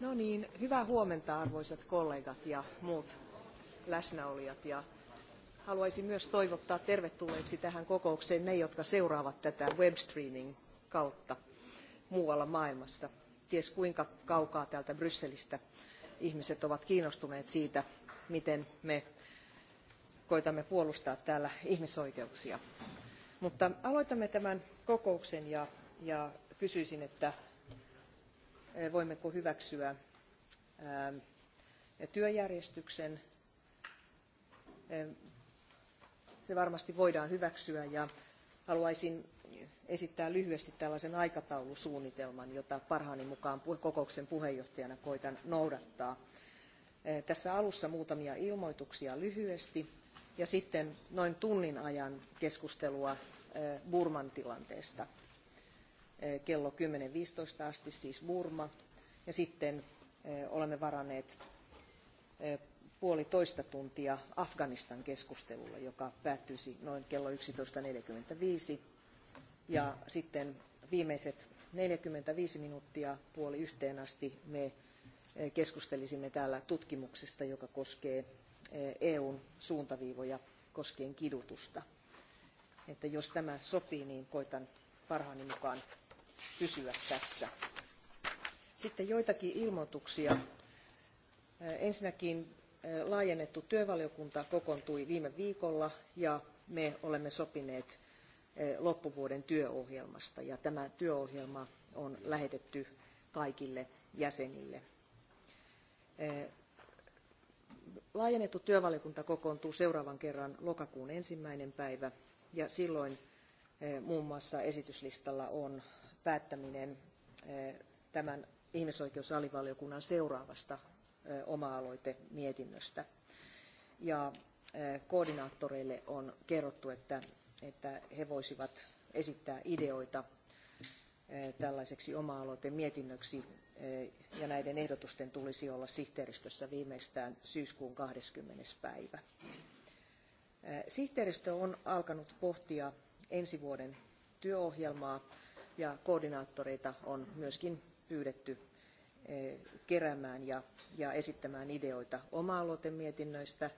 No niin, hyvää huomenta arvoisat kollegat ja muut läsnäolijat. Ja haluaisin myös toivottaa tervetulleeksi tähän kokoukseen ne, jotka seuraavat tätä webstreaming kautta muualla maailmassa. Ties kuinka kaukaa täältä Brysselistä ihmiset ovat kiinnostuneet siitä, miten me koitamme puolustaa täällä ihmisoikeuksia. Mutta aloitamme tämän kokouksen ja, ja kysyisin, että voimmeko hyväksyä työjärjestyksen. Se varmasti voidaan hyväksyä ja haluaisin esittää lyhyesti tällaisen aikataulusuunnitelman, jota parhaani mukaan kokouksen puheenjohtajana koitan noudattaa. Tässä alussa muutamia ilmoituksia lyhyesti ja sitten noin tunnin ajan keskustelua Burman tilanteesta. Eh, kello 10.15 asti, siis Burma. Ja sitten eh, olemme varanneet eh, puolitoista tuntia Afganistan keskustelulle, joka päättyisi noin kello 11.45. Ja sitten viimeiset 45 minuuttia puoli yhteen asti me keskustelisimme täällä tutkimuksesta, joka koskee EUn suuntaviivoja koskien kidutusta. Että jos tämä sopii, niin koitan parhaani mukaan pysyä tässä. Sitten joitakin ilmoituksia. Äh, ensinnäkin äh, laajennettu työvaliokunta kokoontui viime viikolla ja me olemme sopineet äh, loppuvuoden työohjelmasta ja tämä työohjelma on lähetetty kaikille jäsenille. Laajennettu työvaliokunta kokoontuu seuraavan kerran lokakuun ensimmäinen päivä ja silloin muun muassa esityslistalla on päättäminen eh, tämän ihmisoikeusalivaliokunnan seuraavasta eh, oma-aloitemietinnöstä. Ja eh, koordinaattoreille on kerrottu, että, että he voisivat esittää ideoita tällaiseksi oma-aloitemietinnöksi, ja näiden ehdotusten tulisi olla sihteeristössä viimeistään syyskuun 20. päivä. Sihteeristö on alkanut pohtia ensi vuoden työohjelmaa ja koordinaattoreita on myöskin pyydetty eh, keräämään ja esittämään ideoita oma aloitemietinnöistä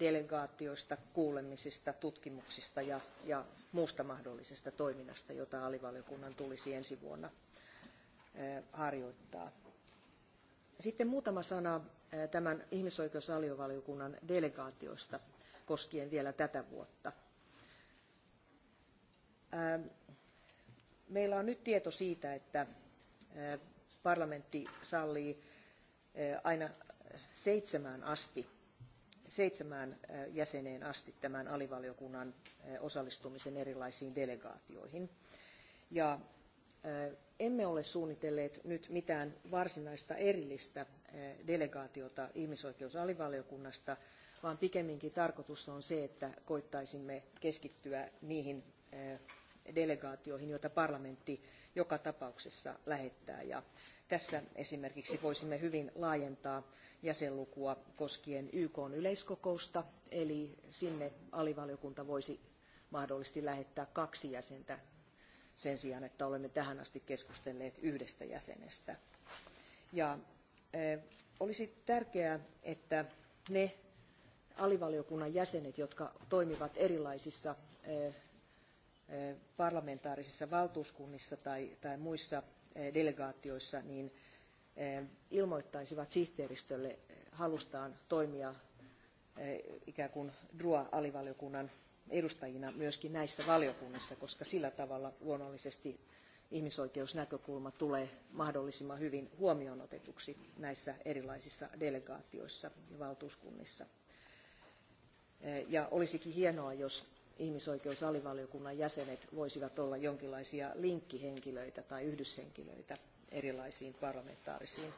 delegaatioista kuulemisista tutkimuksista ja muusta mahdollisesta toiminnasta jota alivaliokunnan tulisi ensi vuonna eh, harjoittaa. Sitten muutama sana eh, tämän ihmisoikeusvaliokunnan delegaatioista koskien vielä tätä vuotta meillä on nyt tieto siitä, että parlamentti sallii aina seitsemään asti seitsemään jäseneen asti tämän alivaliokunnan osallistumisen erilaisiin delegaatioihin. Ja emme ole suunnitelleet nyt mitään varsinaista erillistä delegaatiota ihmisoikeusalivaliokunnasta, vaan pikemminkin tarkoitus on se, että koittaisimme keskittyä niihin delegaatioihin, joita parlamentti joka tapauksessa lähettää. Ja tässä esimerkiksi voisimme hyvin laajentaa jäsenlukua koskien YK yleiskokousta, eli sinne alivaliokunta voisi mahdollisesti lähettää kaksi jäsentä sen sijaan, että olemme tähän asti keskustelleet yhdestä jäsenestä. Ja e, olisi tärkeää, että ne alivaliokunnan jäsenet, jotka toimivat erilaisissa e, parlamentaarisissa valtuuskunnissa tai, tai muissa delegaatioissa, niin ilmoittaisivat sihteeristölle halustaan toimia ikään kuin DRUA-alivaliokunnan edustajina myöskin näissä valiokunnissa, koska sillä tavalla luonnollisesti ihmisoikeusnäkökulma tulee mahdollisimman hyvin huomioon otetuksi näissä erilaisissa delegaatioissa ja valtuuskunnissa. Ja olisikin hienoa, jos ihmisoikeusalivaliokunnan jäsenet voisivat olla jonkinlaisia linkkihenkilöitä tai yhdyshenkilöitä erilaisiin parlamentaarisiin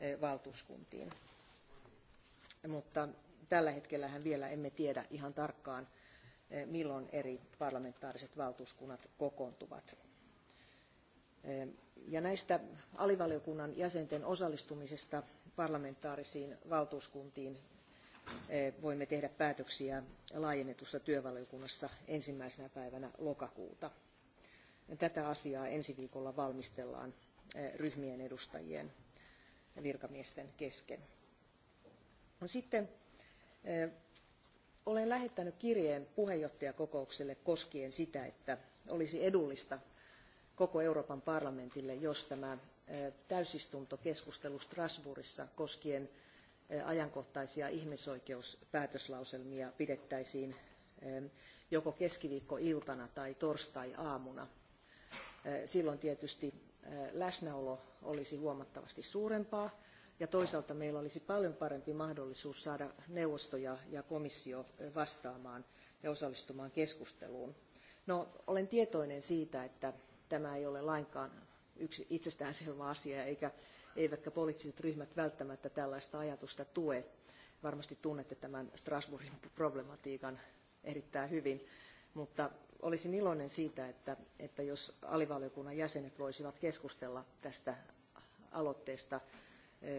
eh, valtuuskuntiin. Mutta tällä hetkellähän vielä emme tiedä ihan tarkkaan, eh, milloin eri parlamentaariset valtuuskunnat kokoontuvat. Eh, ja näistä alivaliokunnan jäsenten osallistumisesta parlamentaarisiin valtuuskuntiin voimme tehdä päätöksiä laajennetussa työvaliokunnassa ensimmäisenä päivänä lokakuuta. Tätä asiaa ensi viikolla valmistellaan ryhmien edustajien virkamiesten kesken. No sitten olen lähettänyt kirjeen puheenjohtajakokoukselle koskien sitä, että olisi edullista koko Euroopan parlamentille, jos tämä täysistuntokeskustelu Strasbourgissa koskien ajankohtaisia ihmisoikeuspäätöslauselmia pidettäisiin joko keskiviikkoiltana tai torstai-aamuna. Silloin tietysti läsnäolo olisi huomattavasti suurempaa ja toisaalta meillä olisi paljon parempi mahdollisuus saada neuvosto ja komissio vastaamaan ja osallistumaan keskusteluun. No, olen tietoinen siitä, että tämä ei ole lainkaan yksi itsestäänselvä asia eikä eivätkä poliittiset ryhmät välttämättä tällaista ajatusta tue. Varmasti tunnette tämän Strasbourgin problematiikan erittäin hyvin, mutta olisin iloinen siitä, että, että jos alivaliokunnan jäsenet voisivat keskustella tästä aloitteesta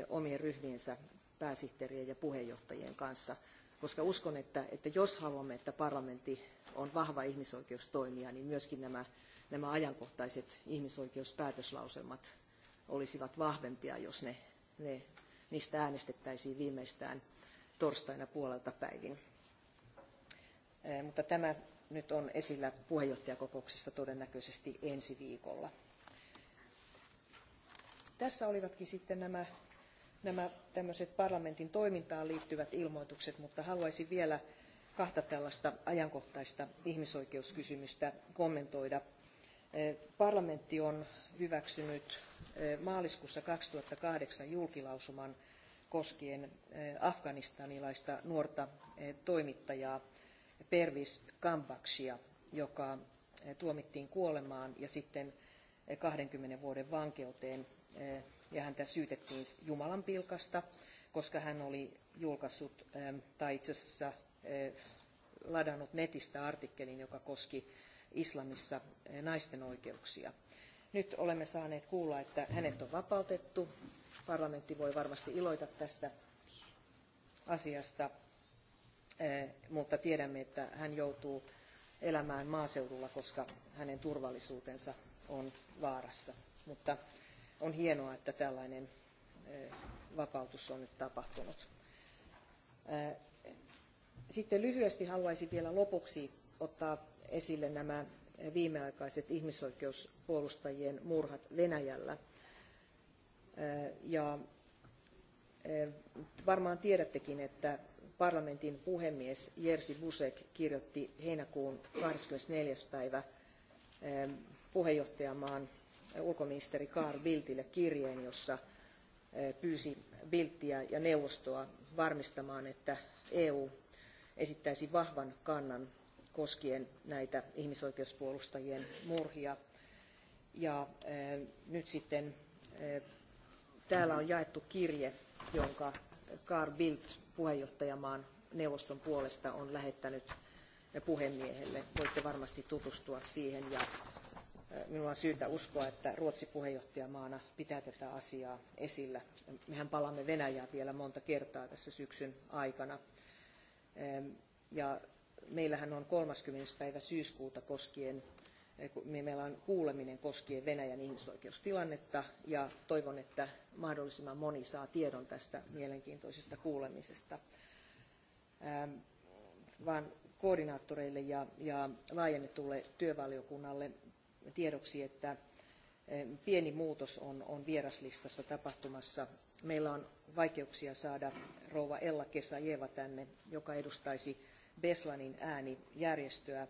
omien ryhmiensä pääsihteerien ja puheenjohtajien kanssa, koska uskon, että, että jos haluamme, että parlamentti on vahva ihmisoikeustoimija, niin myöskin nämä, nämä ajankohtaiset ihmisoikeuspäätöslauselmat olisivat vahvempia, jos ne, ne, niistä äänestettäisiin viimeistään torstaina puolelta päivin. Mutta tämä nyt on esillä puheenjohtajakokouksessa todennäköisesti ensi viikolla. Tässä olivatkin sitten nämä, nämä tämmöiset parlamentin toimintaan liittyvät ilmoitukset, mutta haluaisin vielä kahta tällaista ajankohtaista ihmisoikeuskysymystä kommentoida Parlamentti on hyväksynyt eh, maaliskuussa 2008 julkilausuman koskien eh, afganistanilaista nuorta eh, toimittajaa Pervis Kambaksia, joka tuomittiin kuolemaan ja sitten 20 vuoden vankeuteen ja häntä syytettiin jumalanpilkasta, koska hän oli julkaissut tai itse asiassa ladannut netistä artikkelin, joka koski Islamissa eh, naisten oikeuksia. Nyt olemme saaneet kuulla, että hänet on vapautettu. Parlamentti voi varmasti iloita tästä asiasta, eh, mutta tiedämme, että hän joutuu elämään maaseudulla, koska hänen turvallisuutensa on vaarassa. Mutta on hienoa, että tällainen eh, vapautus on nyt tapahtunut. Sitten lyhyesti haluaisin vielä lopuksi ottaa esille nämä viimeaikaiset ihmisoikeuspuolustajien murhat Venäjällä. Ja varmaan tiedättekin, että parlamentin puhemies Jerzy Busek kirjoitti heinäkuun 24. päivä puheenjohtajamaan ulkoministeri Carl Bildtille kirjeen, jossa pyysi Bildtiä ja neuvostoa varmistamaan, että EU esittäisi vahvan kannan koskien näitä ihmisoikeuspuolustajien murhia. Ja nyt sitten täällä on jaettu kirje, jonka Carl Bildt puheenjohtajamaan neuvoston puolesta on lähettänyt puhemiehelle. Voitte varmasti tutustua siihen ja minulla on syytä uskoa, että Ruotsi puheenjohtajamaana pitää tätä asiaa esillä. Mehän palaamme Venäjää vielä monta kertaa tässä syksyn aikana. Ja meillähän on 30. päivä syyskuuta koskien eh, Meillä on kuuleminen koskien Venäjän ihmisoikeustilannetta ja toivon, että mahdollisimman moni saa tiedon tästä mielenkiintoisesta kuulemisesta. Ähm, vaan koordinaattoreille ja, ja laajennetulle työvaliokunnalle tiedoksi, että eh, pieni muutos on, on vieraslistassa tapahtumassa. Meillä on vaikeuksia saada rouva Ella Kesajeva tänne, joka edustaisi Beslanin äänijärjestöä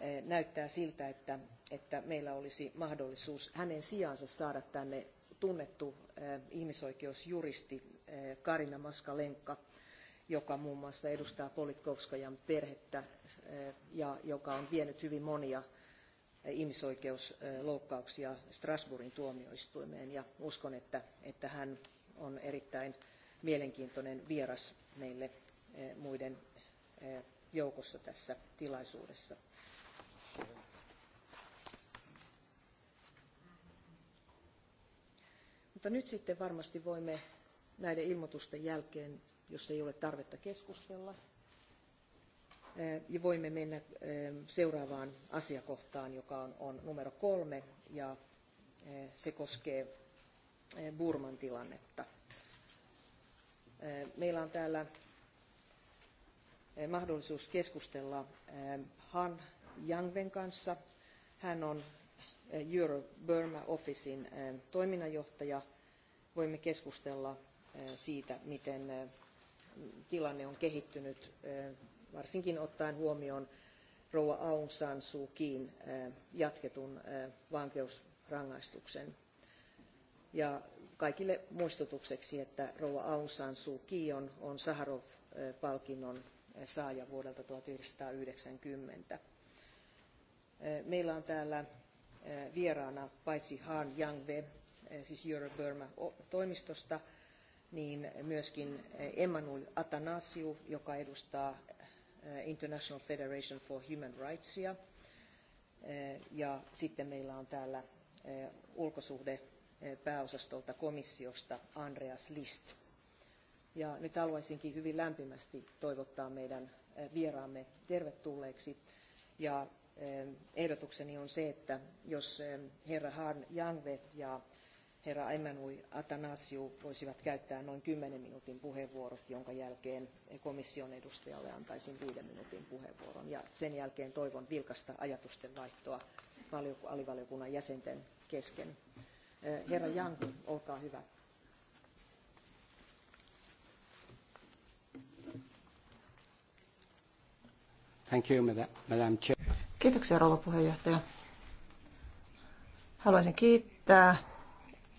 eh, Näyttää siltä, että, että meillä olisi mahdollisuus hänen sijaansa saada tänne tunnettu eh, ihmisoikeusjuristi eh, Karina Maskalenka, joka muun muassa edustaa Politkovskajan perhettä ja joka on vienyt hyvin monia ihmisoikeusloukkauksia Strasbourgin tuomioistuimeen. Ja uskon, että, että hän on erittäin mielenkiintoinen vieras meille muiden Eh, joukossa tässä tilaisuudessa. Mutta nyt sitten varmasti voimme näiden ilmoitusten jälkeen, jos ei ole tarvetta keskustella, eh, ja voimme mennä eh, seuraavaan asiakohtaan, joka on, on numero kolme, ja se koskee Burman tilannetta. Meillä on täällä Eh, mahdollisuus keskustella eh, Han Yangven kanssa. Hän on eh, Euro Burma Officein toiminnanjohtaja. Voimme keskustella siitä, miten tilanne on kehittynyt, varsinkin ottaen huomioon rouva Aung San Suu Kyiin jatketun vankeusrangaistuksen. Ja kaikille muistutukseksi, että rouva Aung San Suu Kyi on, on Saharov-palkinnon saaja vuodelta 1990. Eh, meillä on täällä eh, vieraana paitsi Han Yangwe, eh, siis Euro Burma toimistosta, niin myöskin Emmanuel Atanasiu, joka edustaa International Federation for Human Rightsia. Ja sitten meillä on täällä ulkosuhde pääosastolta komissiosta Andreas List. Ja nyt haluaisinkin hyvin lämpimästi toivottaa meidän eh, vieraamme tervetulleeksi. Ja eh, ehdotukseni on se, että jos eh, herra Han Janve ja herra Emmanuel Atanasiu voisivat käyttää noin 10 minuutin puheenvuorot, jonka jälkeen komission edustajalle antaisin 5 minuutin puheenvuoron. Ja sen jälkeen toivon vilkasta ajatusten vaihtoa alivaliokunnan jäsenten kesken. Herra Janku, olkaa hyvä. Thank you, Madam Chair. Kiitoksia, rouva puheenjohtaja. Haluaisin kiittää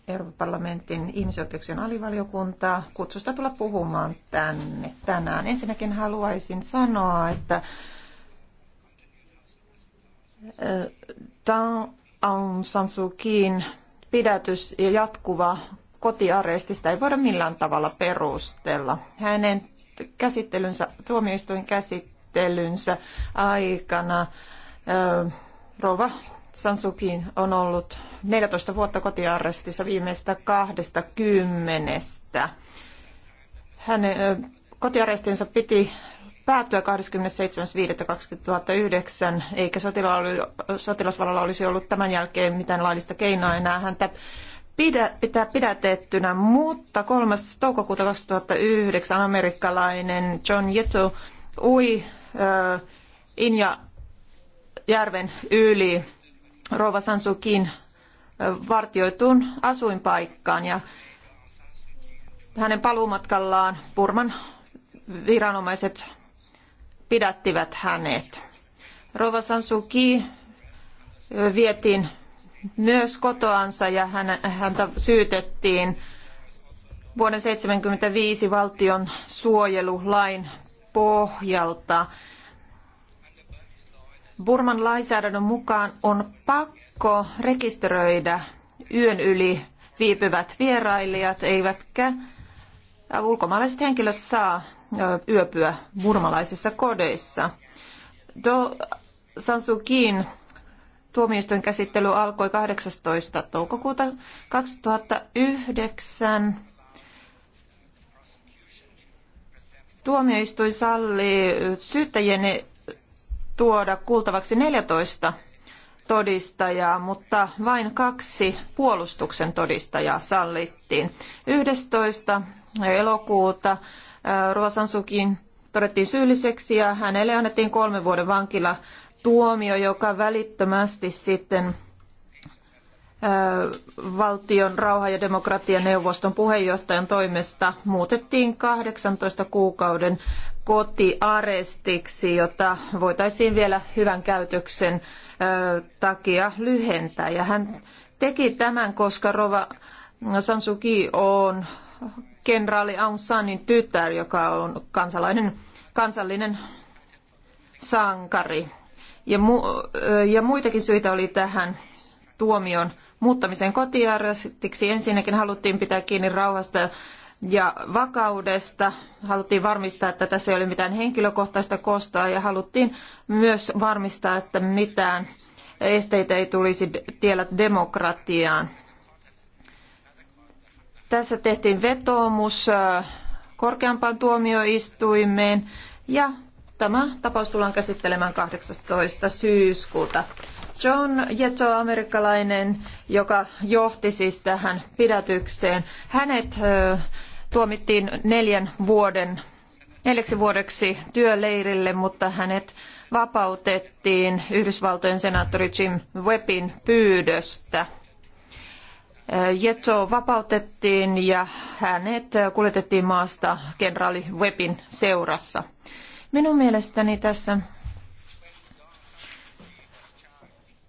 Euroopan parlamentin ihmisoikeuksien alivaliokuntaa kutsusta tulla puhumaan tänne tänään. Ensinnäkin haluaisin sanoa, että Tang Aung San Suu pidätys ja jatkuva sitä ei voida millään tavalla perustella. Hänen käsittelynsä, tuomioistuin käsittely esittelynsä aikana rouva Sansukin on ollut 14 vuotta kotiarrestissa viimeistä kahdesta kymmenestä. Hänen kotiarrestinsa piti päättyä 27.5.2009, eikä sotilasvalolla olisi ollut tämän jälkeen mitään laillista keinoa enää häntä pidä, pitää pidätettynä, mutta 3. toukokuuta 2009 amerikkalainen John Yetu ui Inja järven yli Rova Sansukin vartioituun asuinpaikkaan ja hänen paluumatkallaan Burman viranomaiset pidättivät hänet. Rova Sansuki vietiin myös kotoansa ja häntä syytettiin vuoden 1975 valtion suojelulain pohjalta. Burman lainsäädännön mukaan on pakko rekisteröidä yön yli viipyvät vierailijat, eivätkä ulkomaalaiset henkilöt saa yöpyä burmalaisissa kodeissa. Do Sansukin tuomioistuin käsittely alkoi 18. toukokuuta 2009 tuomioistuin sallii syyttäjien tuoda kuultavaksi 14 todistajaa, mutta vain kaksi puolustuksen todistajaa sallittiin. 11. elokuuta äh, Ruosansukin todettiin syylliseksi ja hänelle annettiin kolmen vuoden vankilatuomio, joka välittömästi sitten valtion rauha- ja demokratianeuvoston puheenjohtajan toimesta muutettiin 18 kuukauden kotiarestiksi, jota voitaisiin vielä hyvän käytöksen takia lyhentää. Ja hän teki tämän, koska Rova Sansuki on kenraali Aung Sanin tytär, joka on kansalainen, kansallinen sankari. Ja, mu, ja muitakin syitä oli tähän tuomion muuttamisen kotiarrestiksi. Ensinnäkin haluttiin pitää kiinni rauhasta ja vakaudesta. Haluttiin varmistaa, että tässä ei ole mitään henkilökohtaista kostoa ja haluttiin myös varmistaa, että mitään esteitä ei tulisi tiellä demokratiaan. Tässä tehtiin vetoomus äh, korkeampaan tuomioistuimeen ja tämä tapaus tullaan käsittelemään 18. syyskuuta. John Jetso, amerikkalainen, joka johti siis tähän pidätykseen, hänet tuomittiin neljän vuoden, neljäksi vuodeksi työleirille, mutta hänet vapautettiin Yhdysvaltojen senaattori Jim Webbin pyydöstä. Jetso vapautettiin ja hänet kuljetettiin maasta kenraali Webbin seurassa. Minun mielestäni tässä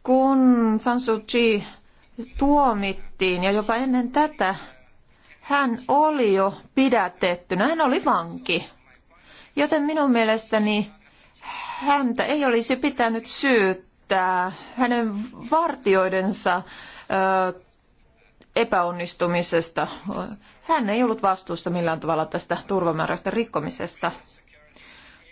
Kun San Suu Kyi tuomittiin ja jopa ennen tätä, hän oli jo pidätettynä, hän oli vanki. Joten minun mielestäni häntä ei olisi pitänyt syyttää hänen vartioidensa ö, epäonnistumisesta. Hän ei ollut vastuussa millään tavalla tästä turvamääräystä rikkomisesta.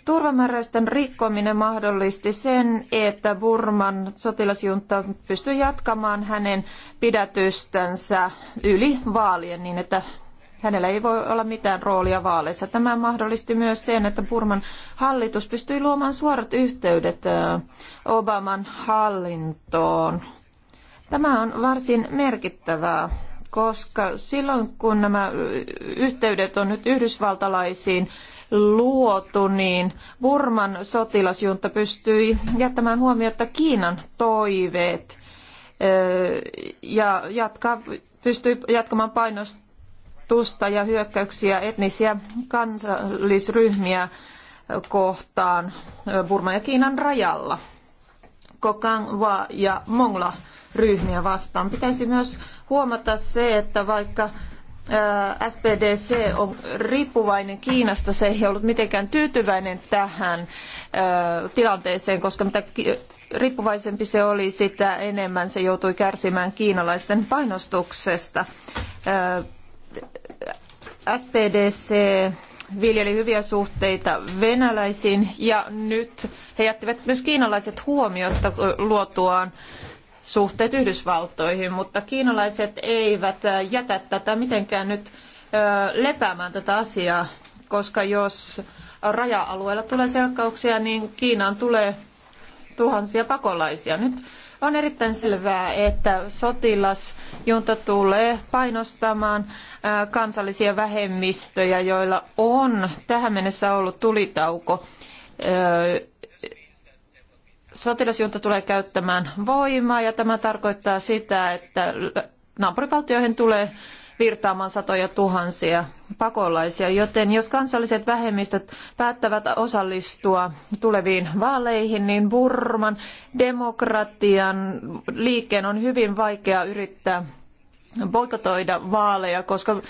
Turvamääräisten rikkominen mahdollisti sen, että Burman sotilasjunta pystyi jatkamaan hänen pidätystänsä yli vaalien niin, että hänellä ei voi olla mitään roolia vaaleissa. Tämä mahdollisti myös sen, että Burman hallitus pystyi luomaan suorat yhteydet Obaman hallintoon. Tämä on varsin merkittävää, koska silloin kun nämä yhteydet on nyt yhdysvaltalaisiin luotu, niin Burman sotilasjunta pystyi jättämään huomiota Kiinan toiveet ja jatkaa, pystyi jatkamaan painostusta ja hyökkäyksiä etnisiä kansallisryhmiä kohtaan Burman ja Kiinan rajalla. Kokangwa ja Mongla ryhmiä vastaan. Pitäisi myös huomata se, että vaikka Äh, SPDC on riippuvainen Kiinasta. Se ei ollut mitenkään tyytyväinen tähän äh, tilanteeseen, koska mitä riippuvaisempi se oli, sitä enemmän se joutui kärsimään kiinalaisten painostuksesta. Äh, SPDC viljeli hyviä suhteita venäläisiin ja nyt he jättivät myös kiinalaiset huomiotta luotuaan suhteet Yhdysvaltoihin, mutta kiinalaiset eivät äh, jätä tätä mitenkään nyt äh, lepäämään tätä asiaa, koska jos raja-alueella tulee selkkauksia, niin Kiinaan tulee tuhansia pakolaisia. Nyt on erittäin selvää, että sotilasjunta tulee painostamaan äh, kansallisia vähemmistöjä, joilla on tähän mennessä ollut tulitauko sotilasjunta tulee käyttämään voimaa ja tämä tarkoittaa sitä, että naapurivaltioihin tulee virtaamaan satoja tuhansia pakolaisia, joten jos kansalliset vähemmistöt päättävät osallistua tuleviin vaaleihin, niin Burman demokratian liikkeen on hyvin vaikea yrittää boikotoida vaaleja, koska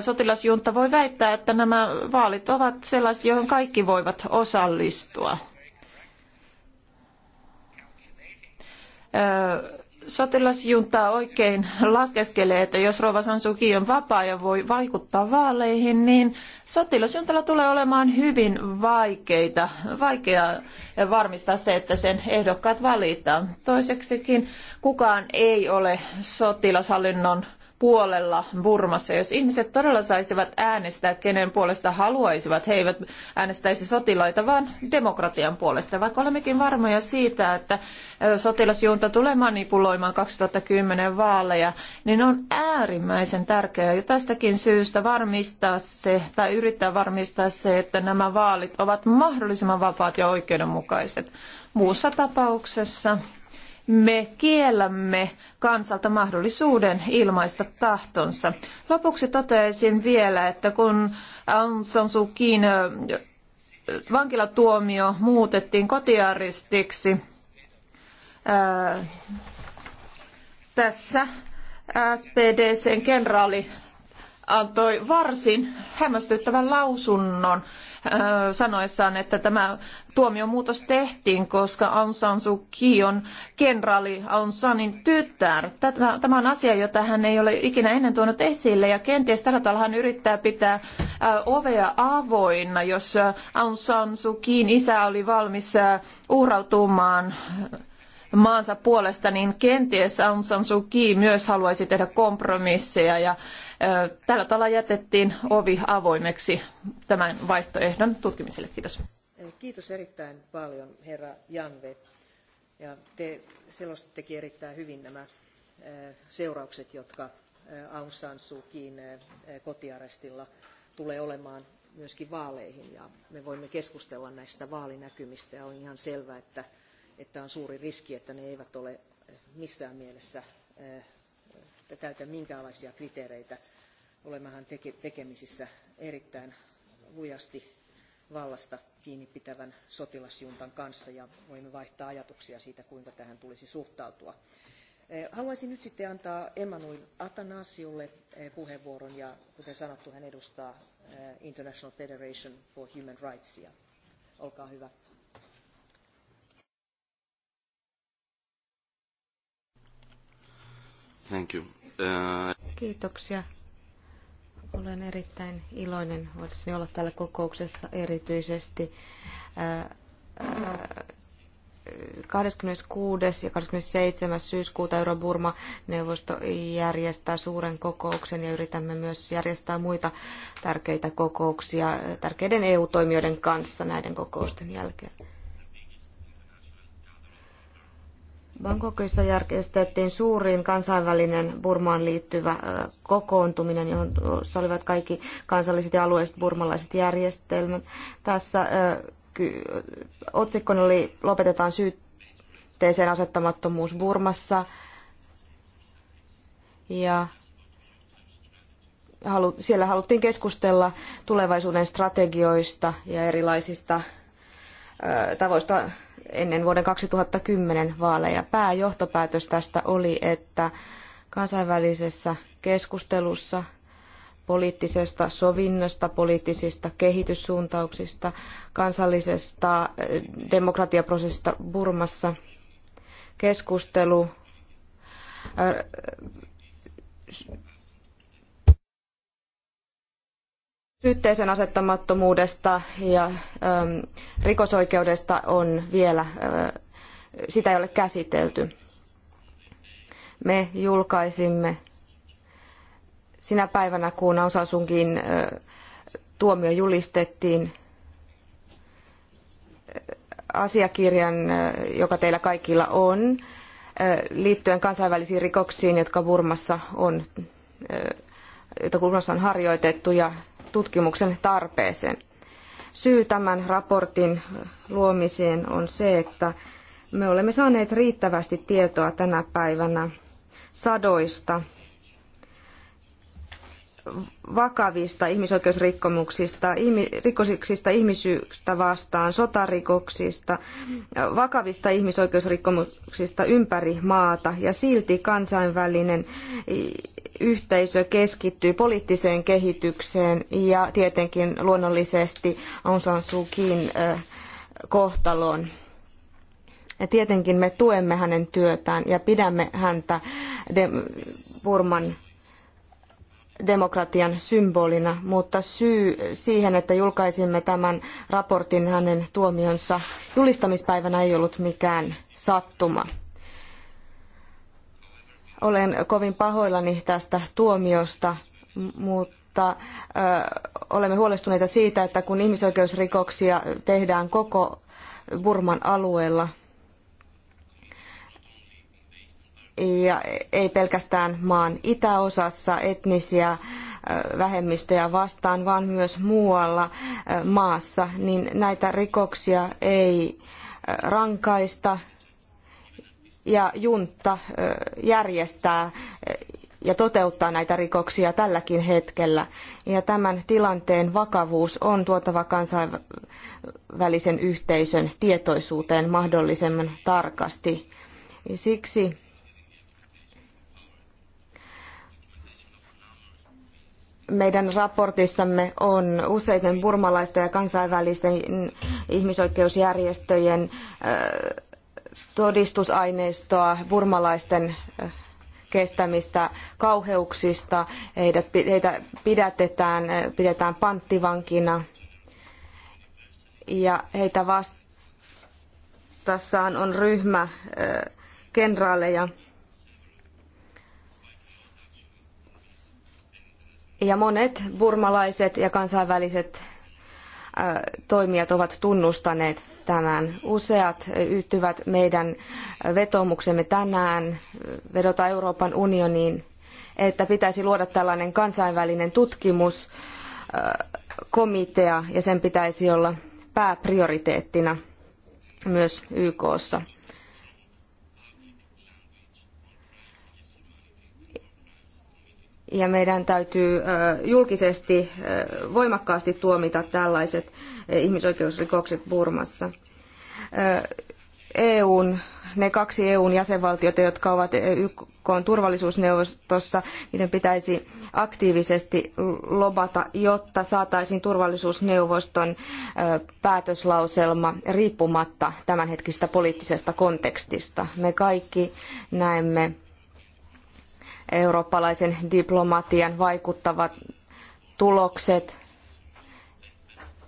sotilasjunta voi väittää, että nämä vaalit ovat sellaiset, joihin kaikki voivat osallistua. sotilasjunta oikein laskeskelee, että jos Rova Sansuki on vapaa ja voi vaikuttaa vaaleihin, niin sotilasjuntalla tulee olemaan hyvin vaikeita, vaikeaa varmistaa se, että sen ehdokkaat valitaan. Toiseksikin kukaan ei ole sotilashallinnon puolella Burmassa. Jos ihmiset todella saisivat äänestää, kenen puolesta haluaisivat, he eivät äänestäisi sotilaita, vaan demokratian puolesta. Vaikka olemmekin varmoja siitä, että sotilasjunta tulee manipuloimaan 2010 vaaleja, niin on äärimmäisen tärkeää jo tästäkin syystä varmistaa se, tai yrittää varmistaa se, että nämä vaalit ovat mahdollisimman vapaat ja oikeudenmukaiset. Muussa tapauksessa me kiellämme kansalta mahdollisuuden ilmaista tahtonsa. Lopuksi toteaisin vielä, että kun Aung San Suu Kyiin vankilatuomio muutettiin kotiaristiksi, ää, tässä SPDCn kenraali antoi varsin hämmästyttävän lausunnon Äh, sanoessaan, että tämä tuomiomuutos tehtiin, koska Aung San Suu Kyi on kenraali Aung Sanin tytär. Tätä, tämä on asia, jota hän ei ole ikinä ennen tuonut esille ja kenties tällä tavalla hän yrittää pitää äh, ovea avoinna, jos äh, Aung San Suu Kyin isä oli valmis uhrautumaan maansa puolesta, niin kenties Aung San Suu Kyi myös haluaisi tehdä kompromisseja ja Tällä tavalla jätettiin ovi avoimeksi tämän vaihtoehdon tutkimiselle. Kiitos. Kiitos erittäin paljon, herra Janve. Ja te selostittekin erittäin hyvin nämä seuraukset, jotka Aung San Suu Kyiin kotiarestilla tulee olemaan myöskin vaaleihin. Ja me voimme keskustella näistä vaalinäkymistä ja on ihan selvää, että, että on suuri riski, että ne eivät ole missään mielessä täytä minkäänlaisia kriteereitä. Olemmehan tekemisissä erittäin lujasti vallasta kiinni pitävän sotilasjuntan kanssa ja voimme vaihtaa ajatuksia siitä, kuinka tähän tulisi suhtautua. Eh, haluaisin nyt sitten antaa Emmanuel Atanasiolle eh, puheenvuoron ja kuten sanottu hän edustaa eh, International Federation for Human Rights. Ja olkaa hyvä. Thank you. Uh... Kiitoksia. Olen erittäin iloinen voidessani olla täällä kokouksessa erityisesti. Uh, uh, 26. ja 27. syyskuuta Euroburma-neuvosto järjestää suuren kokouksen ja yritämme myös järjestää muita tärkeitä kokouksia tärkeiden EU-toimijoiden kanssa näiden kokousten jälkeen. Bangkokissa järjestettiin suurin kansainvälinen Burmaan liittyvä kokoontuminen, johon olivat kaikki kansalliset ja alueelliset burmalaiset järjestelmät. Tässä otsikkona oli Lopetetaan syytteeseen asettamattomuus Burmassa. Ja siellä haluttiin keskustella tulevaisuuden strategioista ja erilaisista tavoista ennen vuoden 2010 vaaleja. Pääjohtopäätös tästä oli, että kansainvälisessä keskustelussa poliittisesta sovinnosta, poliittisista kehityssuuntauksista, kansallisesta eh, demokratiaprosessista Burmassa keskustelu eh, syytteeseen asettamattomuudesta ja ähm, rikosoikeudesta on vielä, äh, sitä ei ole käsitelty. Me julkaisimme sinä päivänä, kun Aung San Suu äh, tuomio julistettiin äh, asiakirjan, joka teillä kaikilla on, liittyen kansainvälisiin rikoksiin, jotka Burmassa on, joita Burmassa on harjoitettu ja tutkimuksen tarpeeseen. Syy tämän raportin luomiseen on se, että me olemme saaneet riittävästi tietoa tänä päivänä sadoista vakavista ihmisoikeusrikkomuksista, rikoksista ihmisyyttä vastaan, sotarikoksista, vakavista ihmisoikeusrikkomuksista ympäri maata ja silti kansainvälinen yhteisö keskittyy poliittiseen kehitykseen ja tietenkin luonnollisesti Aung San Suu Kyin kohtaloon. Ja tietenkin me tuemme hänen työtään ja pidämme häntä Burman demokratian symbolina, mutta syy siihen, että julkaisimme tämän raportin hänen tuomionsa julistamispäivänä ei ollut mikään sattuma. Olen kovin pahoillani tästä tuomiosta, mutta olemme huolestuneita siitä, että kun ihmisoikeusrikoksia tehdään koko Burman alueella, ja ei pelkästään maan itäosassa etnisiä vähemmistöjä vastaan, vaan myös muualla maassa, niin näitä rikoksia ei rankaista ja junta järjestää ja toteuttaa näitä rikoksia tälläkin hetkellä. Ja tämän tilanteen vakavuus on tuotava kansainvälisen yhteisön tietoisuuteen mahdollisimman tarkasti. Siksi meidän raportissamme on useiden burmalaisten ja kansainvälisten ihmisoikeusjärjestöjen äh, todistusaineistoa burmalaisten eh, kestämistä kauheuksista. Heidät, heitä pidätetään, eh, pidetään panttivankina ja heitä vastassaan on ryhmä eh, kenraaleja. Ja monet burmalaiset ja kansainväliset toimijat ovat tunnustaneet tämän. Useat yhtyvät meidän vetomuksemme tänään, vedota Euroopan unioniin, että pitäisi luoda tällainen kansainvälinen tutkimuskomitea ja sen pitäisi olla pääprioriteettina myös YKssa. ja meidän täytyy julkisesti voimakkaasti tuomita tällaiset ihmisoikeusrikokset Burmassa. EUn, ne kaksi EUn jäsenvaltiota, jotka ovat YK turvallisuusneuvostossa, niiden pitäisi aktiivisesti lobata, jotta saataisiin turvallisuusneuvoston päätöslauselma riippumatta tämänhetkistä poliittisesta kontekstista. Me kaikki näemme eurooppalaisen diplomatian vaikuttavat tulokset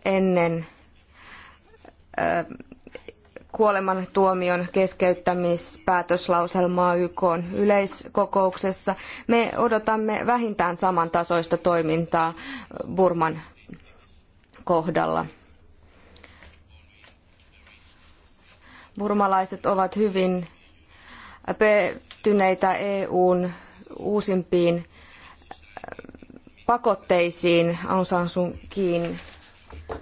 ennen kuolemantuomion keskeyttämispäätöslauselmaa YK yleiskokouksessa. Me odotamme vähintään samantasoista toimintaa Burman kohdalla. Burmalaiset ovat hyvin pettyneitä EUn uusimpiin äh, pakotteisiin Aung San Suu Kyiin äh,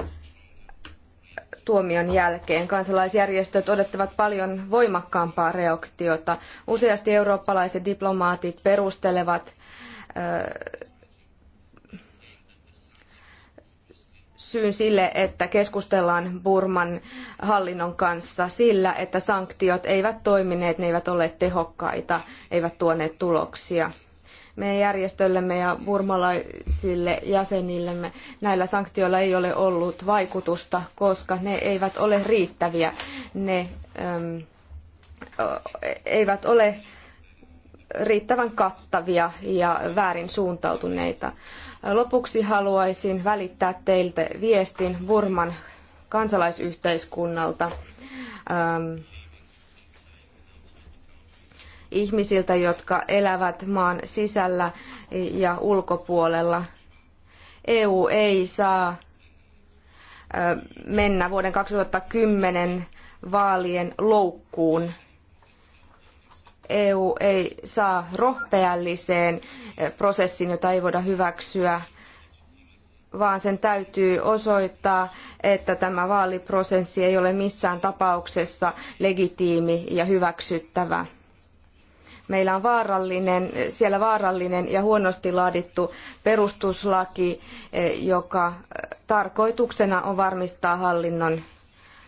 tuomion jälkeen. Kansalaisjärjestöt odottavat paljon voimakkaampaa reaktiota. Useasti eurooppalaiset diplomaatit perustelevat äh, syyn sille, että keskustellaan Burman hallinnon kanssa sillä, että sanktiot eivät toimineet, ne eivät olleet tehokkaita, eivät tuoneet tuloksia. Meidän järjestöllemme ja burmalaisille jäsenillemme näillä sanktioilla ei ole ollut vaikutusta, koska ne eivät ole riittäviä. Ne äm, eivät ole riittävän kattavia ja väärin suuntautuneita. Lopuksi haluaisin välittää teiltä viestin Burman kansalaisyhteiskunnalta ähm, ihmisiltä, jotka elävät maan sisällä ja ulkopuolella. EU ei saa äh, mennä vuoden 2010 vaalien loukkuun EU ei saa rohpeälliseen eh, prosessiin, jota ei voida hyväksyä, vaan sen täytyy osoittaa, että tämä vaaliprosessi ei ole missään tapauksessa legitiimi ja hyväksyttävä. Meillä on vaarallinen, siellä vaarallinen ja huonosti laadittu perustuslaki, eh, joka eh, tarkoituksena on varmistaa hallinnon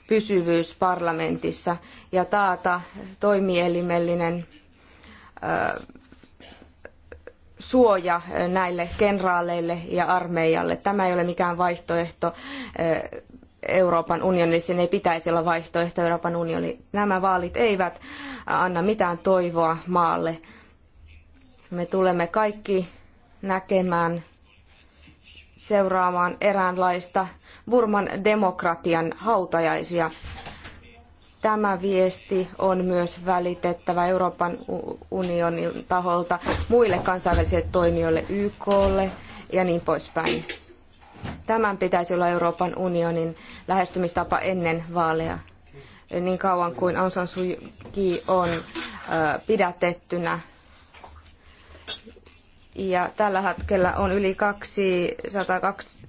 pysyvyys parlamentissa ja taata toimielimellinen suoja näille kenraaleille ja armeijalle. Tämä ei ole mikään vaihtoehto Euroopan unionille, sen ei pitäisi olla vaihtoehto Euroopan unionille. Nämä vaalit eivät anna mitään toivoa maalle. Me tulemme kaikki näkemään seuraamaan eräänlaista Burman demokratian hautajaisia. Tämä viesti on myös välitettävä Euroopan unionin taholta muille kansainvälisille toimijoille, YKlle ja niin poispäin. Tämän pitäisi olla Euroopan unionin lähestymistapa ennen vaaleja. Niin kauan kuin Aung San Suu Kyi on pidätettynä, ja tällä hetkellä on yli 202,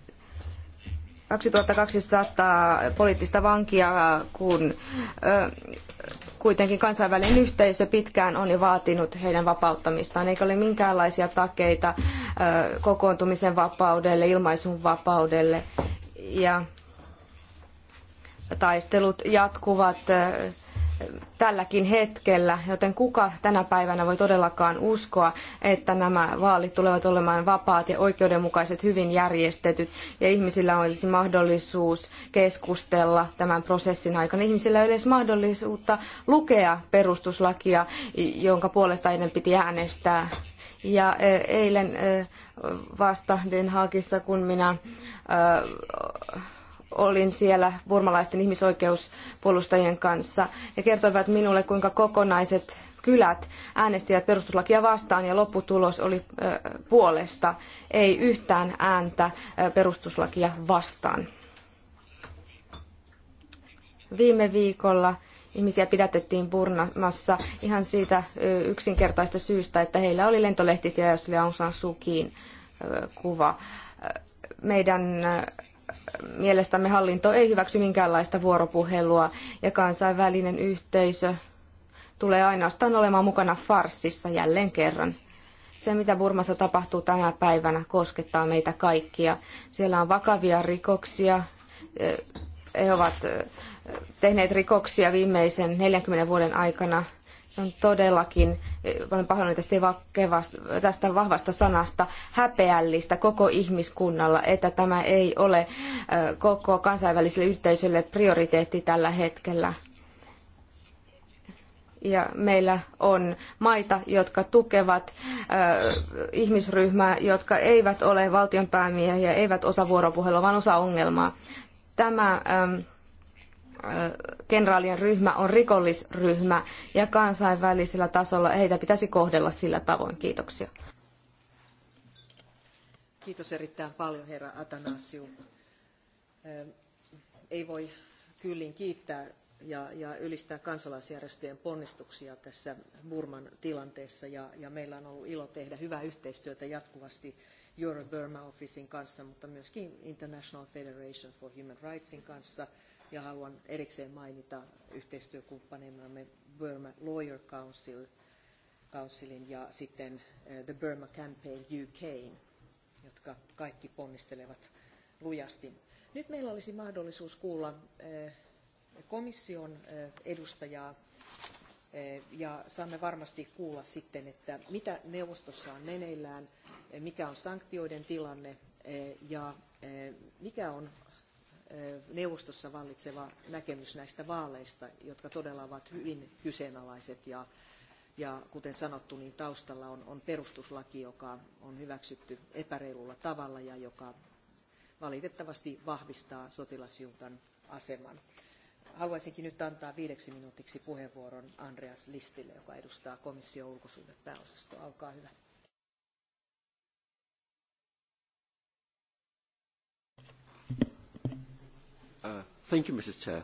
2200 poliittista vankia, kun kuitenkin kansainvälinen yhteisö pitkään on jo vaatinut heidän vapauttamistaan, eikä ole minkäänlaisia takeita kokoontumisen vapaudelle, ilmaisun vapaudelle ja taistelut jatkuvat tälläkin hetkellä, joten kuka tänä päivänä voi todellakaan uskoa, että nämä vaalit tulevat olemaan vapaat ja oikeudenmukaiset, hyvin järjestetyt ja ihmisillä olisi mahdollisuus keskustella tämän prosessin aikana. Ihmisillä ei ole edes mahdollisuutta lukea perustuslakia, jonka puolesta ennen piti äänestää. Ja e, eilen e, vasta Den Haagissa, kun minä e, olin siellä burmalaisten ihmisoikeuspuolustajien kanssa. He kertoivat minulle, kuinka kokonaiset kylät äänestivät perustuslakia vastaan ja lopputulos oli puolesta, ei yhtään ääntä perustuslakia vastaan. Viime viikolla ihmisiä pidätettiin Burmassa ihan siitä yksinkertaista syystä, että heillä oli lentolehtisiä, jos oli Aung San Suu Kyiin kuva. Meidän mielestämme hallinto ei hyväksy minkäänlaista vuoropuhelua ja kansainvälinen yhteisö tulee ainoastaan olemaan mukana farssissa jälleen kerran. Se, mitä Burmassa tapahtuu tänä päivänä, koskettaa meitä kaikkia. Siellä on vakavia rikoksia. He ovat tehneet rikoksia viimeisen 40 vuoden aikana on todellakin, eh, olen pahoillani tästä, tästä vahvasta sanasta, häpeällistä koko ihmiskunnalla, että tämä ei ole eh, koko kansainväliselle yhteisölle prioriteetti tällä hetkellä. Ja meillä on maita, jotka tukevat eh, ihmisryhmää, jotka eivät ole valtionpäämiehiä, eivät osa vuoropuhelua, vaan osa ongelmaa. Tämä kenraalien ryhmä on rikollisryhmä ja kansainvälisellä tasolla heitä pitäisi kohdella sillä tavoin. Kiitoksia. Kiitos erittäin paljon herra Atanasiu. Ei voi kyllin kiittää ja, ja ylistää kansalaisjärjestöjen ponnistuksia tässä Burman tilanteessa ja, ja meillä on ollut ilo tehdä hyvää yhteistyötä jatkuvasti Euro Burma Officein kanssa, mutta myöskin International Federation for Human Rightsin kanssa – ja haluan erikseen mainita yhteistyökumppaneimme Burma Lawyer Council, Councilin ja sitten eh, The Burma Campaign UK, jotka kaikki ponnistelevat lujasti. Nyt meillä olisi mahdollisuus kuulla eh, komission eh, edustajaa ja saamme varmasti kuulla sitten, että mitä neuvostossa on meneillään, mikä on sanktioiden tilanne ja mikä on neuvostossa vallitseva näkemys näistä vaaleista, jotka todella ovat hyvin kyseenalaiset ja, ja kuten sanottu, niin taustalla on, on perustuslaki, joka on hyväksytty epäreilulla tavalla ja joka valitettavasti vahvistaa sotilasjuntan aseman. Haluaisinkin nyt antaa viideksi minuutiksi puheenvuoron Andreas Listille, joka edustaa komission ulkosuhdepääosastoa. Olkaa hyvä. thank you, Mrs. Chair.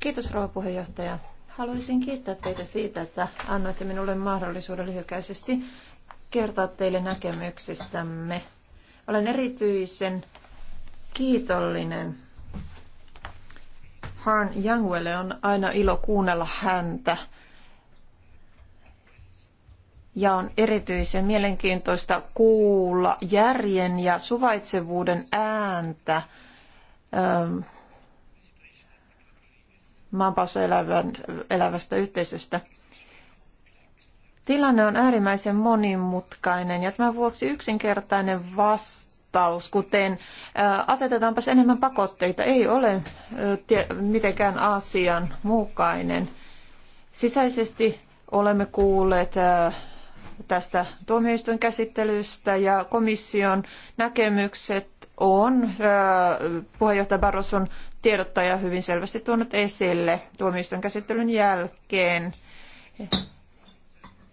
Kiitos, rouva puheenjohtaja. Haluaisin kiittää teitä siitä, että annoitte minulle mahdollisuuden lyhykäisesti kertoa teille näkemyksistämme. Olen erityisen kiitollinen. Harn Youngwelle on aina ilo kuunnella häntä. Ja on erityisen mielenkiintoista kuulla järjen ja suvaitsevuuden ääntä – Ähm, maanpaossa elävästä yhteisöstä. Tilanne on äärimmäisen monimutkainen ja tämän vuoksi yksinkertainen vastaus, kuten äh, asetetaanpas enemmän pakotteita, ei ole äh, mitenkään asian mukainen. Sisäisesti olemme kuulleet äh, tästä tuomioistuinkäsittelystä ja komission näkemykset on puheenjohtaja Barroson tiedottaja hyvin selvästi tuonut esille tuomioistuin käsittelyn jälkeen.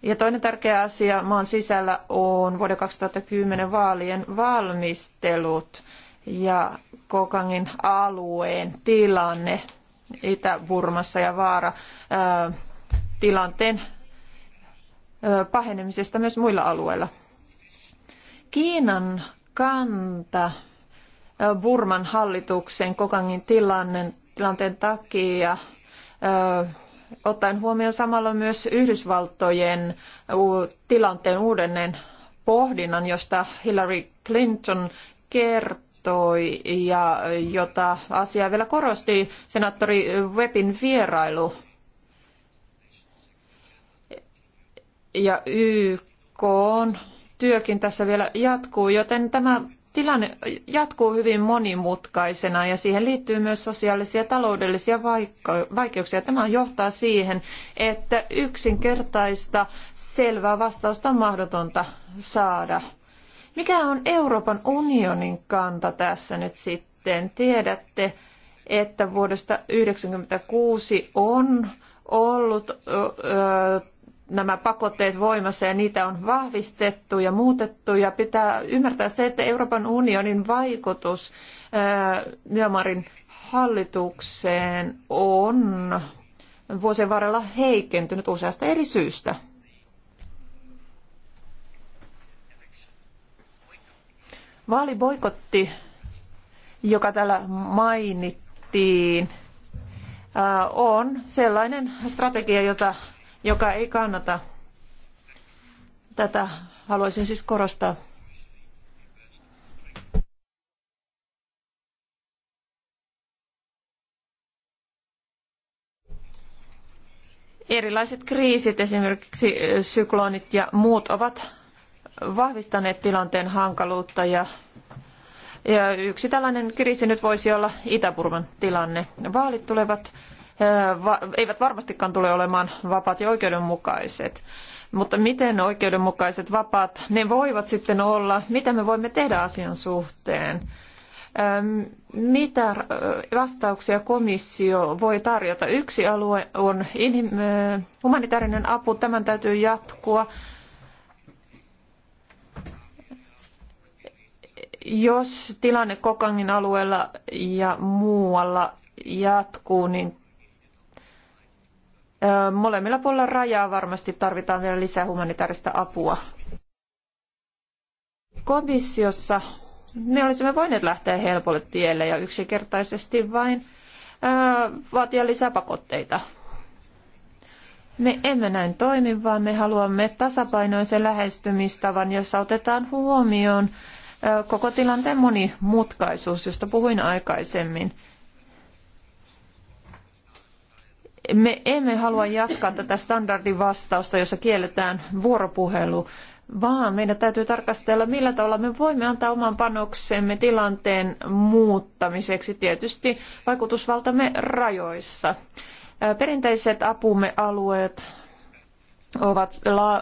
Ja toinen tärkeä asia maan sisällä on vuoden 2010 vaalien valmistelut ja Kokangin alueen tilanne Itä-Burmassa ja vaara tilanteen pahenemisesta myös muilla alueilla. Kiinan kanta Burman hallituksen Kokangin tilanne, tilanteen takia, ottaen huomioon samalla myös Yhdysvaltojen tilanteen uudelleen pohdinnan, josta Hillary Clinton kertoi ja jota asiaa vielä korosti senaattori Webin vierailu ja YK työkin tässä vielä jatkuu, joten tämä tilanne jatkuu hyvin monimutkaisena ja siihen liittyy myös sosiaalisia ja taloudellisia vaikeuksia. Tämä johtaa siihen, että yksinkertaista selvää vastausta on mahdotonta saada. Mikä on Euroopan unionin kanta tässä nyt sitten? Tiedätte, että vuodesta 1996 on ollut nämä pakotteet voimassa ja niitä on vahvistettu ja muutettu ja pitää ymmärtää se, että Euroopan unionin vaikutus Myanmarin hallitukseen on vuosien varrella heikentynyt useasta eri syystä. Vaaliboikotti, joka täällä mainittiin, on sellainen strategia, jota joka ei kannata tätä. Haluaisin siis korostaa. Erilaiset kriisit, esimerkiksi syklonit ja muut, ovat vahvistaneet tilanteen hankaluutta ja ja yksi tällainen kriisi nyt voisi olla Itä-Burman tilanne. Vaalit tulevat eivät varmastikaan tule olemaan vapaat ja oikeudenmukaiset. Mutta miten oikeudenmukaiset vapaat ne voivat sitten olla? Mitä me voimme tehdä asian suhteen? Mitä vastauksia komissio voi tarjota? Yksi alue on humanitaarinen apu, tämän täytyy jatkua. Jos tilanne Kokangin alueella ja muualla jatkuu, niin Molemmilla puolilla rajaa varmasti tarvitaan vielä lisää humanitaarista apua. Komissiossa me olisimme voineet lähteä helpolle tielle ja yksinkertaisesti vain vaatia lisää pakotteita. Me emme näin toimi, vaan me haluamme tasapainoisen lähestymistavan, jossa otetaan huomioon koko tilanteen monimutkaisuus, josta puhuin aikaisemmin. Me emme halua jatkaa tätä standardivastausta, jossa kielletään vuoropuhelu, vaan meidän täytyy tarkastella, millä tavalla me voimme antaa oman panoksemme tilanteen muuttamiseksi, tietysti vaikutusvaltamme rajoissa. Perinteiset apumme alueet ovat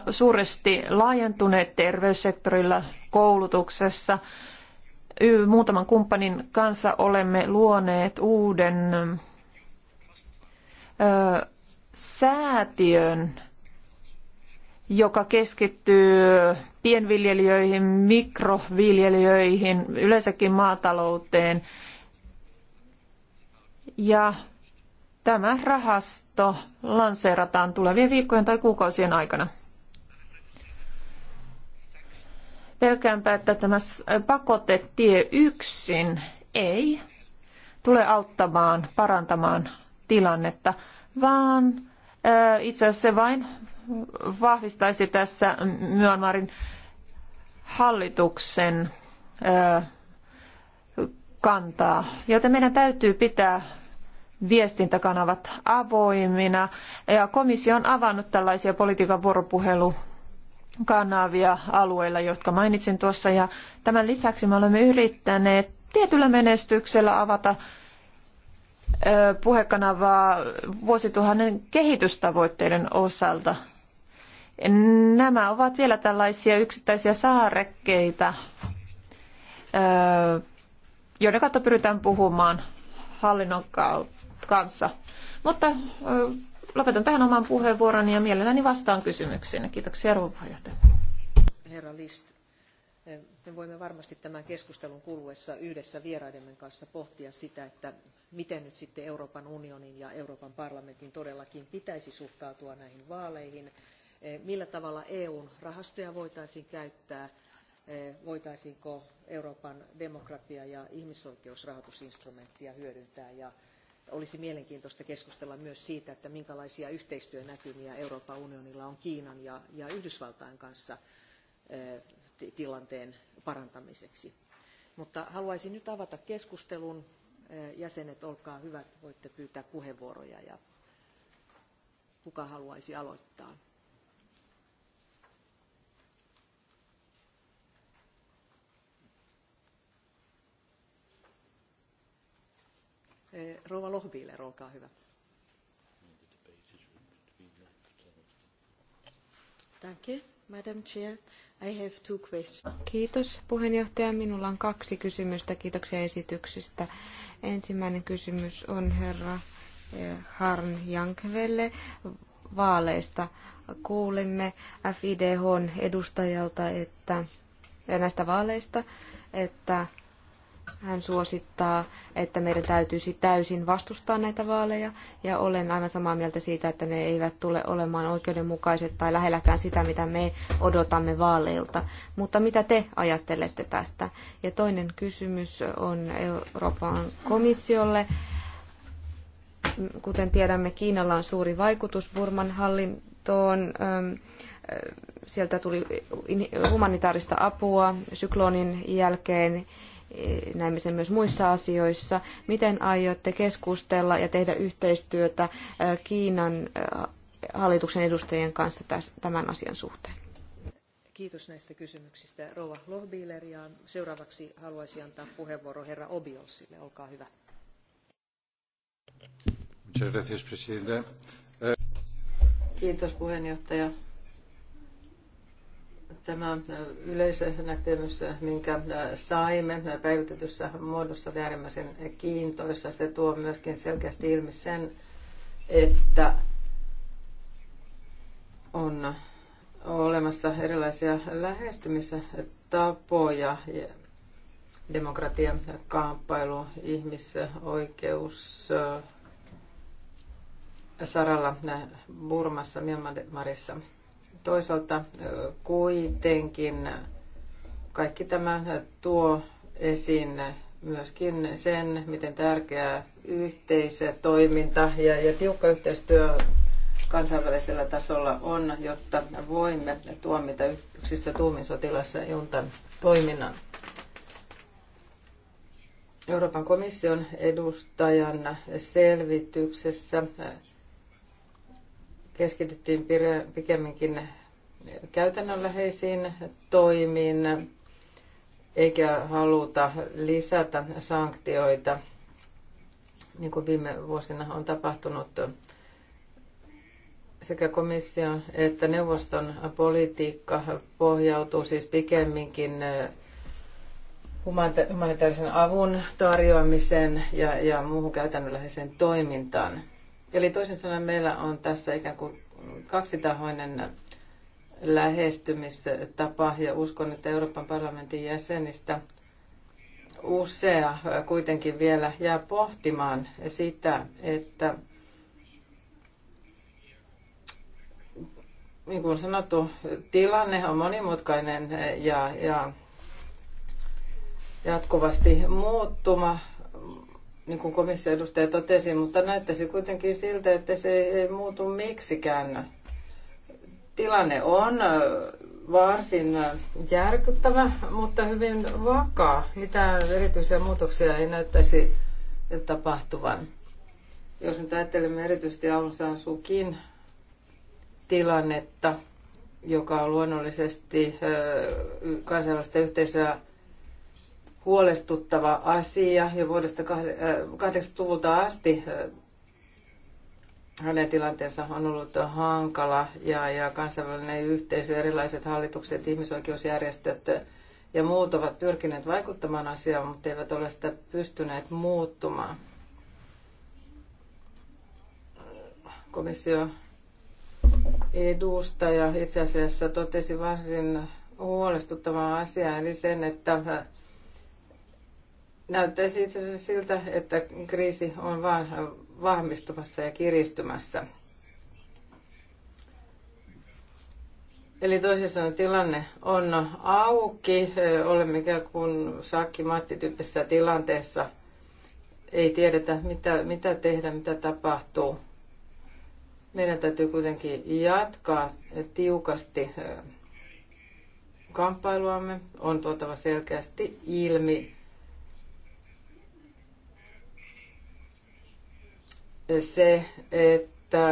suuresti laajentuneet terveyssektorilla, koulutuksessa. muutaman kumppanin kanssa olemme luoneet uuden ö, säätiön, joka keskittyy pienviljelijöihin, mikroviljelijöihin, yleensäkin maatalouteen. Ja tämä rahasto lanseerataan tulevien viikkojen tai kuukausien aikana. Pelkäänpä, että tämä pakotetie yksin ei tule auttamaan parantamaan tilannetta, vaan itse asiassa se vain vahvistaisi tässä Myanmarin hallituksen kantaa. Joten meidän täytyy pitää viestintäkanavat avoimina. Ja komissio on avannut tällaisia politiikan vuoropuhelukanavia alueilla, jotka mainitsin tuossa. Ja tämän lisäksi me olemme yrittäneet tietyllä menestyksellä avata puhekanavaa vuosituhannen kehitystavoitteiden osalta. Nämä ovat vielä tällaisia yksittäisiä saarekkeita, joiden kautta pyritään puhumaan hallinnon kanssa. Mutta lopetan tähän oman puheenvuoroni ja mielelläni vastaan kysymyksiin. Kiitoksia, rouva puheenjohtaja. Herra List, sitten voimme varmasti tämän keskustelun kuluessa yhdessä vieraidemme kanssa pohtia sitä, että miten nyt sitten Euroopan unionin ja Euroopan parlamentin todellakin pitäisi suhtautua näihin vaaleihin, eh, millä tavalla EUn rahastoja voitaisiin käyttää, eh, voitaisiinko Euroopan demokratia- ja ihmisoikeusrahoitusinstrumenttia hyödyntää ja olisi mielenkiintoista keskustella myös siitä, että minkälaisia yhteistyönäkymiä Euroopan unionilla on Kiinan ja, ja Yhdysvaltain kanssa eh, tilanteen parantamiseksi. Mutta haluaisin nyt avata keskustelun. Jäsenet, olkaa hyvät, voitte pyytää puheenvuoroja ja kuka haluaisi aloittaa. Rouva Lohbiiler, olkaa hyvä. Danke. Madam Chair, I have two questions. Kiitos puheenjohtaja. Minulla on kaksi kysymystä. Kiitoksia esityksistä. Ensimmäinen kysymys on herra eh, Harn Jankvelle vaaleista. Kuulimme FIDHn edustajalta että, ja näistä vaaleista, että hän suosittaa, että meidän täytyisi täysin vastustaa näitä vaaleja, ja olen aivan samaa mieltä siitä, että ne eivät tule olemaan oikeudenmukaiset tai lähelläkään sitä, mitä me odotamme vaaleilta. Mutta mitä te ajattelette tästä? Ja toinen kysymys on Euroopan komissiolle. Kuten tiedämme, Kiinalla on suuri vaikutus Burman hallintoon sieltä tuli humanitaarista apua syklonin jälkeen näemme sen myös muissa asioissa. Miten aiotte keskustella ja tehdä yhteistyötä äh, Kiinan äh, hallituksen edustajien kanssa tämän asian suhteen? Kiitos näistä kysymyksistä, Rouva Lohbiler. Ja seuraavaksi haluaisin antaa puheenvuoro herra Obiolsille. Olkaa hyvä. Kiitos puheenjohtaja. Tämä yleisönäkemys, minkä äh, saimme päivitetyssä muodossa, oli äärimmäisen kiintoissa. Se tuo myöskin selkeästi ilmi sen, että on olemassa erilaisia lähestymistapoja demokratian kamppailu, ihmisoikeus äh, saralla äh, Burmassa, Myanmarissa toisaalta kuitenkin kaikki tämä tuo esiin myöskin sen, miten tärkeää yhteistoiminta ja, ja tiukka yhteistyö kansainvälisellä tasolla on, jotta voimme tuomita yksissä tuumin sotilassa juntan toiminnan. Euroopan komission edustajan selvityksessä keskityttiin pikemminkin käytännönläheisiin toimiin, eikä haluta lisätä sanktioita, niin kuin viime vuosina on tapahtunut sekä komission että neuvoston politiikka pohjautuu siis pikemminkin eh, humanitaarisen avun tarjoamiseen ja, ja muuhun käytännönläheiseen toimintaan. Eli toisin sanoen meillä on tässä ikään kuin kaksitahoinen lähestymistapa ja uskon, että Euroopan parlamentin jäsenistä usea kuitenkin vielä jää pohtimaan sitä, että niin kuin sanottu, tilanne on monimutkainen ja, ja jatkuvasti muuttuma, niin kuin komission edustaja totesi, mutta näyttäisi kuitenkin siltä, että se ei muutu miksikään. Tilanne on varsin järkyttävä, mutta hyvin vakaa. Mitään erityisiä muutoksia ei näyttäisi tapahtuvan. Jos nyt ajattelemme erityisesti Aung San Suu Kyin tilannetta, joka on luonnollisesti kansainvälistä yhteisöä huolestuttava asia jo vuodesta 80-luvulta äh, asti. Äh, hänen tilanteensa on ollut hankala ja, ja kansainvälinen yhteisö, erilaiset hallitukset, ihmisoikeusjärjestöt ja muut ovat pyrkineet vaikuttamaan asiaan, mutta eivät ole sitä pystyneet muuttumaan. Komissio edustaja itse asiassa totesi varsin huolestuttavaa asiaa, eli sen, että näyttäisi itse asiassa siltä, että kriisi on vain vahvistumassa ja kiristymässä. Eli toisin sanoen tilanne on auki, olemme ikään kuin Sakki Matti tyyppisessä tilanteessa. Ei tiedetä, mitä, mitä tehdä, mitä tapahtuu. Meidän täytyy kuitenkin jatkaa tiukasti eh, kamppailuamme. On tuotava selkeästi ilmi se, että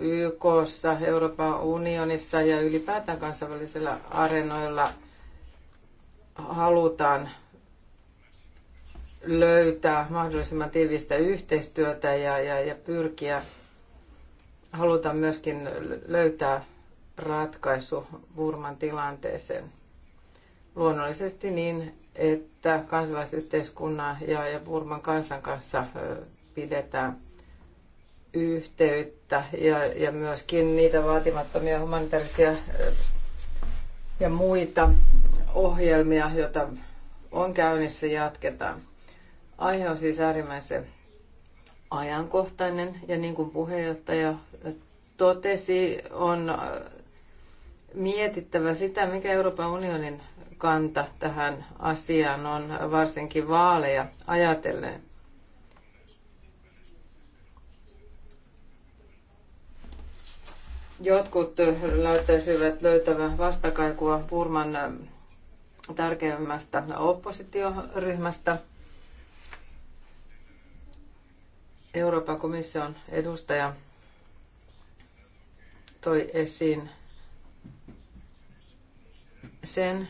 YKssa, Euroopan unionissa ja ylipäätään kansainvälisillä areenoilla halutaan löytää mahdollisimman tiivistä yhteistyötä ja, ja, ja pyrkiä, halutaan myöskin löytää ratkaisu Burman tilanteeseen. Luonnollisesti niin, että kansalaisyhteiskunnan ja, ja Burman kansan kanssa pidetään yhteyttä ja, ja myöskin niitä vaatimattomia humanitaarisia ja muita ohjelmia, joita on käynnissä, jatketaan. Aihe on siis äärimmäisen ajankohtainen ja niin kuin puheenjohtaja totesi, on mietittävä sitä, mikä Euroopan unionin kanta tähän asiaan on, varsinkin vaaleja ajatellen. Jotkut näyttäisivät löytävän vastakaikua Burman ähm, tärkeimmästä oppositioryhmästä. Euroopan komission edustaja toi esiin sen,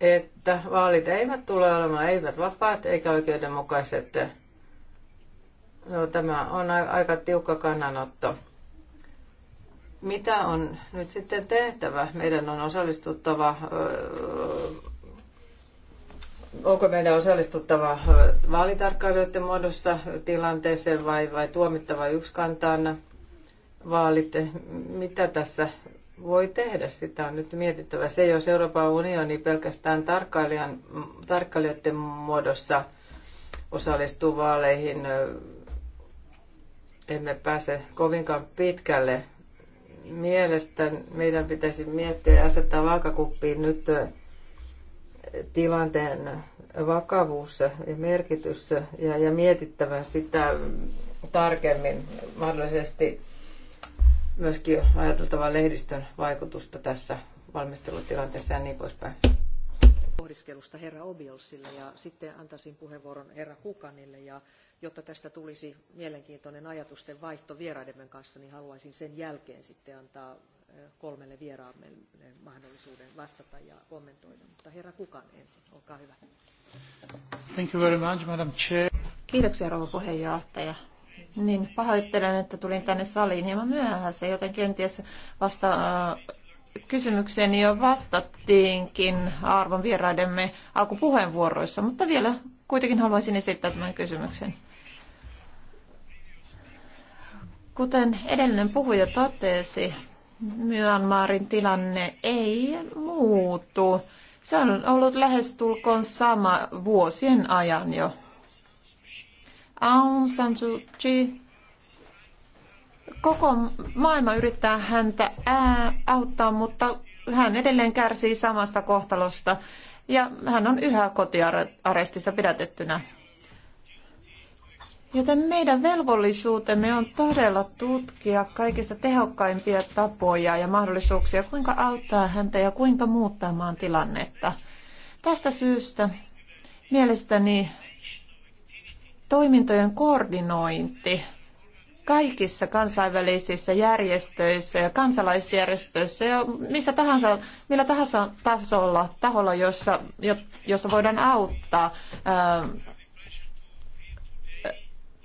että vaalit eivät tule olemaan eivät vapaat eikä oikeudenmukaiset. No, tämä on aika tiukka kannanotto. Mitä on nyt sitten tehtävä? Meidän on osallistuttava, onko meidän osallistuttava vaalitarkkailijoiden muodossa tilanteeseen vai, vai tuomittava yksikantaan vaalit? Mitä tässä voi tehdä? Sitä on nyt mietittävä. Se, jos Euroopan unioni pelkästään tarkkailijan, tarkkailijoiden muodossa osallistuu vaaleihin, emme pääse kovinkaan pitkälle mielestä meidän pitäisi miettiä ja asettaa vaakakuppiin nyt tilanteen vakavuus ja merkitys ja, ja mietittävä sitä tarkemmin, mahdollisesti myöskin ajateltava lehdistön vaikutusta tässä valmistelutilanteessa ja niin poispäin. Pohdiskelusta herra Obiolsille ja sitten antaisin puheenvuoron herra Kukanille ja jotta tästä tulisi mielenkiintoinen ajatusten vaihto vieraidemme kanssa, niin haluaisin sen jälkeen sitten antaa kolmelle vieraamme mahdollisuuden vastata ja kommentoida. Mutta herra Kukan ensin, olkaa hyvä. Thank you very much, Madam Chair. Kiitoksia, rouva puheenjohtaja. Niin, pahoittelen, että tulin tänne saliin hieman myöhässä, joten kenties vasta äh, kysymykseeni jo vastattiinkin arvon vieraidemme alkupuheenvuoroissa, mutta vielä kuitenkin haluaisin esittää tämän kysymyksen. Kuten edellinen puhuja totesi, Myanmarin tilanne ei muutu. Se on ollut lähestulkoon sama vuosien ajan jo. Aung San Suu Kyi, koko maailma yrittää häntä ää, auttaa, mutta hän edelleen kärsii samasta kohtalosta ja hän on yhä kotiarestissa pidätettynä. Joten meidän velvollisuutemme on todella tutkia kaikista tehokkaimpia tapoja ja mahdollisuuksia, kuinka auttaa häntä ja kuinka muuttaa maan tilannetta. Tästä syystä mielestäni toimintojen koordinointi kaikissa kansainvälisissä järjestöissä ja kansalaisjärjestöissä ja missä tahansa, millä tahansa tasolla, taholla, jossa, jossa voidaan auttaa ää,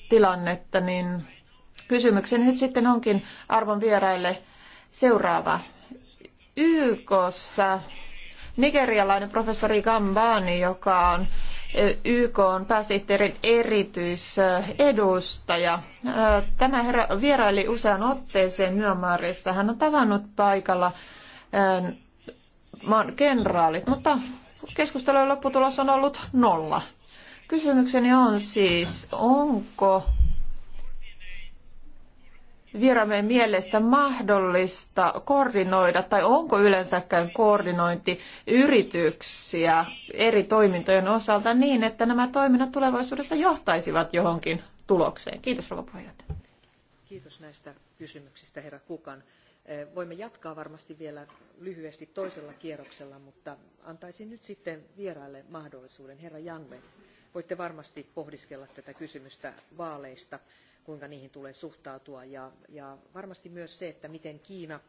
tilannetta, niin kysymykseni nyt sitten onkin arvon vieraille seuraava. YKssa nigerialainen professori Gambani, joka on YK on pääsihteerin erityisedustaja. Tämä herra vieraili usean otteeseen Myanmarissa. Hän on tavannut paikalla maan kenraalit, mutta keskustelun lopputulos on ollut nolla. Kysymykseni on siis, onko viramme mielestä mahdollista koordinoida tai onko yleensäkään koordinointi yrityksiä eri toimintojen osalta niin, että nämä toiminnat tulevaisuudessa johtaisivat johonkin tulokseen? Kiitos rouva puheenjohtaja. Kiitos näistä kysymyksistä herra Kukan. Eh, voimme jatkaa varmasti vielä lyhyesti toisella kierroksella, mutta antaisin nyt sitten vieraille mahdollisuuden. Herra Janve, voitte varmasti pohdiskella tätä kysymystä vaaleista, kuinka niihin tulee suhtautua ja, ja varmasti myös se, että miten Kiina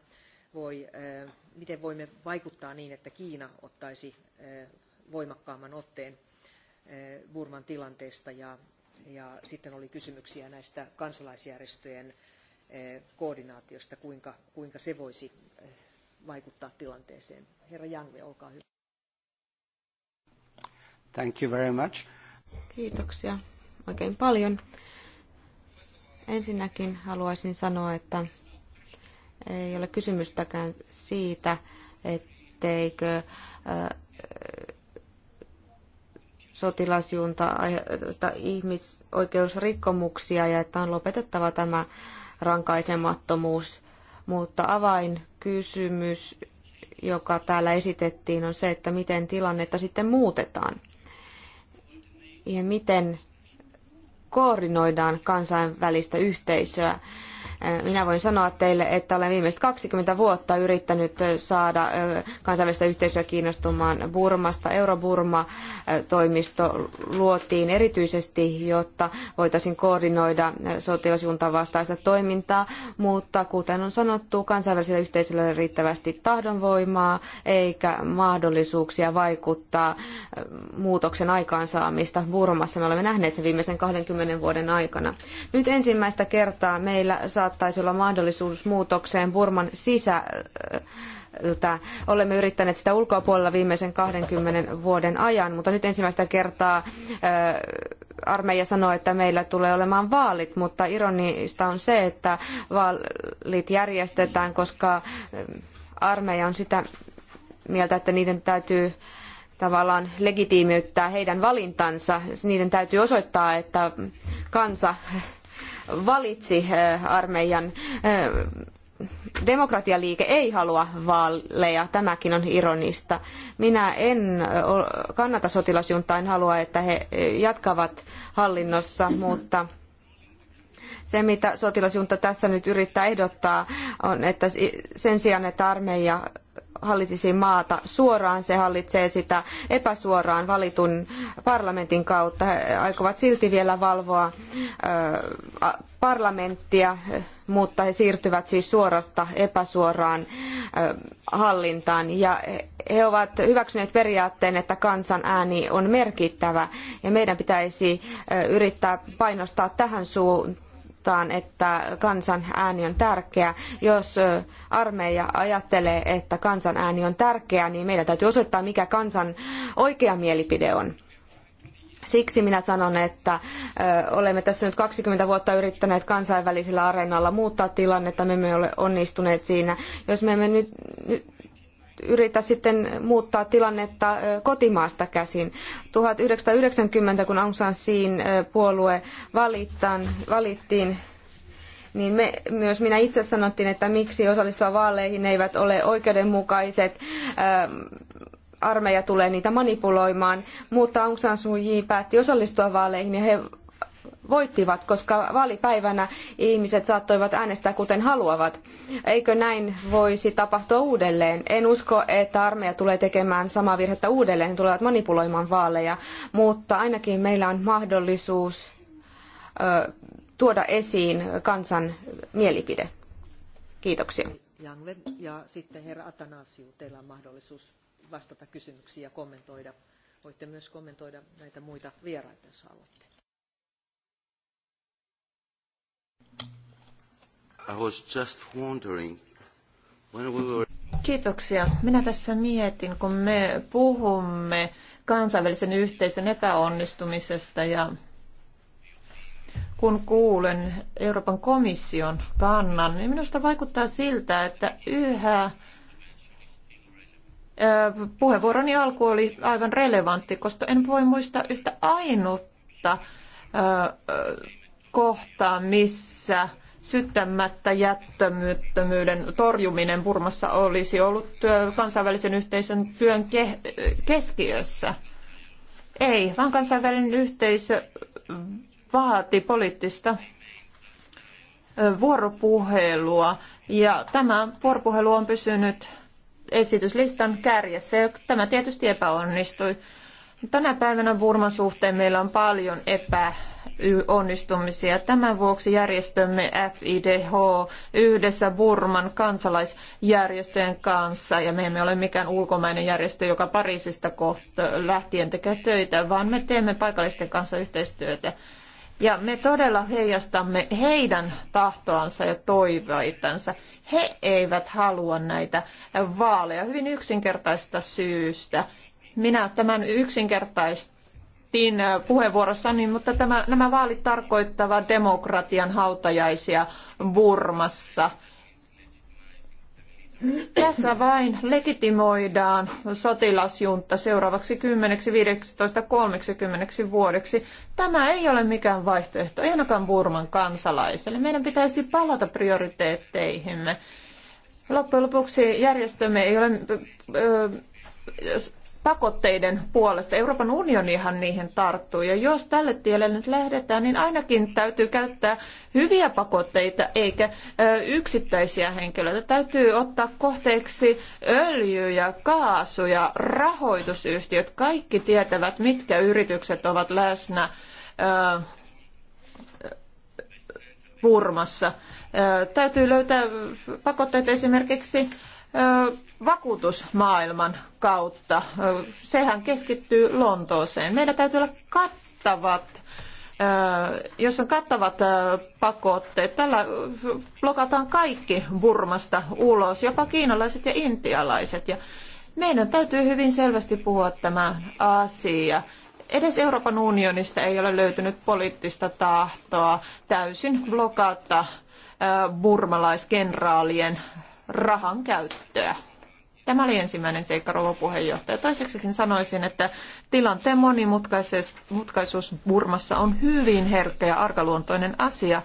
voi, eh, miten voimme vaikuttaa niin, että Kiina ottaisi eh, voimakkaamman otteen eh, Burman tilanteesta ja, ja sitten oli kysymyksiä näistä kansalaisjärjestöjen koordinaatiosta, kuinka, kuinka se voisi vaikuttaa tilanteeseen. Herra Jangve, olkaa hyvä. Thank you very much. Kiitoksia oikein paljon. Ensinnäkin haluaisin sanoa, että ei ole kysymystäkään siitä, etteikö sotilasjunta tai ihmisoikeusrikkomuksia ja että on lopetettava tämä rankaisemattomuus. Mutta avainkysymys, joka täällä esitettiin, on se, että miten tilannetta sitten muutetaan ja miten koordinoidaan kansainvälistä yhteisöä. Minä voin sanoa teille, että olen viimeiset 20 vuotta yrittänyt saada kansainvälistä yhteisöä kiinnostumaan Burmasta. Euroburma-toimisto luotiin erityisesti, jotta voitaisiin koordinoida sotilasjuntan vastaista toimintaa, mutta kuten on sanottu, kansainvälisellä yhteisöllä ei riittävästi tahdonvoimaa eikä mahdollisuuksia vaikuttaa muutoksen aikaansaamista Burmassa. Me olemme nähneet sen viimeisen 20 vuoden aikana. Nyt ensimmäistä kertaa meillä saa saattaisi olla mahdollisuus muutokseen Burman sisältä. Olemme yrittäneet sitä ulkopuolella viimeisen 20 vuoden ajan, mutta nyt ensimmäistä kertaa äh, armeija sanoo, että meillä tulee olemaan vaalit, mutta ironista on se, että vaalit järjestetään, koska äh, armeija on sitä mieltä, että niiden täytyy tavallaan legitiimiyttää heidän valintansa. Niiden täytyy osoittaa, että kansa valitsi eh, armeijan eh, demokratialiike ei halua vaaleja. Tämäkin on ironista. Minä en kannata sotilasjuntaa, en halua, että he eh, jatkavat hallinnossa, mutta se, mitä sotilasjunta tässä nyt yrittää ehdottaa, on, että sen sijaan, että armeija hallitsisi maata suoraan, se hallitsee sitä epäsuoraan valitun parlamentin kautta. He aikovat silti vielä valvoa parlamenttia, mutta he siirtyvät siis suorasta epäsuoraan hallintaan. Ja he ovat hyväksyneet periaatteen, että kansan ääni on merkittävä ja meidän pitäisi yrittää painostaa tähän suuntaan osoittaa, että kansan ääni on tärkeä. Jos armeija ajattelee, että kansan ääni on tärkeä, niin meidän täytyy osoittaa, mikä kansan oikea mielipide on. Siksi minä sanon, että olemme tässä nyt 20 vuotta yrittäneet kansainvälisillä areenoilla muuttaa tilannetta, me emme ole onnistuneet siinä. Jos me emme nyt, nyt yritä sitten muuttaa tilannetta kotimaasta käsin. 1990, kun Aung San Suun puolue valittiin, niin me, myös minä itse sanottiin, että miksi osallistua vaaleihin eivät ole oikeudenmukaiset, armeija tulee niitä manipuloimaan, mutta Aung San Suu Kyi päätti osallistua vaaleihin ja he voittivat, koska vaalipäivänä ihmiset saattoivat äänestää kuten haluavat. Eikö näin voisi tapahtua uudelleen? En usko, että armeija tulee tekemään samaa virhettä uudelleen, tulevat manipuloimaan vaaleja, mutta ainakin meillä on mahdollisuus ö, tuoda esiin kansan mielipide. Kiitoksia. ja sitten herra Atanasiu, teillä on mahdollisuus vastata kysymyksiin ja kommentoida. Voitte myös kommentoida näitä muita vieraita, jos haluatte. I was just wondering when we were... Kiitoksia. Minä tässä mietin, kun me puhumme kansainvälisen yhteisön epäonnistumisesta ja kun kuulen Euroopan komission kannan, niin minusta vaikuttaa siltä, että yhä puheenvuoroni alku oli aivan relevantti, koska en voi muistaa yhtä ainutta kohtaa, missä syttämättä jättämättömyyden torjuminen Burmassa olisi ollut kansainvälisen yhteisön työn keskiössä. Ei, vaan kansainvälinen yhteisö vaati poliittista vuoropuhelua. Ja tämä vuoropuhelu on pysynyt esityslistan kärjessä ja tämä tietysti epäonnistui. Tänä päivänä Burman suhteen meillä on paljon epä onnistumisia. Tämän vuoksi järjestömme FIDH yhdessä Burman kansalaisjärjestöjen kanssa, ja me emme ole mikään ulkomainen järjestö, joka Pariisista kohta lähtien tekee töitä, vaan me teemme paikallisten kanssa yhteistyötä. Ja me todella heijastamme heidän tahtoansa ja toiveitansa. He eivät halua näitä vaaleja hyvin yksinkertaista syystä. Minä tämän yksinkertaista mainittiin äh, puheenvuorossani, mutta tämä, nämä vaalit tarkoittavat demokratian hautajaisia Burmassa. Tässä vain legitimoidaan sotilasjunta seuraavaksi 10, 15, 30 vuodeksi. Tämä ei ole mikään vaihtoehto, ei ainakaan Burman kansalaiselle. Meidän pitäisi palata prioriteetteihimme. Loppujen lopuksi järjestömme ei ole ö, pakotteiden puolesta. Euroopan unionihan niihin tarttuu. Ja jos tälle tielle nyt lähdetään, niin ainakin täytyy käyttää hyviä pakotteita eikä yksittäisiä henkilöitä. Täytyy ottaa kohteeksi öljyjä, kaasuja, rahoitusyhtiöt. Kaikki tietävät, mitkä yritykset ovat läsnä Burmassa. Täytyy löytää pakotteet esimerkiksi vakuutusmaailman kautta. Sehän keskittyy Lontooseen. Meillä täytyy olla kattavat jos on kattavat pakotteet, tällä blokataan kaikki Burmasta ulos, jopa kiinalaiset ja intialaiset. Ja meidän täytyy hyvin selvästi puhua tämä asia. Edes Euroopan unionista ei ole löytynyt poliittista tahtoa täysin blokata burmalaisgenraalien rahan käyttöä. Tämä oli ensimmäinen seikka, rouva puheenjohtaja. Toiseksikin sanoisin, että tilanteen monimutkaisuus Burmassa on hyvin herkkä ja arkaluontoinen asia.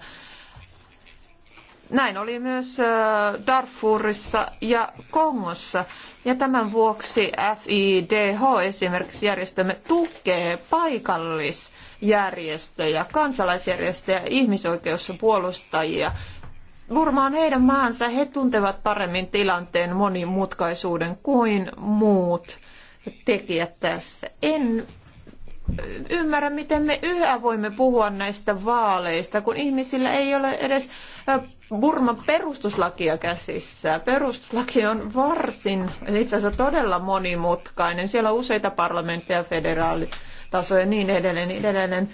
Näin oli myös Darfurissa ja Kongossa. Ja tämän vuoksi FIDH esimerkiksi järjestömme tukee paikallisjärjestöjä, kansalaisjärjestöjä, ihmisoikeuspuolustajia Burma on heidän maansa. He tuntevat paremmin tilanteen monimutkaisuuden kuin muut tekijät tässä. En ymmärrä, miten me yhä voimme puhua näistä vaaleista, kun ihmisillä ei ole edes Burman perustuslakia käsissä. Perustuslaki on varsin, itse asiassa todella monimutkainen. Siellä on useita parlamentteja, federaalitasoja ja niin edelleen, niin edelleen.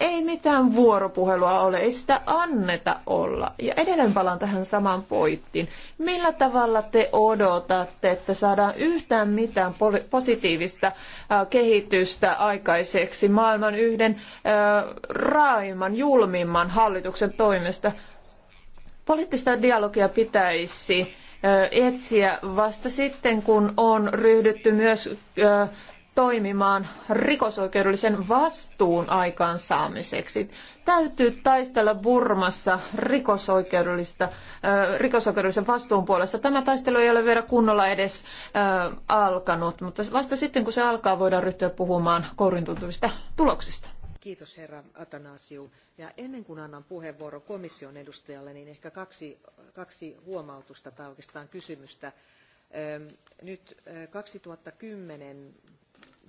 Ei mitään vuoropuhelua ole, ei sitä anneta olla. Ja edelleen palaan tähän samaan poittiin. Millä tavalla te odotatte, että saadaan yhtään mitään positiivista äh, kehitystä aikaiseksi maailman yhden äh, raaimman, julmimman hallituksen toimesta? Poliittista dialogia pitäisi äh, etsiä vasta sitten, kun on ryhdytty myös toimimaan rikosoikeudellisen vastuun aikaansaamiseksi. Täytyy taistella Burmassa rikosoikeudellista, rikosoikeudellisen vastuun puolesta. Tämä taistelu ei ole vielä kunnolla edes alkanut, mutta vasta sitten kun se alkaa, voidaan ryhtyä puhumaan kourintuntuvista tuloksista. Kiitos herra Atanasiu. Ja ennen kuin annan puheenvuoron komission edustajalle, niin ehkä kaksi, kaksi huomautusta tai oikeastaan kysymystä. Nyt 2010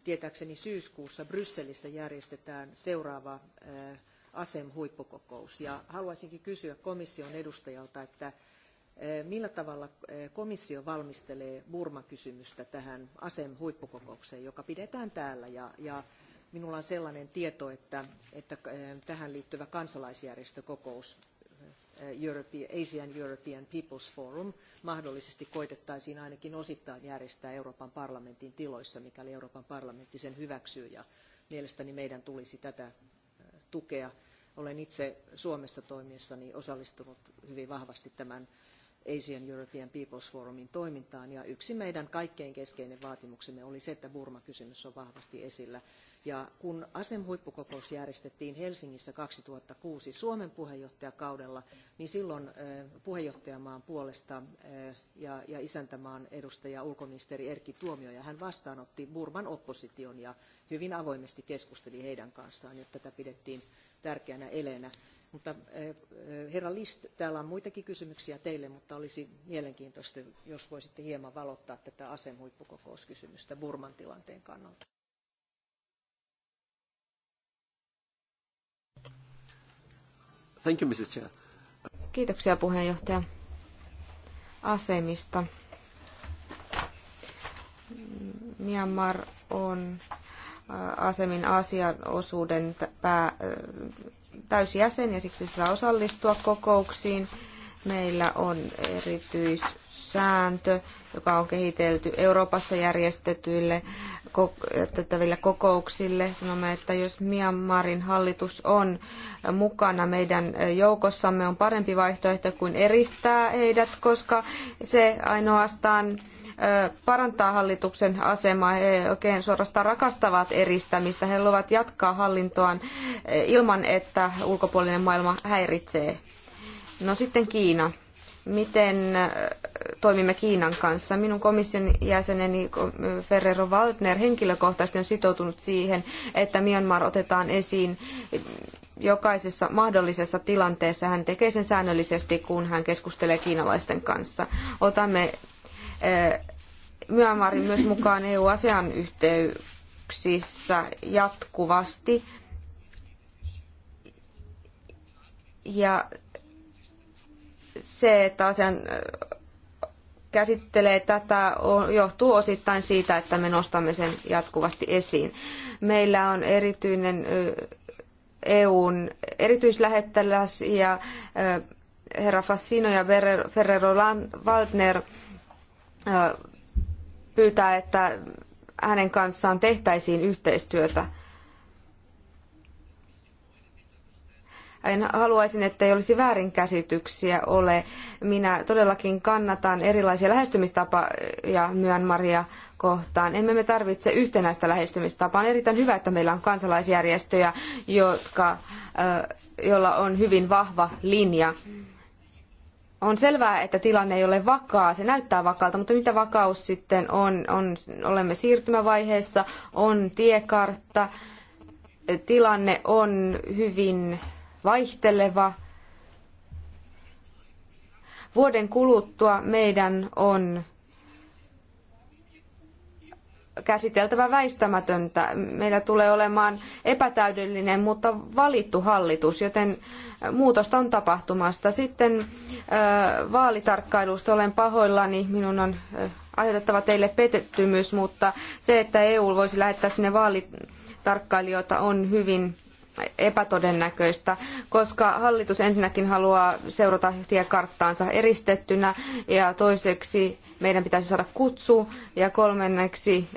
tietääkseni syyskuussa Brysselissä järjestetään seuraava ASEM-huippukokous. Ja haluaisinkin kysyä komission edustajalta, että millä tavalla komissio valmistelee Burma-kysymystä tähän ASEM-huippukokoukseen, joka pidetään täällä. Ja, ja minulla on sellainen tieto, että, että tähän liittyvä kansalaisjärjestökokous Asian European People's Forum mahdollisesti koitettaisiin ainakin osittain järjestää Euroopan parlamentin tiloissa, mikäli Euroopan parlamentti sen hyväksyy. Ja mielestäni meidän tulisi tätä tukea. Olen itse Suomessa toimiessani osallistunut hyvin vahvasti tämän Asian European People's Forumin toimintaan. Ja yksi meidän kaikkein keskeinen vaatimuksemme oli se, että Burma-kysymys on vahvasti esillä. Ja kun ASEM-huippukokous järjestettiin Helsingissä 2006 Suomen puheenjohtajakaudella, niin silloin puheenjohtajamaan puolesta ja, isäntämaan edustaja ulkoministeri Erkki Tuomioja, hän vastaanotti Burman opposition ja hyvin avoimesti keskusteli heidän kanssaan, ja tätä pidettiin tärkeänä eleenä. Mutta eh, eh, herra List, täällä on muitakin kysymyksiä teille, mutta olisi mielenkiintoista, jos voisitte hieman valottaa tätä asemuippukokouskysymystä Burman tilanteen kannalta. Thank you, Mrs. Chair. Kiitoksia puheenjohtaja asemista. Myanmar on asemin asian osuuden pää, täysjäsen ja siksi se saa osallistua kokouksiin. Meillä on erityissääntö, joka on kehitelty Euroopassa järjestetyille tätäville kokouksille. Sanomme, että jos Myanmarin hallitus on mukana meidän joukossamme, on parempi vaihtoehto kuin eristää heidät, koska se ainoastaan parantaa hallituksen asemaa. He oikein suorastaan rakastavat eristämistä. He luovat jatkaa hallintoaan ilman, että ulkopuolinen maailma häiritsee. No sitten Kiina. Miten toimimme Kiinan kanssa? Minun komission jäseneni Ferrero Waldner henkilökohtaisesti on sitoutunut siihen, että Myanmar otetaan esiin jokaisessa mahdollisessa tilanteessa. Hän tekee sen säännöllisesti, kun hän keskustelee kiinalaisten kanssa. Otamme Eh, Myanmarin myös mukaan EU-asian yhteyksissä jatkuvasti. Ja se, että asian eh, käsittelee tätä, johtuu osittain siitä, että me nostamme sen jatkuvasti esiin. Meillä on erityinen eh, EUn erityislähettiläs ja herra Fassino ja Ferrero Waldner pyytää, että hänen kanssaan tehtäisiin yhteistyötä. en haluaisin, että ei olisi väärinkäsityksiä ole. Minä todellakin kannatan erilaisia lähestymistapoja Myanmaria kohtaan. Emme me tarvitse yhtenäistä lähestymistapaa. On erittäin hyvä, että meillä on kansalaisjärjestöjä, jotka, joilla on hyvin vahva linja on selvää, että tilanne ei ole vakaa, se näyttää vakaalta, mutta mitä vakaus sitten on? on olemme siirtymävaiheessa, on tiekartta, tilanne on hyvin vaihteleva. Vuoden kuluttua meidän on käsiteltävä väistämätöntä. Meillä tulee olemaan epätäydellinen, mutta valittu hallitus, joten muutosta on tapahtumasta. Sitten vaalitarkkailusta olen pahoillani, minun on aiheutettava teille petettymys, mutta se, että EU voisi lähettää sinne vaalitarkkailijoita on hyvin epätodennäköistä, koska hallitus ensinnäkin haluaa seurata tiekarttaansa eristettynä ja toiseksi meidän pitäisi saada kutsu ja kolmanneksi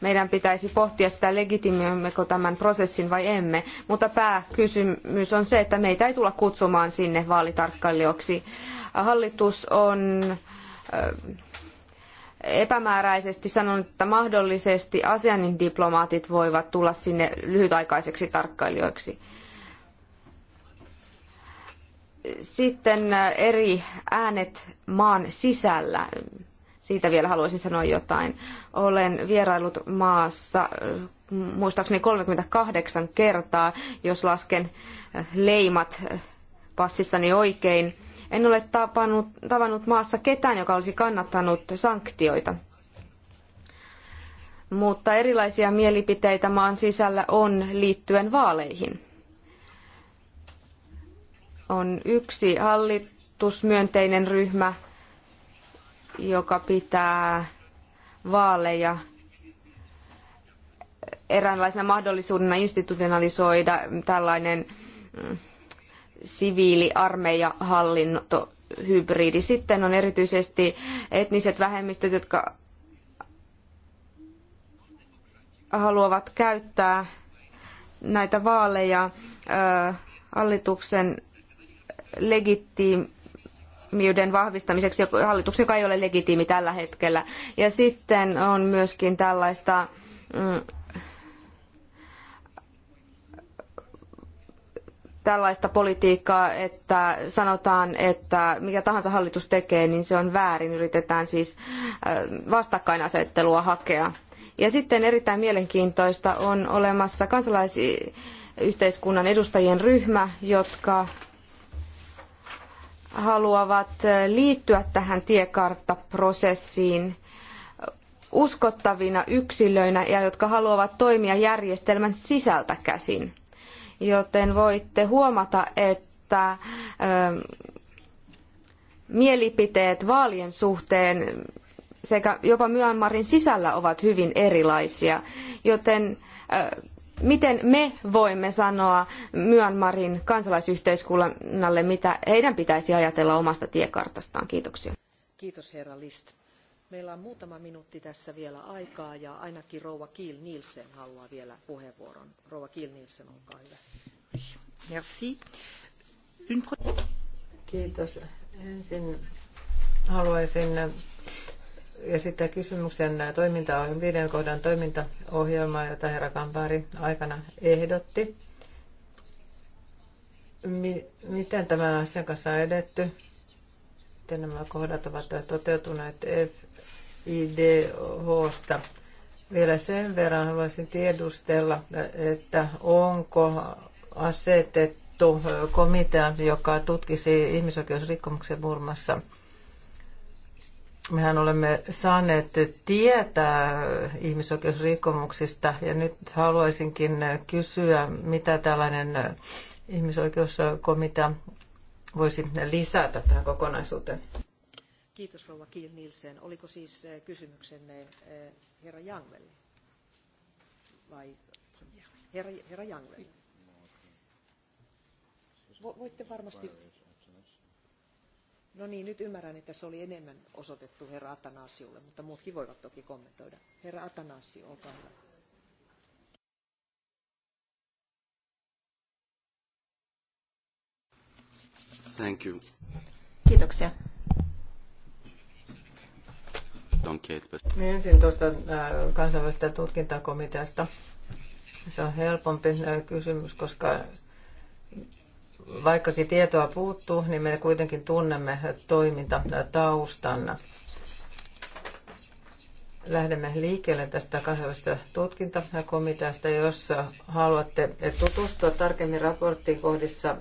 meidän pitäisi pohtia sitä legitimioimmeko tämän prosessin vai emme, mutta pääkysymys on se, että meitä ei tulla kutsumaan sinne vaalitarkkailijoiksi. Hallitus on epämääräisesti sanon, että mahdollisesti ASEANin diplomaatit voivat tulla sinne lyhytaikaiseksi tarkkailijoiksi. Sitten äh, eri äänet maan sisällä. Siitä vielä haluaisin sanoa jotain. Olen vierailut maassa äh, muistaakseni 38 kertaa, jos lasken äh, leimat passissani oikein en ole tapannut, tavannut maassa ketään, joka olisi kannattanut sanktioita. Mutta erilaisia mielipiteitä maan sisällä on liittyen vaaleihin. On yksi hallitusmyönteinen ryhmä, joka pitää vaaleja eräänlaisena mahdollisuudena institutionalisoida tällainen mm, armeija hallinto hybridi. Sitten on erityisesti etniset vähemmistöt, jotka haluavat käyttää näitä vaaleja hallituksen legitiimiyden vahvistamiseksi, hallituksen, joka ei ole legitiimi tällä hetkellä. Ja sitten on myöskin tällaista mm, tällaista politiikkaa, että sanotaan, että mikä tahansa hallitus tekee, niin se on väärin. Yritetään siis vastakkainasettelua hakea. Ja sitten erittäin mielenkiintoista on olemassa kansalaisyhteiskunnan edustajien ryhmä, jotka haluavat liittyä tähän tiekarttaprosessiin uskottavina yksilöinä ja jotka haluavat toimia järjestelmän sisältä käsin joten voitte huomata, että ähm, mielipiteet vaalien suhteen sekä jopa Myanmarin sisällä ovat hyvin erilaisia, joten äh, miten me voimme sanoa Myanmarin kansalaisyhteiskunnalle, mitä heidän pitäisi ajatella omasta tiekartastaan? Kiitoksia. Kiitos herra List. Meillä on muutama minuutti tässä vielä aikaa ja ainakin Rouva Kiil Nielsen haluaa vielä puheenvuoron. Rouva Kiil Nielsen, olkaa hyvä. Merci. Kiitos. Ensin haluaisin esittää kysymyksen toimintaohjelman, viiden kohdan toimintaohjelmaa, jota herra Kampari aikana ehdotti. miten tämän asian kanssa on edetty? sitten nämä kohdat ovat toteutuneet FIDHsta. Vielä sen verran haluaisin tiedustella, että onko asetettu komitea, joka tutkisi ihmisoikeusrikkomuksen Burmassa. Mehän olemme saaneet tietää ihmisoikeusrikkomuksista ja nyt haluaisinkin kysyä, mitä tällainen ihmisoikeuskomitea voisi lisätä tähän kokonaisuuteen. Kiitos rouva Kiil Nielsen. Oliko siis eh, kysymyksenne eh, herra Jangvelle? Vai herra, herra Jangvelle? Voitte varmasti... No niin, nyt ymmärrän, että se oli enemmän osoitettu herra Atanasiulle, mutta muutkin voivat toki kommentoida. Herra Atanasio, olkaa hyvä. Thank you. Kiitoksia. Niin, ensin tuosta äh, kansainvälisestä tutkintakomiteasta. Se on helpompi äh, kysymys, koska vaikkakin tietoa puuttuu, niin me kuitenkin tunnemme toimintataustan. Lähdemme liikkeelle tästä kansainvälisestä tutkintakomiteasta. Jos haluatte tutustua tarkemmin raporttiin kohdissa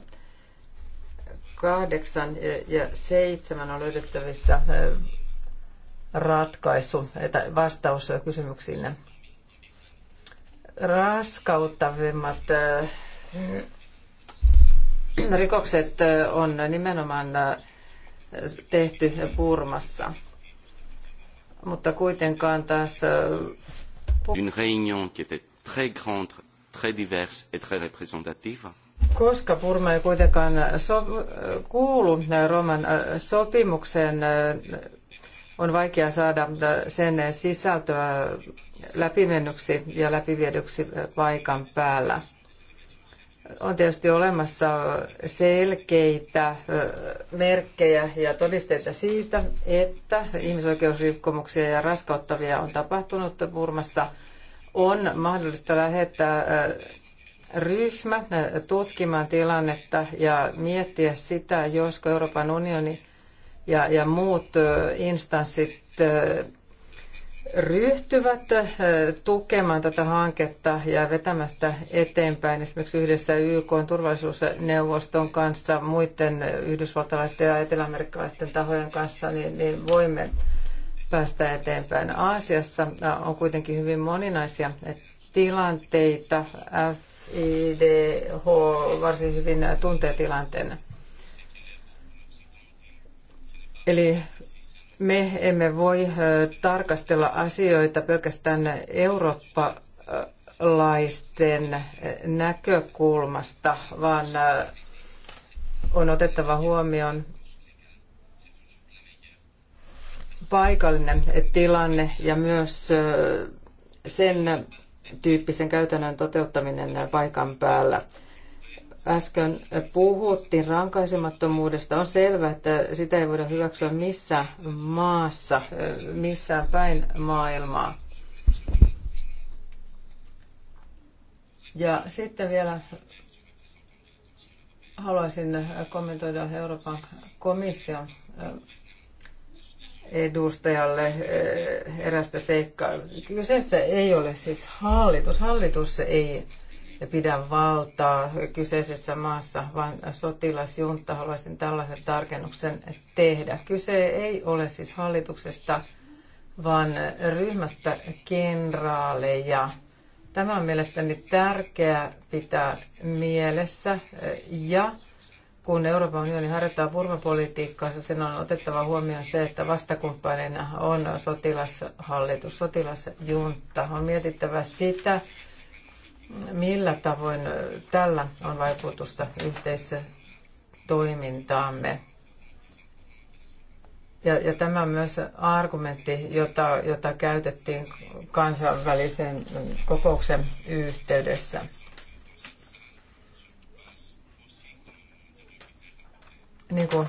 kahdeksan ja seitsemän on löydettävissä ratkaisu, että vastaus kysymyksiinne. Raskauttavimmat rikokset on nimenomaan tehty Burmassa. Mutta kuitenkaan taas... Une réunion qui était très grande, très diverse et très représentative koska Burma ei kuitenkaan so- kuulu Roman äh, sopimukseen, äh, on vaikea saada äh, sen sisältöä läpimennyksi ja läpiviedyksi paikan päällä. On tietysti olemassa selkeitä merkkejä ja todisteita siitä, että ihmisoikeusrikkomuksia ja raskauttavia on tapahtunut Burmassa. On mahdollista lähettää ryhmä äh, tutkimaan tilannetta ja miettiä sitä, josko Euroopan unioni ja, ja muut äh, instanssit äh, ryhtyvät tukemaan tätä hanketta ja vetämästä eteenpäin esimerkiksi yhdessä YK turvallisuusneuvoston kanssa, muiden yhdysvaltalaisten ja eteläamerikkalaisten tahojen kanssa, niin, niin voimme päästä eteenpäin. Aasiassa on kuitenkin hyvin moninaisia tilanteita. F IDH varsin hyvin tuntee tilanteen. Eli me emme voi tarkastella asioita pelkästään eurooppalaisten näkökulmasta, vaan on otettava huomioon paikallinen tilanne ja myös sen tyyppisen käytännön toteuttaminen paikan päällä. Äsken puhuttiin rankaisemattomuudesta. On selvää, että sitä ei voida hyväksyä missään maassa, missään päin maailmaa. Ja sitten vielä haluaisin kommentoida Euroopan komission edustajalle eh, erästä seikkaa. Kyseessä ei ole siis hallitus. Hallitus ei pidä valtaa kyseisessä maassa, vaan sotilasjunta. Haluaisin tällaisen tarkennuksen tehdä. Kyse ei ole siis hallituksesta, vaan ryhmästä kenraaleja. Tämä on mielestäni tärkeää pitää mielessä eh, ja kun Euroopan unioni harjoittaa burma sen on otettava huomioon se, että vastakumppanina on sotilashallitus, sotilasjunta. On mietittävä sitä, millä tavoin tällä on vaikutusta yhteistoimintaamme. Ja, ja tämä on myös argumentti, jota, jota käytettiin kansainvälisen kokouksen yhteydessä. Niin kuin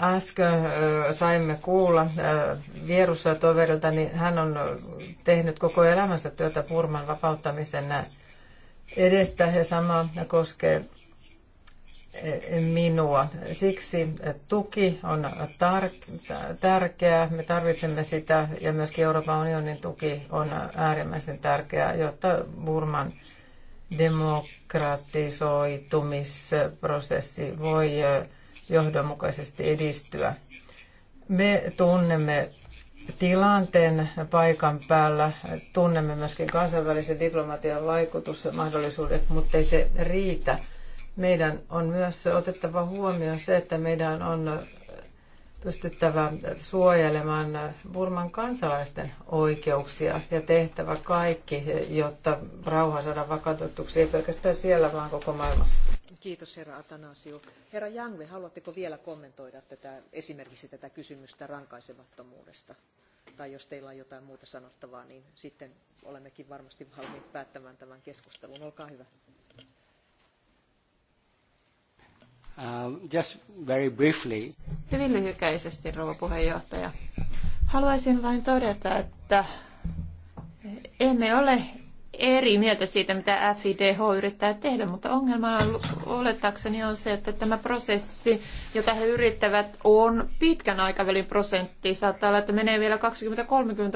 äsken saimme kuulla vierussa toverilta, niin hän on tehnyt koko elämänsä työtä purman vapauttamisen edestä ja sama koskee e, minua. Siksi tuki on tärkeää. Me tarvitsemme sitä ja myöskin Euroopan unionin tuki on äärimmäisen tärkeää, jotta Burman demokratisoitumisprosessi voi johdonmukaisesti edistyä. Me tunnemme tilanteen paikan päällä, tunnemme myöskin kansainvälisen diplomatian vaikutusmahdollisuudet, mutta ei se riitä. Meidän on myös otettava huomioon se, että meidän on pystyttävä suojelemaan Burman kansalaisten oikeuksia ja tehtävä kaikki, jotta rauha saadaan vakautetuksi ei pelkästään siellä, vaan koko maailmassa. Kiitos herra Atanasio. Herra Jangve, haluatteko vielä kommentoida tätä, esimerkiksi tätä kysymystä rankaisemattomuudesta? Tai jos teillä on jotain muuta sanottavaa, niin sitten olemmekin varmasti valmiit päättämään tämän keskustelun. Olkaa hyvä. Uh, just very briefly. Hyvin lyhykäisesti, rouva puheenjohtaja. Haluaisin vain todeta, että emme ole eri mieltä siitä, mitä FIDH yrittää tehdä, mutta ongelma olettaakseni on se, että tämä prosessi, jota he yrittävät, on pitkän aikavälin prosentti. Saattaa olla, että menee vielä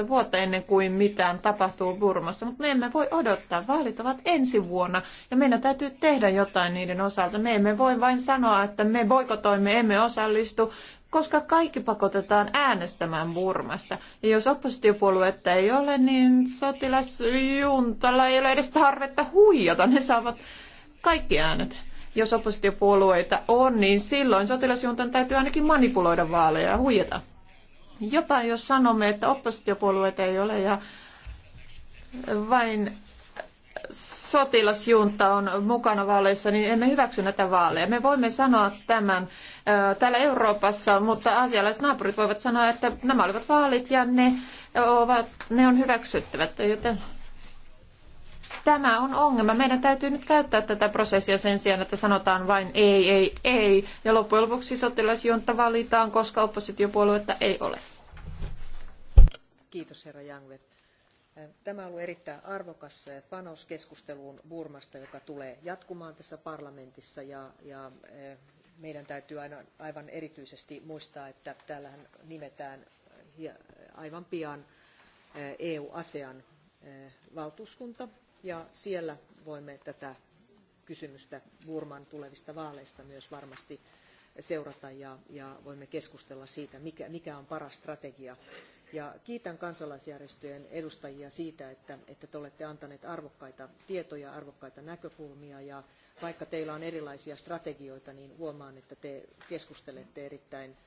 20-30 vuotta ennen kuin mitään tapahtuu Burmassa, mutta me emme voi odottaa. Vaalit ovat ensi vuonna ja meidän täytyy tehdä jotain niiden osalta. Me emme voi vain sanoa, että me boikotoimme, emme osallistu, koska kaikki pakotetaan äänestämään Burmassa. Ja jos oppositiopuoluetta ei ole, niin sotilasjuntalla ei ole edes tarvetta huijata. Ne saavat kaikki äänet. Jos oppositiopuolueita on, niin silloin sotilasjuntan täytyy ainakin manipuloida vaaleja ja huijata. Jopa jos sanomme, että oppositiopuolueita ei ole ja vain sotilasjunta on mukana vaaleissa, niin emme hyväksy näitä vaaleja. Me voimme sanoa tämän täällä Euroopassa, mutta asialaiset naapurit voivat sanoa, että nämä olivat vaalit ja ne, ovat, ne on hyväksyttävät, joten tämä on ongelma. Meidän täytyy nyt käyttää tätä prosessia sen sijaan, että sanotaan vain ei, ei, ei. Ja loppujen lopuksi sotilasjunta valitaan, koska oppositiopuoluetta ei ole. Kiitos herra Jangvet. Tämä on ollut erittäin arvokas eh, panos keskusteluun Burmasta, joka tulee jatkumaan tässä parlamentissa ja, ja eh, meidän täytyy aina, aivan erityisesti muistaa, että täällähän nimetään aivan pian EU-ASEAN eh, e valtuuskunta ja siellä voimme tätä kysymystä Burman tulevista vaaleista myös varmasti seurata ja, ja voimme keskustella siitä, mikä, mikä on paras strategia ja kiitän kansalaisjärjestöjen edustajia siitä, että, että te olette antaneet arvokkaita tietoja, arvokkaita näkökulmia ja vaikka teillä on erilaisia strategioita, niin huomaan, että te keskustelette erittäin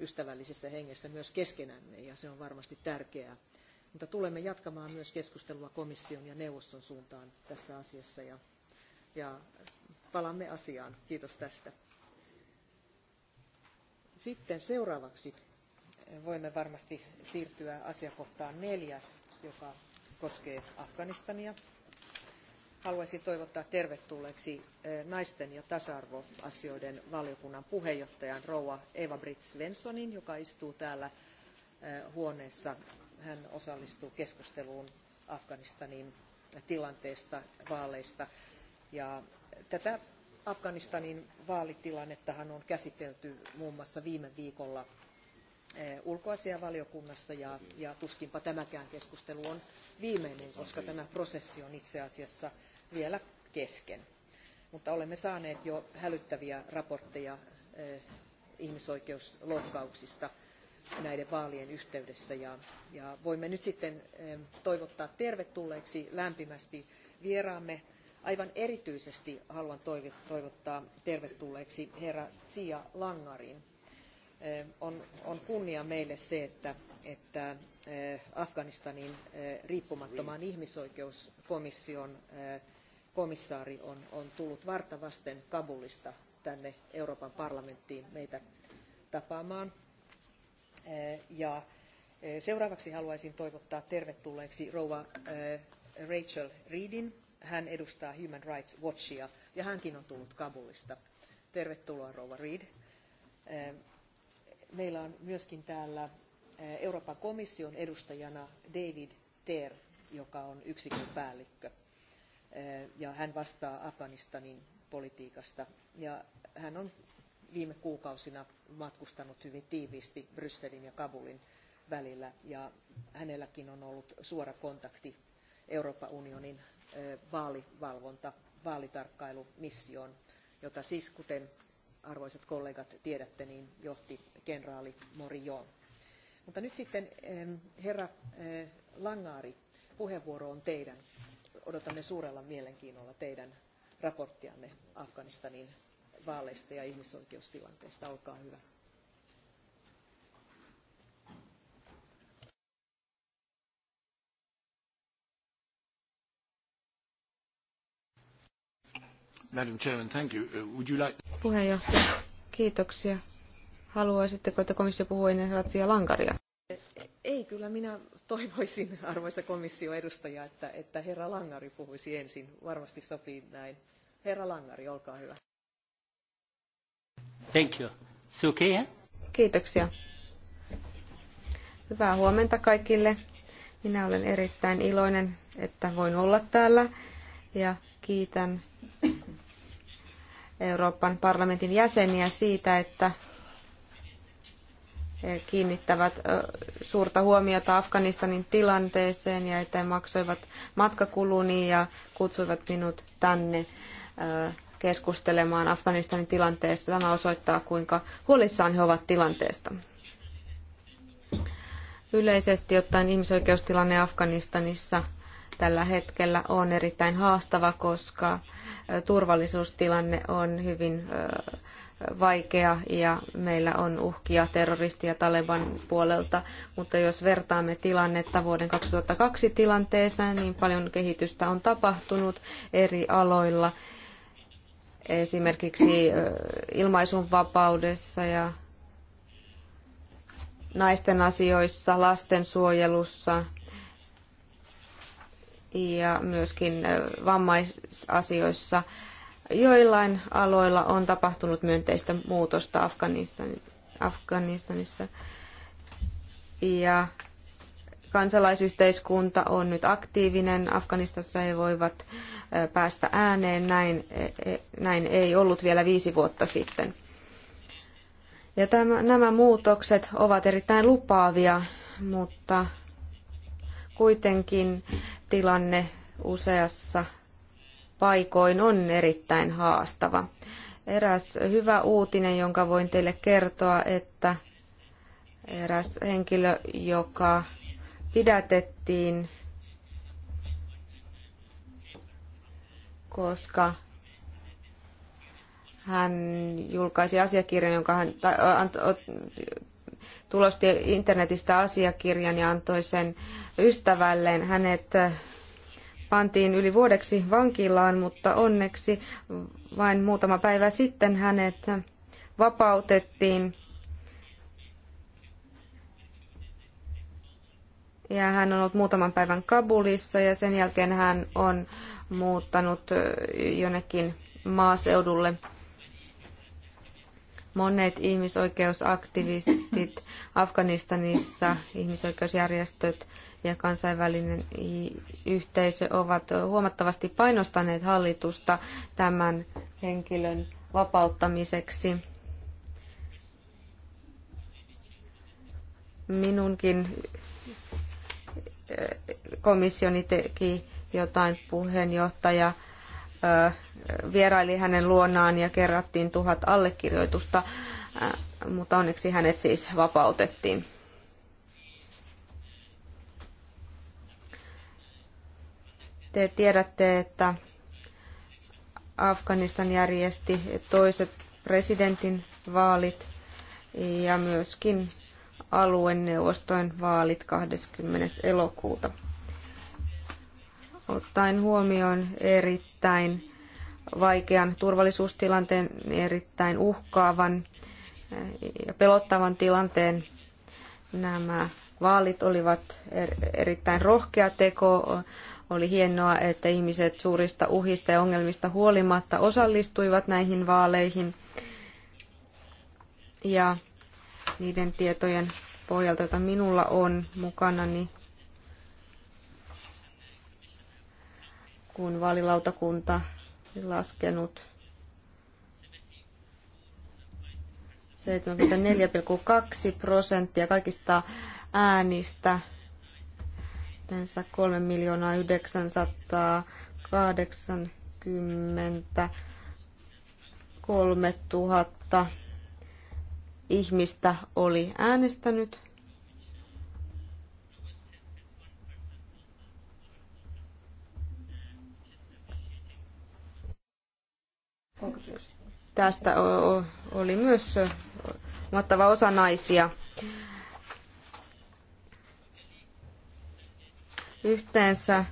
ystävällisessä hengessä myös keskenämme ja se on varmasti tärkeää. Mutta tulemme jatkamaan myös keskustelua komission ja neuvoston suuntaan tässä asiassa ja, ja palaamme asiaan. Kiitos tästä. Sitten seuraavaksi voimme varmasti siirtyä asiakohtaan neljä, joka koskee Afganistania. Haluaisin toivottaa tervetulleeksi eh, naisten ja tasa-arvoasioiden valiokunnan puheenjohtajan rouva Eva-Britt Svenssonin, joka istuu täällä eh, huoneessa. Hän osallistuu keskusteluun Afganistanin tilanteesta, vaaleista. Ja tätä Afganistanin vaalitilannettahan on käsitelty muun muassa viime viikolla Eh, ulkoasiavaliokunnassa ja, ja tuskinpa tämäkään keskustelu on viimeinen, koska tämä prosessi on itse asiassa vielä kesken. Mutta olemme saaneet jo hälyttäviä raportteja eh, ihmisoikeusloukkauksista näiden vaalien yhteydessä ja, ja voimme nyt sitten eh, toivottaa tervetulleeksi lämpimästi vieraamme. Aivan erityisesti haluan toivottaa tervetulleeksi herra Sia Langarin, on, kunnia meille se, että, että Afganistanin riippumattoman ihmisoikeuskomission komissaari on, on tullut varta vasten Kabulista tänne Euroopan parlamenttiin meitä tapaamaan. Ja seuraavaksi haluaisin toivottaa tervetulleeksi rouva Rachel Reedin. Hän edustaa Human Rights Watchia ja hänkin on tullut Kabulista. Tervetuloa rouva Reed meillä on myöskin täällä eh, Euroopan komission edustajana David Ter, joka on yksikön päällikkö. Eh, ja hän vastaa Afganistanin politiikasta. Ja hän on viime kuukausina matkustanut hyvin tiiviisti Brysselin ja Kabulin välillä ja hänelläkin on ollut suora kontakti Euroopan unionin eh, vaalivalvonta, vaalitarkkailumissioon, jota siis kuten arvoisat kollegat tiedätte, niin johti kenraali Morillon. Mutta nyt sitten herra Langaari, puheenvuoro on teidän. Odotamme suurella mielenkiinnolla teidän raporttianne Afganistanin vaaleista ja ihmisoikeustilanteesta. Olkaa hyvä. Madam Chairman, thank you. Uh, would you like... Puheenjohtaja, kiitoksia. Haluaisitteko, että komissio puhuu ennen ratsia lankaria? Ei, kyllä minä toivoisin, arvoisa komission edustaja, että, että herra Langari puhuisi ensin. Varmasti sopii näin. Herra Langari, olkaa hyvä. Thank you. It's okay, eh? Kiitoksia. Hyvää huomenta kaikille. Minä olen erittäin iloinen, että voin olla täällä ja kiitän Euroopan parlamentin jäseniä siitä, että he kiinnittävät suurta huomiota Afganistanin tilanteeseen ja että he maksoivat matkakuluni ja kutsuivat minut tänne keskustelemaan Afganistanin tilanteesta. Tämä osoittaa, kuinka huolissaan he ovat tilanteesta. Yleisesti ottaen ihmisoikeustilanne Afganistanissa – tällä hetkellä on erittäin haastava, koska turvallisuustilanne on hyvin vaikea ja meillä on uhkia terroristi- ja Taleban puolelta, mutta jos vertaamme tilannetta vuoden 2002 tilanteeseen, niin paljon kehitystä on tapahtunut eri aloilla, esimerkiksi ilmaisunvapaudessa ja naisten asioissa, lastensuojelussa, ja myöskin vammaisasioissa. Joillain aloilla on tapahtunut myönteistä muutosta Afganistan, Afganistanissa. Ja kansalaisyhteiskunta on nyt aktiivinen. Afganistassa he voivat päästä ääneen. Näin, e, e, näin ei ollut vielä viisi vuotta sitten. Ja tämän, nämä muutokset ovat erittäin lupaavia, mutta Kuitenkin tilanne useassa paikoin on erittäin haastava. Eräs hyvä uutinen, jonka voin teille kertoa, että eräs henkilö, joka pidätettiin, koska hän julkaisi asiakirjan, jonka hän, tai, tulosti internetistä asiakirjan ja antoi sen ystävälleen. Hänet äh, pantiin yli vuodeksi vankilaan, mutta onneksi vain muutama päivä sitten hänet äh, vapautettiin. Ja hän on ollut muutaman päivän Kabulissa ja sen jälkeen hän on muuttanut äh, jonnekin maaseudulle Monet ihmisoikeusaktivistit Afganistanissa, ihmisoikeusjärjestöt ja kansainvälinen yhteisö ovat huomattavasti painostaneet hallitusta tämän henkilön vapauttamiseksi. Minunkin eh, komissioni teki jotain puheenjohtaja vieraili hänen luonaan ja kerättiin tuhat allekirjoitusta, mutta onneksi hänet siis vapautettiin. Te tiedätte, että Afganistan järjesti toiset presidentin vaalit ja myöskin alueneuvostojen vaalit 20. elokuuta. Ottaen huomioon eri erittäin vaikean turvallisuustilanteen, erittäin uhkaavan ja pelottavan tilanteen. Nämä vaalit olivat er- erittäin rohkea teko. Oli hienoa, että ihmiset suurista uhista ja ongelmista huolimatta osallistuivat näihin vaaleihin. Ja niiden tietojen pohjalta, joita minulla on mukana, niin kun vaalilautakunta oli laskenut 74,2 prosenttia kaikista äänistä, yhteensä 3 miljoonaa 980 3000 ihmistä oli äänestänyt Tästä oli myös huomattava osa naisia. Yhteensä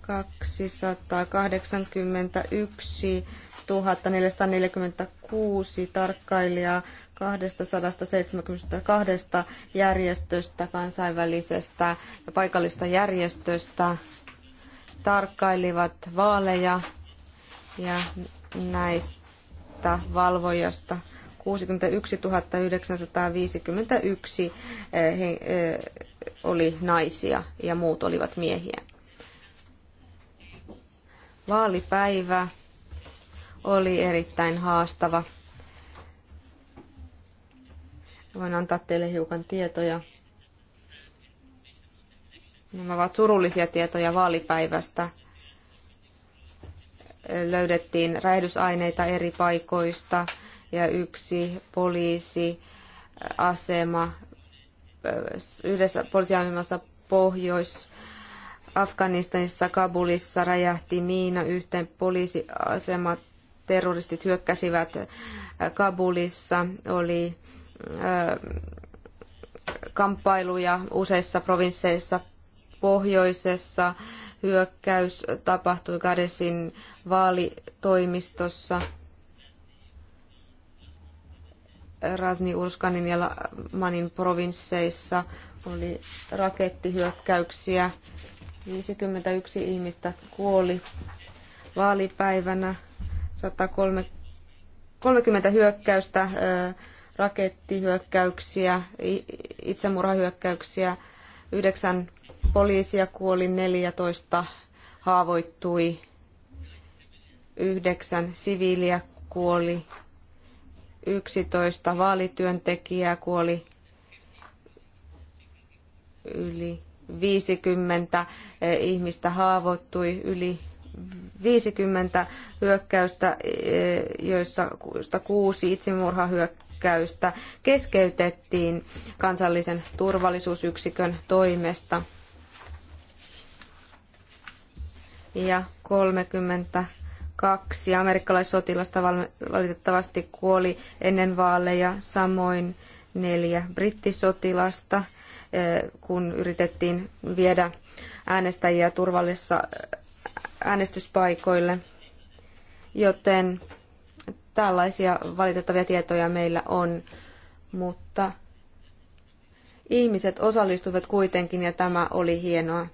281 446 tarkkailijaa 272 järjestöstä, kansainvälisestä ja paikallista järjestöstä tarkkailivat vaaleja ja näistä valvojasta 61 951 eh, eh, oli naisia ja muut olivat miehiä. Vaalipäivä oli erittäin haastava. Voin antaa teille hiukan tietoja. Nämä ovat surullisia tietoja vaalipäivästä löydettiin räjähdysaineita eri paikoista ja yksi poliisiasema yhdessä poliisiasemassa pohjois Afganistanissa Kabulissa räjähti miina yhteen poliisiasemat. Terroristit hyökkäsivät Kabulissa, oli kamppailuja useissa provinsseissa pohjoisessa hyökkäys tapahtui Kadesin vaalitoimistossa. Rasni Urskanin ja Manin provinsseissa oli rakettihyökkäyksiä. 51 ihmistä kuoli vaalipäivänä. 130 hyökkäystä, rakettihyökkäyksiä, itsemurhahyökkäyksiä, yhdeksän poliisia kuoli 14, haavoittui yhdeksän siviiliä kuoli, 11 vaalityöntekijää kuoli, yli 50 e, ihmistä haavoittui, yli 50 hyökkäystä, e, joista kuusi itsemurhahyökkäystä keskeytettiin kansallisen turvallisuusyksikön toimesta. ja 32 amerikkalaissotilasta valitettavasti kuoli ennen vaaleja, samoin neljä brittisotilasta, eh, kun yritettiin viedä äänestäjiä turvallisissa eh, äänestyspaikoille. Joten tällaisia valitettavia tietoja meillä on, mutta ihmiset osallistuivat kuitenkin ja tämä oli hienoa.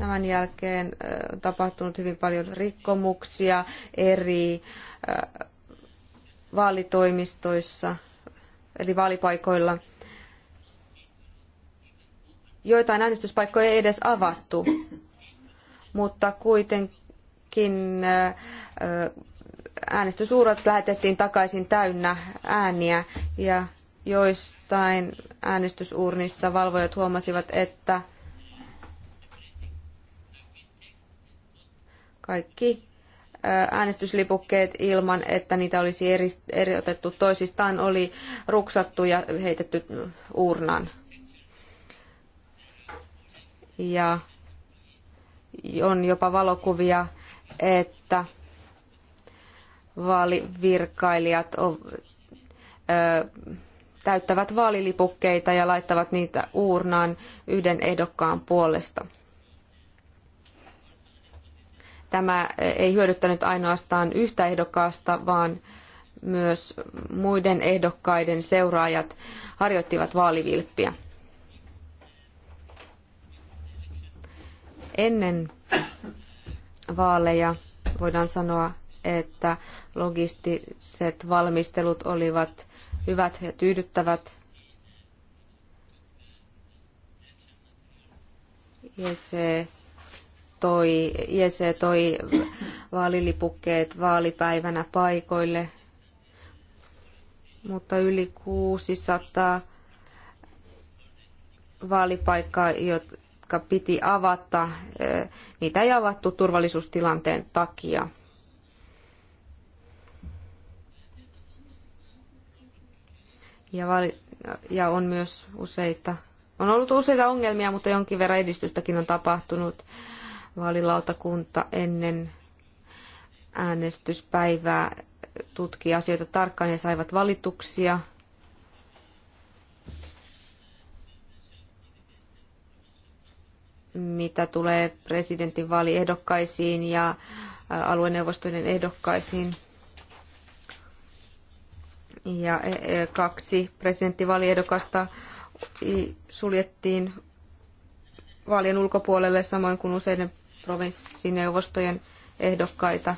Tämän jälkeen on tapahtunut hyvin paljon rikkomuksia eri vaalitoimistoissa, eli vaalipaikoilla. Joitain äänestyspaikkoja ei edes avattu, mutta kuitenkin äänestysuurat lähetettiin takaisin täynnä ääniä ja joistain äänestysuurnissa valvojat huomasivat, että kaikki äänestyslipukkeet ilman, että niitä olisi eri, otettu. toisistaan, oli ruksattu ja heitetty urnan. Ja on jopa valokuvia, että vaalivirkailijat täyttävät vaalilipukkeita ja laittavat niitä uurnaan yhden ehdokkaan puolesta tämä ei hyödyttänyt ainoastaan yhtä ehdokasta, vaan myös muiden ehdokkaiden seuraajat harjoittivat vaalivilppiä. Ennen vaaleja voidaan sanoa, että logistiset valmistelut olivat hyvät ja tyydyttävät. Ja se toi, jesse toi vaalilipukkeet vaalipäivänä paikoille, mutta yli 600 vaalipaikkaa, jotka piti avata, eh, niitä ei avattu turvallisuustilanteen takia. Ja, ja on myös useita on ollut useita ongelmia, mutta jonkin verran edistystäkin on tapahtunut vaalilautakunta ennen äänestyspäivää tutki asioita tarkkaan ja saivat valituksia. mitä tulee vaaliehdokkaisiin ja alueneuvostojen ehdokkaisiin. Ja e, e, kaksi presidenttivaaliehdokasta suljettiin vaalien ulkopuolelle, samoin kuin useiden provinssineuvostojen ehdokkaita.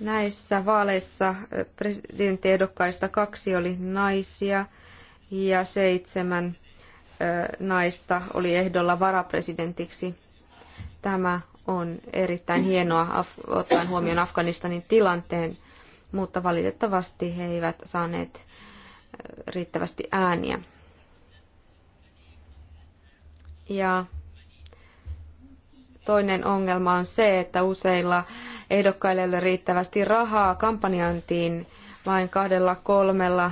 Näissä vaaleissa eh, presidenttiehdokkaista kaksi oli naisia ja seitsemän eh, naista oli ehdolla varapresidentiksi. Tämä on erittäin hienoa ottaen huomioon Afganistanin tilanteen, mutta valitettavasti he eivät saaneet eh, riittävästi ääniä. Ja Toinen ongelma on se, että useilla ehdokkailla ei ole riittävästi rahaa kampanjantiin vain kahdella kolmella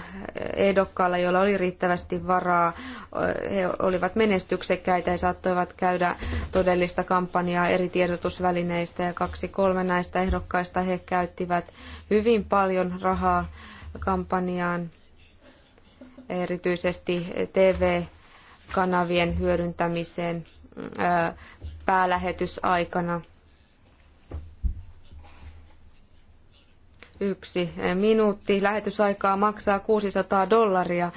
ehdokkaalla, joilla oli riittävästi varaa. He olivat menestyksekkäitä ja saattoivat käydä todellista kampanjaa eri tiedotusvälineistä ja kaksi kolme näistä ehdokkaista he käyttivät hyvin paljon rahaa kampanjaan, erityisesti TV-kanavien hyödyntämiseen päälähetysaikana. Yksi minuutti lähetysaikaa maksaa 600 dollaria,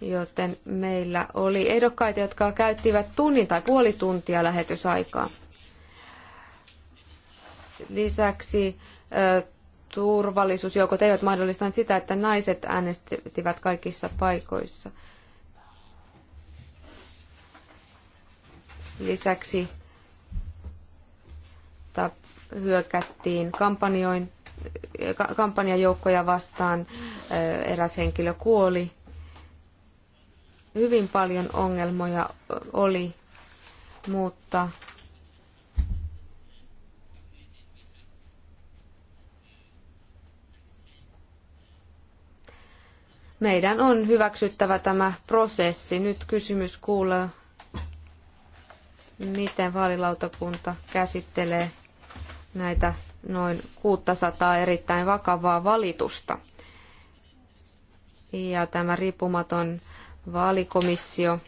joten meillä oli ehdokkaita, jotka käyttivät tunnin tai puoli tuntia lähetysaikaa. Lisäksi turvallisuusjoukot eivät mahdollistaneet sitä, että naiset äänestivät kaikissa paikoissa. Lisäksi hyökättiin kampanjoin, kampanjajoukkoja vastaan, eräs henkilö kuoli. Hyvin paljon ongelmoja oli, mutta meidän on hyväksyttävä tämä prosessi. Nyt kysymys kuuluu miten vaalilautakunta käsittelee näitä noin 600 erittäin vakavaa valitusta. Ja tämä riippumaton vaalikomissio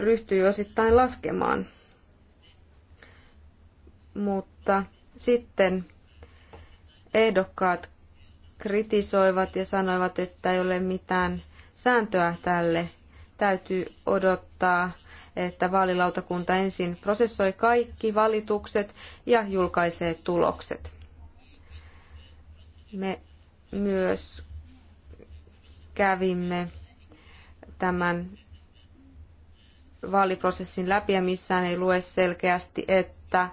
ryhtyi osittain laskemaan. Mutta sitten ehdokkaat kritisoivat ja sanoivat, että ei ole mitään sääntöä tälle. Täytyy odottaa että vaalilautakunta ensin prosessoi kaikki valitukset ja julkaisee tulokset. Me myös kävimme tämän vaaliprosessin läpi ja missään ei lue selkeästi, että äm,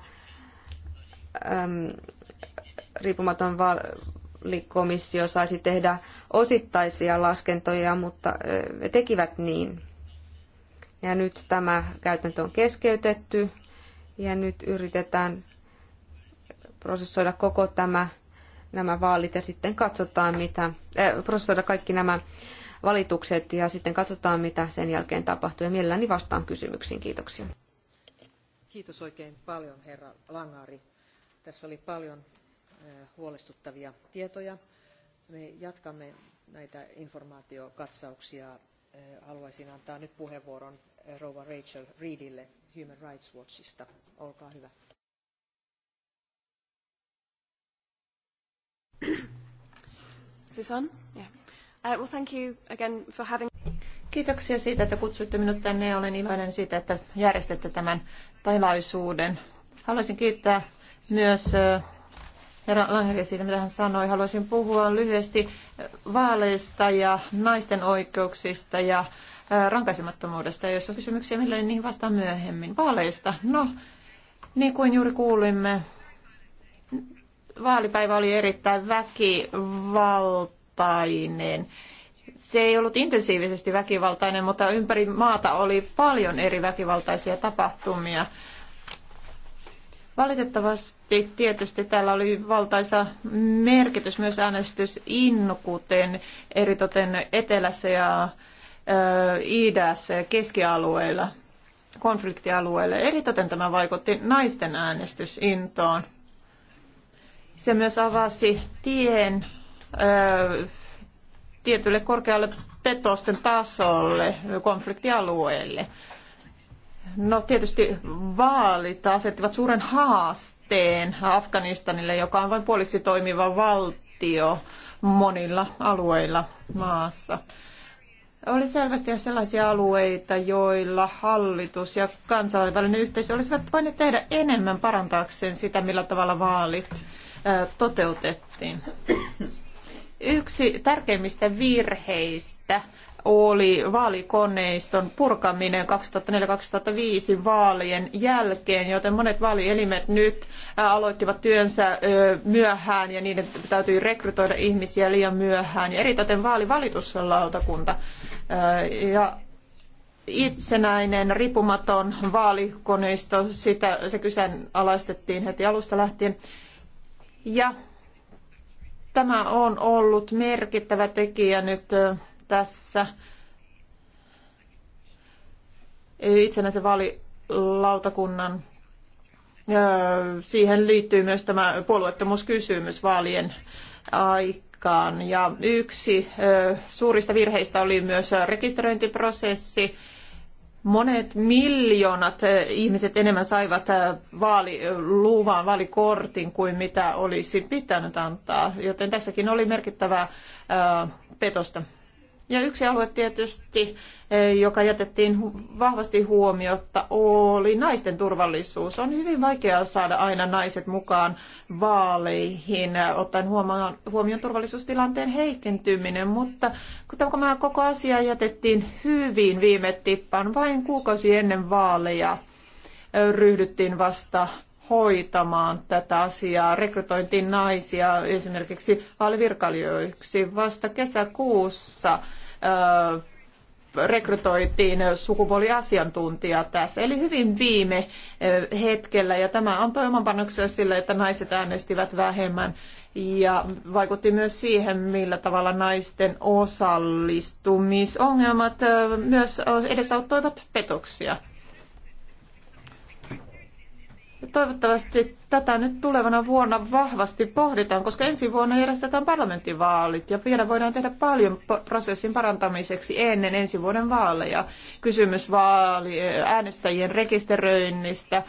riippumaton vaalikomissio saisi tehdä osittaisia laskentoja, mutta äh, tekivät niin. Ja nyt tämä käytäntö on keskeytetty ja nyt yritetään prosessoida koko tämä, nämä vaalit ja sitten katsotaan mitä, äh, prosessoida kaikki nämä valitukset ja sitten katsotaan mitä sen jälkeen tapahtuu. Ja mielelläni vastaan kysymyksiin. Kiitoksia. Kiitos oikein paljon herra Langaari. Tässä oli paljon äh, huolestuttavia tietoja. Me jatkamme näitä informaatiokatsauksia. Äh, haluaisin antaa nyt puheenvuoron Eh, rouva Rachel Reedille Human Rights Watchista. Olkaa hyvä. Uh, Kiitoksia siitä, että kutsuitte minut tänne ja olen iloinen siitä, että järjestätte tämän tilaisuuden. Haluaisin kiittää myös herra Langeria siitä, mitä hän sanoi. Haluaisin puhua lyhyesti vaaleista ja naisten oikeuksista ja rankaisemattomuudesta. Ja jos on kysymyksiä, millä niin niihin vastaan myöhemmin. Vaaleista. No, niin kuin juuri kuulimme, vaalipäivä oli erittäin väkivaltainen. Se ei ollut intensiivisesti väkivaltainen, mutta ympäri maata oli paljon eri väkivaltaisia tapahtumia. Valitettavasti tietysti täällä oli valtaisa merkitys myös äänestysinnokuuteen eritoten etelässä ja idässä ja keskialueilla, konfliktialueilla. Eritoten tämä vaikutti naisten äänestysintoon. Se myös avasi tien ö, tietylle korkealle petosten tasolle konfliktialueelle. No tietysti vaalit asettivat suuren haasteen Afganistanille, joka on vain puoliksi toimiva valtio monilla alueilla maassa. Oli selvästi sellaisia alueita, joilla hallitus ja kansainvälinen yhteisö olisivat voineet tehdä enemmän parantaakseen sitä, millä tavalla vaalit toteutettiin. Yksi tärkeimmistä virheistä oli vaalikoneiston purkaminen 2004-2005 vaalien jälkeen, joten monet vaalielimet nyt aloittivat työnsä myöhään ja niiden täytyy rekrytoida ihmisiä liian myöhään. Ja eritoten vaalivalituslautakunta ja itsenäinen, riippumaton vaalikoneisto, sitä, se kyseenalaistettiin heti alusta lähtien. Ja tämä on ollut merkittävä tekijä nyt tässä itsenäisen vaalilautakunnan. Siihen liittyy myös tämä puolueettomuuskysymys vaalien aikana aikaan. Ja yksi suurista virheistä oli myös rekisteröintiprosessi. Monet miljoonat ihmiset enemmän saivat vaaliluvan, vaalikortin kuin mitä olisi pitänyt antaa, joten tässäkin oli merkittävää petosta. Ja yksi alue tietysti, e, joka jätettiin vahvasti huomiotta, oli naisten turvallisuus. On hyvin vaikeaa saada aina naiset mukaan vaaleihin, e, ottaen huomioon, huomioon turvallisuustilanteen heikentyminen, mutta kun tämä koko asia jätettiin hyvin viime tippaan, vain kuukausi ennen vaaleja e, ryhdyttiin vasta hoitamaan tätä asiaa. Rekrytointiin naisia esimerkiksi vaalivirkailijoiksi vasta kesäkuussa – rekrytoitiin sukupuoliasiantuntija tässä, eli hyvin viime hetkellä, ja tämä antoi oman panoksen sille, että naiset äänestivät vähemmän, ja vaikutti myös siihen, millä tavalla naisten osallistumisongelmat myös edesauttoivat petoksia. Toivottavasti tätä nyt tulevana vuonna vahvasti pohditaan, koska ensi vuonna järjestetään parlamenttivaalit ja vielä voidaan tehdä paljon prosessin parantamiseksi ennen ensi vuoden vaaleja. Kysymys vaali, äänestäjien rekisteröinnistä,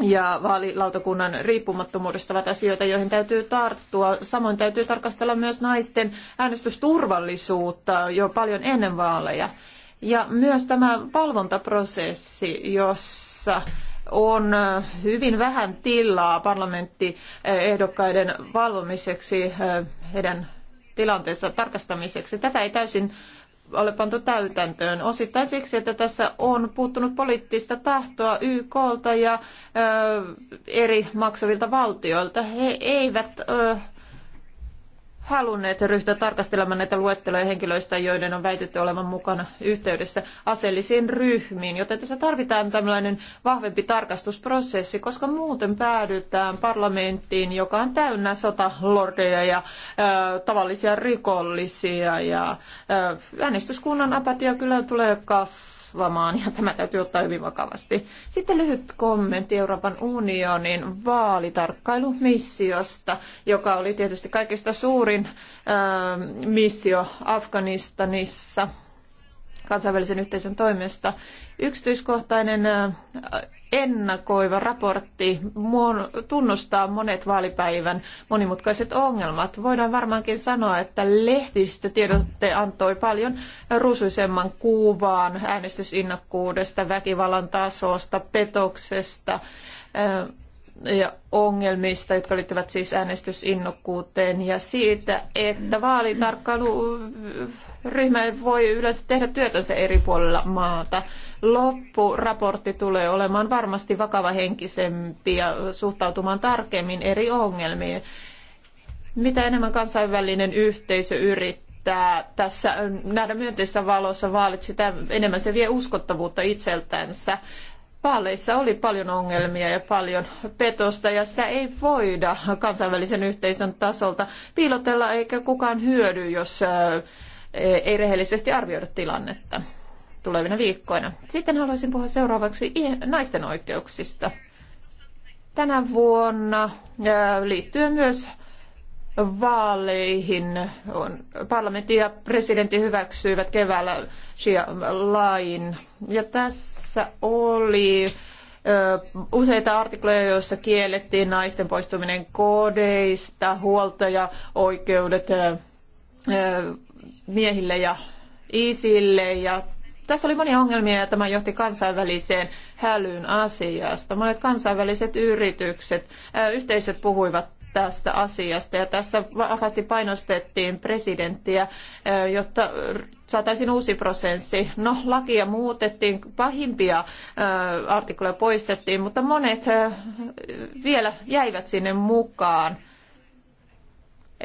ja vaalilautakunnan riippumattomuudesta ovat asioita, joihin täytyy tarttua. Samoin täytyy tarkastella myös naisten äänestysturvallisuutta jo paljon ennen vaaleja. Ja myös tämä valvontaprosessi, jossa on hyvin vähän tilaa parlamenttiehdokkaiden valvomiseksi heidän tilanteensa tarkastamiseksi. Tätä ei täysin ole pantu täytäntöön. Osittain siksi, että tässä on puuttunut poliittista tahtoa YKlta ja ö, eri maksavilta valtioilta. He eivät ö, halunneet ryhtyä tarkastelemaan näitä luetteloja henkilöistä, joiden on väitetty olevan mukana yhteydessä aseellisiin ryhmiin. Joten tässä tarvitaan tällainen vahvempi tarkastusprosessi, koska muuten päädytään parlamenttiin, joka on täynnä sotalordeja ja tavallisia rikollisia. Ja ää, äänestyskunnan apatia kyllä tulee kasvamaan kasvamaan ja tämä täytyy ottaa hyvin vakavasti. Sitten lyhyt kommentti Euroopan unionin vaalitarkkailumissiosta, joka oli tietysti kaikista suurin ähm, missio Afganistanissa kansainvälisen yhteisön toimesta. Yksityiskohtainen äh, ennakoiva raportti tunnustaa monet vaalipäivän monimutkaiset ongelmat. Voidaan varmaankin sanoa, että tiedotte antoi paljon ruusuisemman kuvaan äänestysinnokkuudesta, väkivallan tasosta, petoksesta, ja ongelmista, jotka liittyvät siis äänestysinnokkuuteen ja siitä, että vaalitarkkailuryhmä voi yleensä tehdä työtänsä eri puolilla maata. Loppuraportti tulee olemaan varmasti vakavahenkisempi ja suhtautumaan tarkemmin eri ongelmiin. Mitä enemmän kansainvälinen yhteisö yrittää tässä nähdä myönteisessä valossa vaalit, sitä enemmän se vie uskottavuutta itseltänsä Vaaleissa oli paljon ongelmia ja paljon petosta ja sitä ei voida kansainvälisen yhteisön tasolta piilotella eikä kukaan hyödy, jos äh, ei rehellisesti arvioida tilannetta tulevina viikkoina. Sitten haluaisin puhua seuraavaksi naisten oikeuksista. Tänä vuonna äh, liittyen myös vaaleihin on, parlamentti ja presidentti hyväksyivät keväällä lain. Ja tässä oli useita artikloja, joissa kiellettiin naisten poistuminen kodeista, huoltajaoikeudet miehille ja isille ja tässä oli monia ongelmia ja tämä johti kansainväliseen hälyyn asiasta. Monet kansainväliset yritykset, yhteisöt puhuivat tästä asiasta ja tässä vahvasti painostettiin presidenttiä, jotta saataisiin uusi prosessi. No, lakia muutettiin, pahimpia artikloja poistettiin, mutta monet vielä jäivät sinne mukaan.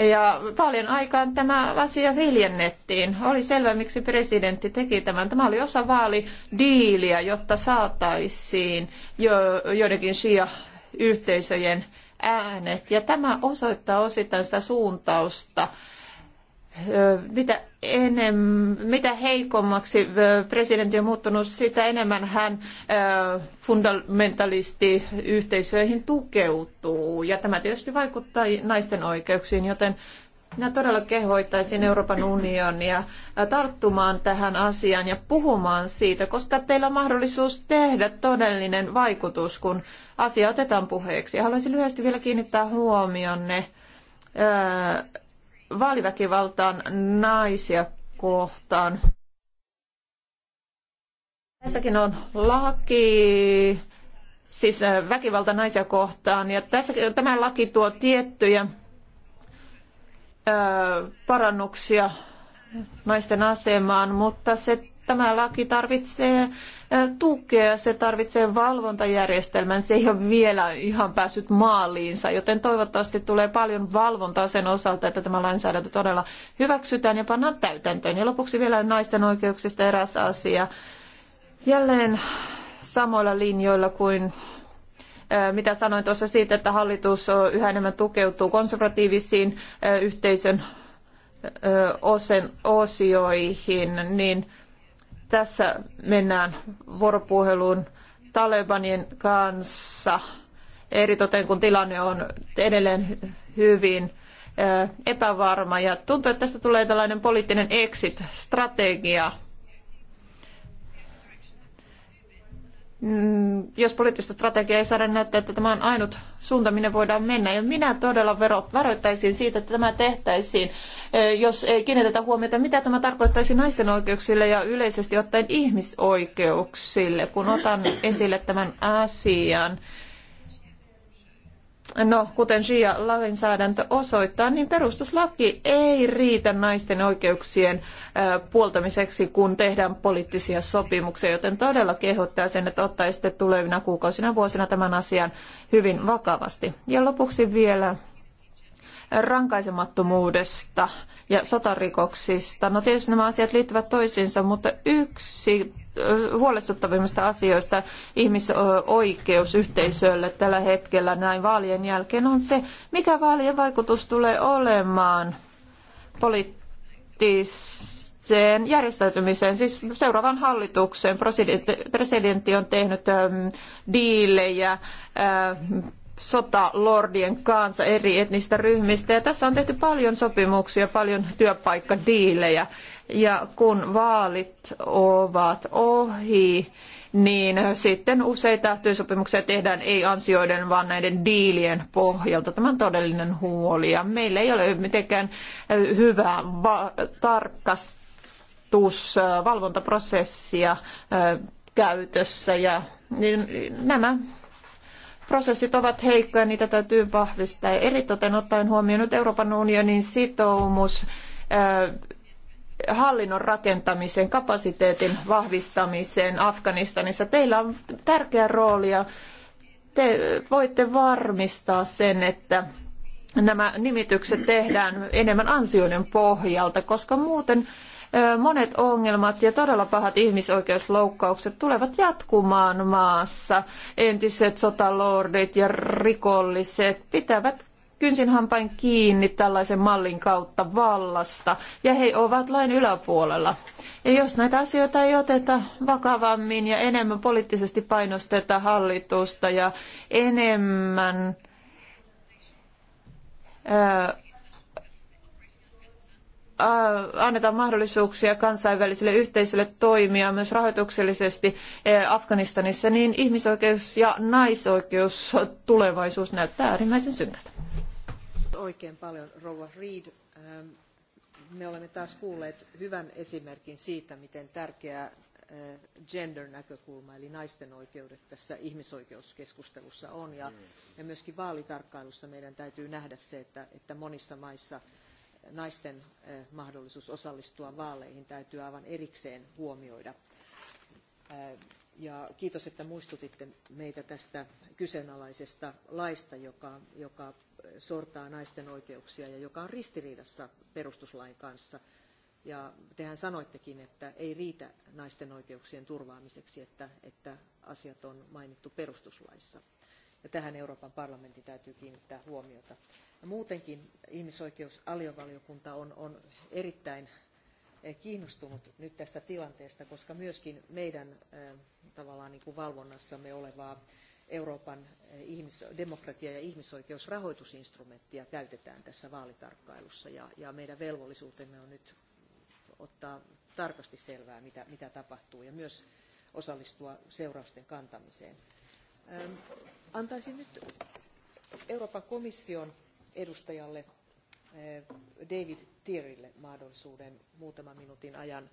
Ja paljon aikaan tämä asia viljennettiin. Oli selvä, miksi presidentti teki tämän. Tämä oli osa vaalidiiliä, jotta saataisiin jo, joidenkin shia-yhteisöjen äänet. Ja tämä osoittaa osittain sitä suuntausta, mitä, enem, mitä heikommaksi presidentti on muuttunut, sitä enemmän hän fundamentalisti yhteisöihin tukeutuu. Ja tämä tietysti vaikuttaa naisten oikeuksiin, joten minä todella kehoittaisin Euroopan unionia äh, tarttumaan tähän asiaan ja puhumaan siitä, koska teillä on mahdollisuus tehdä todellinen vaikutus, kun asia otetaan puheeksi. Haluaisin lyhyesti vielä kiinnittää huomionne äh, vaaliväkivaltaan naisia kohtaan. Tästäkin on laki, siis äh, väkivalta naisia kohtaan, ja tässä, tämä laki tuo tiettyjä parannuksia naisten asemaan, mutta se, tämä laki tarvitsee tukea, se tarvitsee valvontajärjestelmän, se ei ole vielä ihan päässyt maaliinsa, joten toivottavasti tulee paljon valvontaa sen osalta, että tämä lainsäädäntö todella hyväksytään ja pannaan täytäntöön. Ja lopuksi vielä naisten oikeuksista eräs asia. Jälleen samoilla linjoilla kuin mitä sanoin tuossa siitä, että hallitus yhä enemmän tukeutuu konservatiivisiin yhteisön osioihin, niin tässä mennään vuoropuheluun Talebanien kanssa, eritoten kun tilanne on edelleen hyvin epävarma. Ja tuntuu, että tästä tulee tällainen poliittinen exit-strategia Mm, jos poliittista strategiaa ei saada näyttää, että tämä on ainut suunta, minne voidaan mennä. Ja minä todella varoittaisin siitä, että tämä tehtäisiin, e, jos ei kiinnitetä huomiota, mitä tämä tarkoittaisi naisten oikeuksille ja yleisesti ottaen ihmisoikeuksille, kun otan esille tämän asian. No, kuten Shia-lainsäädäntö osoittaa, niin perustuslaki ei riitä naisten oikeuksien puoltamiseksi, kun tehdään poliittisia sopimuksia, joten todella kehottaa sen, että ottaisitte tulevina kuukausina vuosina tämän asian hyvin vakavasti. Ja lopuksi vielä rankaisemattomuudesta ja sotarikoksista. No tietysti nämä asiat liittyvät toisiinsa, mutta yksi huolestuttavimmista asioista ihmisoikeusyhteisölle tällä hetkellä näin vaalien jälkeen on se, mikä vaalien vaikutus tulee olemaan poliittiseen järjestäytymiseen, siis seuraavan hallitukseen. Presidentti on tehnyt ähm, diilejä, sotalordien kanssa eri etnistä ryhmistä. Ja tässä on tehty paljon sopimuksia, paljon työpaikkadiilejä. Ja kun vaalit ovat ohi, niin sitten useita työsopimuksia tehdään ei ansioiden, vaan näiden diilien pohjalta. Tämä on todellinen huoli. Ja meillä ei ole mitenkään hyvää va- tarkastusvalvontaprosessia käytössä. Ja niin- nämä prosessit ovat heikkoja, ja niitä täytyy vahvistaa. Ja eritoten ottaen huomioon nyt Euroopan unionin sitoumus äh, hallinnon rakentamiseen, kapasiteetin vahvistamiseen Afganistanissa. Teillä on tärkeä rooli ja te voitte varmistaa sen, että nämä nimitykset tehdään enemmän ansioiden pohjalta, koska muuten monet ongelmat ja todella pahat ihmisoikeusloukkaukset tulevat jatkumaan maassa. Entiset sotalordit ja rikolliset pitävät kynsin hampain kiinni tällaisen mallin kautta vallasta, ja he ovat lain yläpuolella. Ja jos näitä asioita ei oteta vakavammin ja enemmän poliittisesti painosteta hallitusta ja enemmän Äh, annetaan mahdollisuuksia kansainväliselle yhteisölle toimia myös rahoituksellisesti äh, Afganistanissa, niin ihmisoikeus- ja naisoikeus tulevaisuus näyttää äärimmäisen synkältä. Oikein paljon, Rouva Reid. Ähm, me olemme taas kuulleet hyvän esimerkin siitä, miten tärkeää äh, gender-näkökulma eli naisten oikeudet tässä ihmisoikeuskeskustelussa on. Ja, mm. ja myöskin vaalitarkkailussa meidän täytyy nähdä se, että, että monissa maissa – naisten mahdollisuus osallistua vaaleihin täytyy aivan erikseen huomioida. Ja kiitos, että muistutitte meitä tästä kyseenalaisesta laista, joka, joka sortaa naisten oikeuksia ja joka on ristiriidassa perustuslain kanssa. Ja tehän sanoittekin, että ei riitä naisten oikeuksien turvaamiseksi, että, että asiat on mainittu perustuslaissa. Ja tähän Euroopan parlamentin täytyy kiinnittää huomiota. Ja muutenkin ihmisoikeusaliovaliokunta on, on erittäin eh, kiinnostunut nyt tästä tilanteesta, koska myöskin meidän eh, tavallaan niin kuin valvonnassamme olevaa Euroopan eh, ihmis- demokratia- ja ihmisoikeusrahoitusinstrumenttia käytetään tässä vaalitarkkailussa. Ja, ja meidän velvollisuutemme on nyt ottaa tarkasti selvää, mitä, mitä tapahtuu, ja myös osallistua seurausten kantamiseen. Antaisin nyt Euroopan komission edustajalle eh, David Tierille mahdollisuuden muutaman minuutin ajan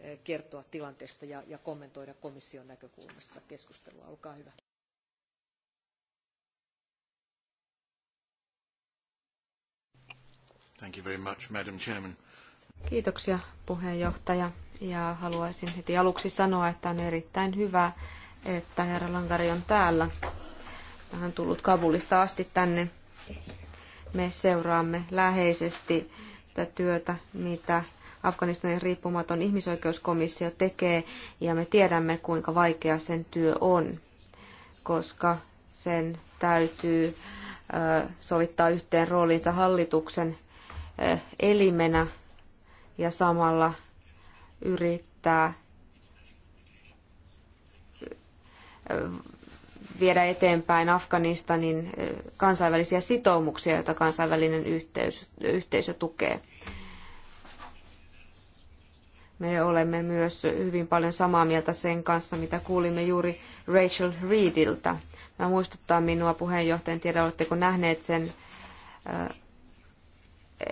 eh, kertoa tilanteesta ja, kommentoida komission näkökulmasta keskustelua. Olkaa hyvä. Thank you very much, Madam Chairman. Kiitoksia puheenjohtaja ja haluaisin heti aluksi sanoa, että on erittäin hyvä, että herra Lankari on täällä hän tullut Kabulista asti tänne. Me seuraamme läheisesti sitä työtä, mitä Afganistanin riippumaton ihmisoikeuskomissio tekee, ja me tiedämme, kuinka vaikea sen työ on, koska sen täytyy sovittaa yhteen roolinsa hallituksen elimenä ja samalla yrittää viedä eteenpäin Afganistanin kansainvälisiä sitoumuksia, joita kansainvälinen yhteys, yhteisö tukee. Me olemme myös hyvin paljon samaa mieltä sen kanssa, mitä kuulimme juuri Rachel Reediltä. Mä muistuttaa minua puheenjohtajan, tiedä oletteko nähneet sen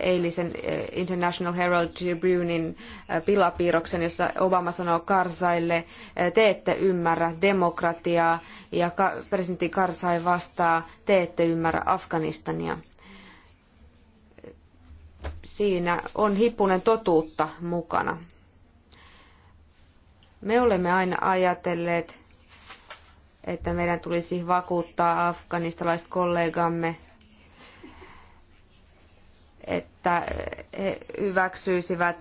eilisen eh, International Herald Tribunein eh, pilapiirroksen, jossa Obama sanoo Karzaille, eh, te ette ymmärrä demokratiaa, ja presidentti Karzai vastaa, te ette ymmärrä Afganistania. Siinä on hippunen totuutta mukana. Me olemme aina ajatelleet, että meidän tulisi vakuuttaa afganistalaiset kollegamme – että he hyväksyisivät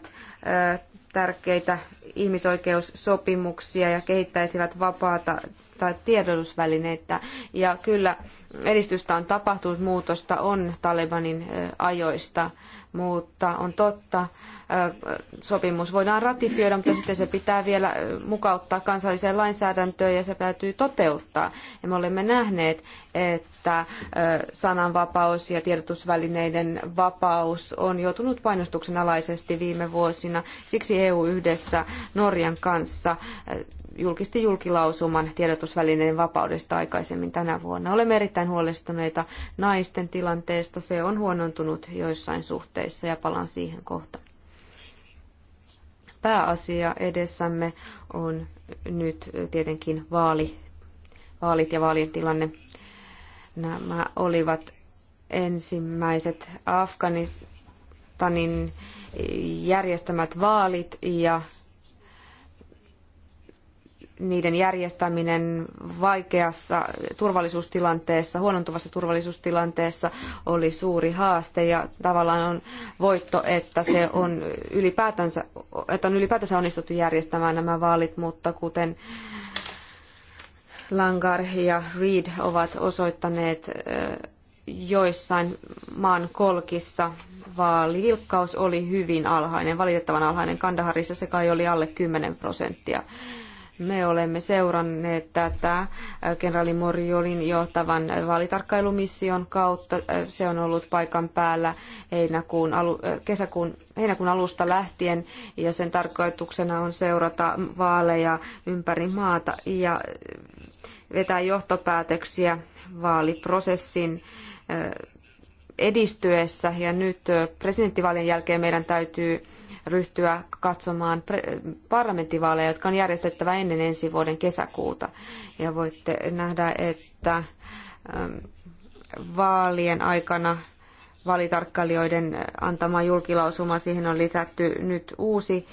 tärkeitä ihmisoikeussopimuksia ja kehittäisivät vapaata tai tiedotusvälineitä. Ja kyllä edistystä on tapahtunut, muutosta on Talebanin ajoista, mutta on totta, sopimus voidaan ratifioida, mutta sitten se pitää vielä mukauttaa kansalliseen lainsäädäntöön ja se täytyy toteuttaa. Ja me olemme nähneet, että sananvapaus ja tiedotusvälineiden vapaus on joutunut painostuksen alaisesti viime vuosina. Siksi EU yhdessä Norjan kanssa julkisti julkilausuman tiedotusvälineiden vapaudesta aikaisemmin tänä vuonna. Olemme erittäin huolestuneita naisten tilanteesta. Se on huonontunut joissain suhteissa ja palaan siihen kohta. Pääasia edessämme on nyt tietenkin vaali, vaalit ja vaalien tilanne. Nämä olivat ensimmäiset Afganistanin järjestämät vaalit ja niiden järjestäminen vaikeassa turvallisuustilanteessa, huonontuvassa turvallisuustilanteessa oli suuri haaste ja tavallaan on voitto, että se on ylipäätänsä, että on ylipäätänsä onnistuttu järjestämään nämä vaalit, mutta kuten Langar ja Reid ovat osoittaneet joissain maan kolkissa vaalivilkkaus oli hyvin alhainen, valitettavan alhainen. Kandaharissa se kai oli alle kymmenen prosenttia me olemme seuranneet tätä äh, kenraali Moriolin johtavan vaalitarkkailumission kautta. Äh, se on ollut paikan päällä heinäkuun, alu, äh, kesäkuun, heinäkuun alusta lähtien ja sen tarkoituksena on seurata vaaleja ympäri maata ja vetää johtopäätöksiä vaaliprosessin edistyessä ja nyt presidenttivaalien jälkeen meidän täytyy ryhtyä katsomaan parlamenttivaaleja, jotka on järjestettävä ennen ensi vuoden kesäkuuta. Ja voitte nähdä, että ähm, vaalien aikana valitarkkailijoiden äh, antama julkilausuma, siihen on lisätty nyt uusi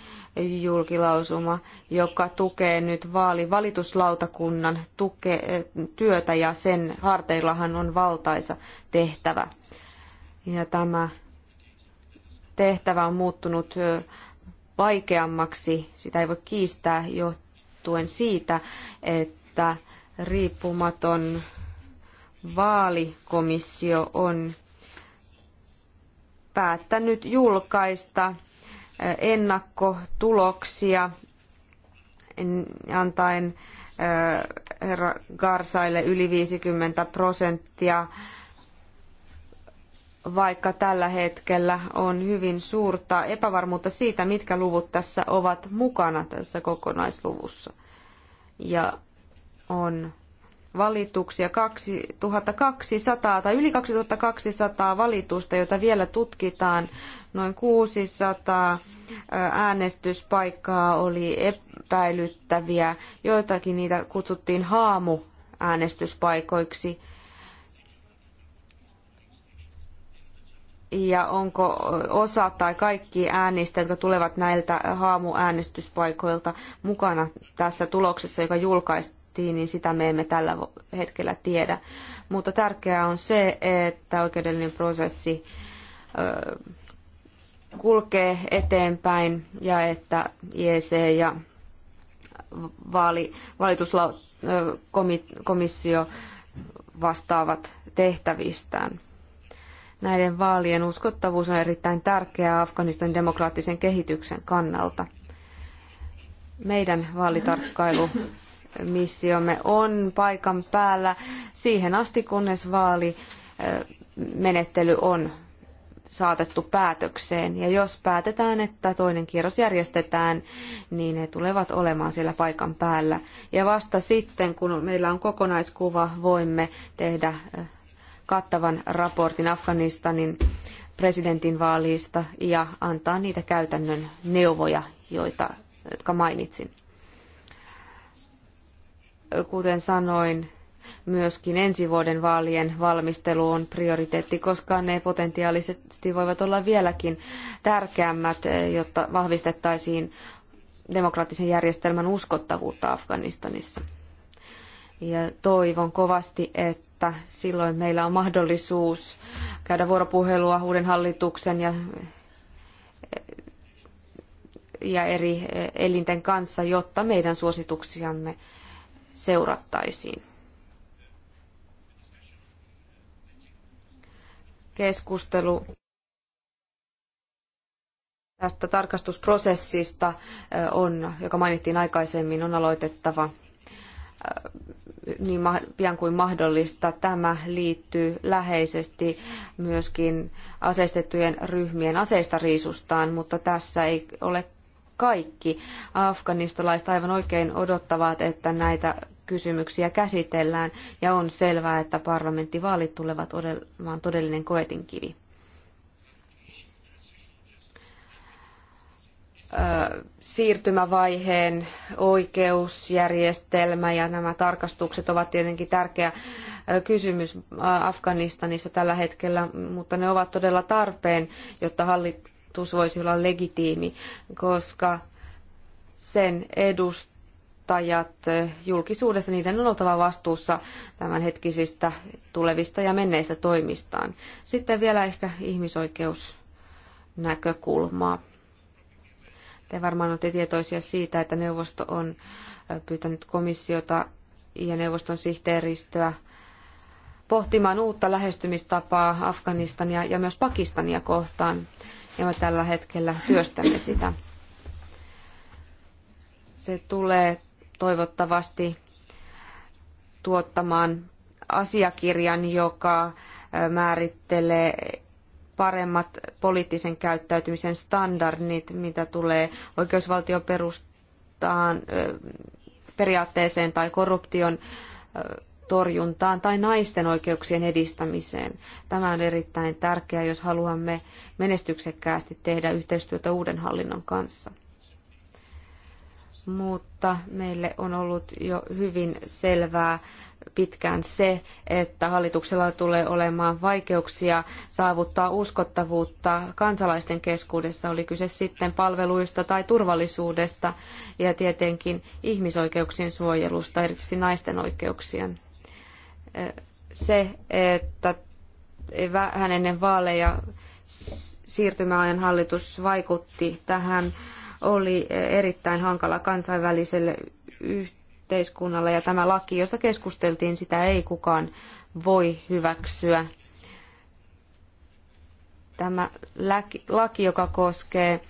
julkilausuma, joka tukee nyt vaalivalituslautakunnan tuke, äh, työtä ja sen harteillahan on valtaisa tehtävä. Ja tämä tehtävä on muuttunut vaikeammaksi, sitä ei voi kiistää johtuen siitä, että riippumaton vaalikomissio on päättänyt julkaista ennakkotuloksia antaen herra Garsaille yli 50 prosenttia vaikka tällä hetkellä on hyvin suurta epävarmuutta siitä, mitkä luvut tässä ovat mukana tässä kokonaisluvussa. Ja on valituksia 2200 tai yli 2200 valitusta, joita vielä tutkitaan. Noin 600 äänestyspaikkaa oli epäilyttäviä. Joitakin niitä kutsuttiin haamuäänestyspaikoiksi. äänestyspaikoiksi ja onko osa tai kaikki äänistä, jotka tulevat näiltä haamuäänestyspaikoilta mukana tässä tuloksessa, joka julkaistiin, niin sitä me emme tällä hetkellä tiedä. Mutta tärkeää on se, että oikeudellinen prosessi kulkee eteenpäin ja että IEC ja vaali, komissio vastaavat tehtävistään näiden vaalien uskottavuus on erittäin tärkeää Afganistanin demokraattisen kehityksen kannalta. Meidän vaalitarkkailumissiomme on paikan päällä siihen asti, kunnes vaalimenettely on saatettu päätökseen. Ja jos päätetään, että toinen kierros järjestetään, niin he tulevat olemaan siellä paikan päällä. Ja vasta sitten, kun meillä on kokonaiskuva, voimme tehdä kattavan raportin Afganistanin presidentinvaaliista ja antaa niitä käytännön neuvoja, joita, jotka mainitsin. Kuten sanoin, myöskin ensi vuoden vaalien valmistelu on prioriteetti, koska ne potentiaalisesti voivat olla vieläkin tärkeämmät, jotta vahvistettaisiin demokraattisen järjestelmän uskottavuutta Afganistanissa. Ja toivon kovasti, että että silloin meillä on mahdollisuus käydä vuoropuhelua uuden hallituksen ja, ja eri elinten kanssa, jotta meidän suosituksiamme seurattaisiin. Keskustelu tästä tarkastusprosessista, on, joka mainittiin aikaisemmin, on aloitettava niin pian kuin mahdollista. Tämä liittyy läheisesti myöskin aseistettujen ryhmien aseista riisustaan, mutta tässä ei ole kaikki afganistalaiset aivan oikein odottavat, että näitä kysymyksiä käsitellään ja on selvää, että parlamenttivaalit tulevat olemaan todellinen koetinkivi. siirtymävaiheen oikeusjärjestelmä ja nämä tarkastukset ovat tietenkin tärkeä kysymys Afganistanissa tällä hetkellä, mutta ne ovat todella tarpeen, jotta hallitus voisi olla legitiimi, koska sen edustajat julkisuudessa, niiden on oltava vastuussa tämänhetkisistä tulevista ja menneistä toimistaan. Sitten vielä ehkä ihmisoikeusnäkökulmaa. Te varmaan olette tietoisia siitä, että neuvosto on pyytänyt komissiota ja neuvoston sihteeristöä pohtimaan uutta lähestymistapaa Afganistania ja myös Pakistania kohtaan, ja me tällä hetkellä työstämme sitä. Se tulee toivottavasti tuottamaan asiakirjan, joka määrittelee paremmat poliittisen käyttäytymisen standardit, mitä tulee oikeusvaltioperustaan, periaatteeseen tai korruption torjuntaan tai naisten oikeuksien edistämiseen. Tämä on erittäin tärkeää, jos haluamme menestyksekkäästi tehdä yhteistyötä uuden hallinnon kanssa mutta meille on ollut jo hyvin selvää pitkään se, että hallituksella tulee olemaan vaikeuksia saavuttaa uskottavuutta kansalaisten keskuudessa, oli kyse sitten palveluista tai turvallisuudesta ja tietenkin ihmisoikeuksien suojelusta, erityisesti naisten oikeuksien. Se, että vähän ennen vaaleja siirtymäajan hallitus vaikutti tähän oli erittäin hankala kansainväliselle yhteiskunnalle ja tämä laki, josta keskusteltiin, sitä ei kukaan voi hyväksyä. Tämä laki, joka koskee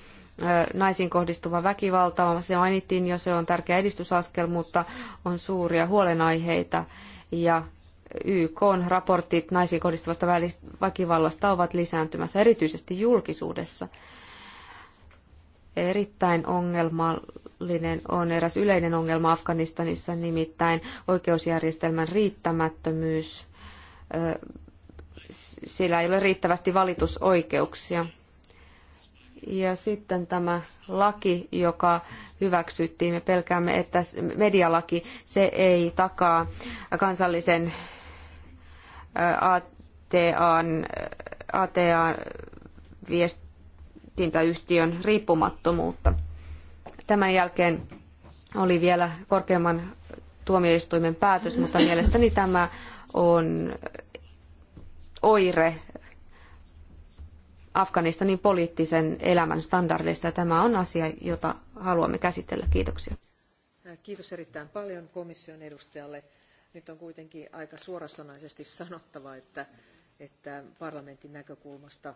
naisiin kohdistuva väkivalta, se mainittiin jo, se on tärkeä edistysaskel, mutta on suuria huolenaiheita ja YKn raportit naisiin kohdistuvasta väkivallasta ovat lisääntymässä, erityisesti julkisuudessa erittäin ongelmallinen on eräs yleinen ongelma Afganistanissa, nimittäin oikeusjärjestelmän riittämättömyys. Sillä ei ole riittävästi valitusoikeuksia. Ja sitten tämä laki, joka hyväksyttiin, me pelkäämme, että medialaki, se ei takaa kansallisen ATA viest, viestintäyhtiön riippumattomuutta. Tämän jälkeen oli vielä korkeimman tuomioistuimen päätös, mutta mielestäni tämä on oire Afganistanin poliittisen elämän standardista. Tämä on asia, jota haluamme käsitellä. Kiitoksia. Kiitos erittäin paljon komission edustajalle. Nyt on kuitenkin aika suorasanaisesti sanottava, että, että parlamentin näkökulmasta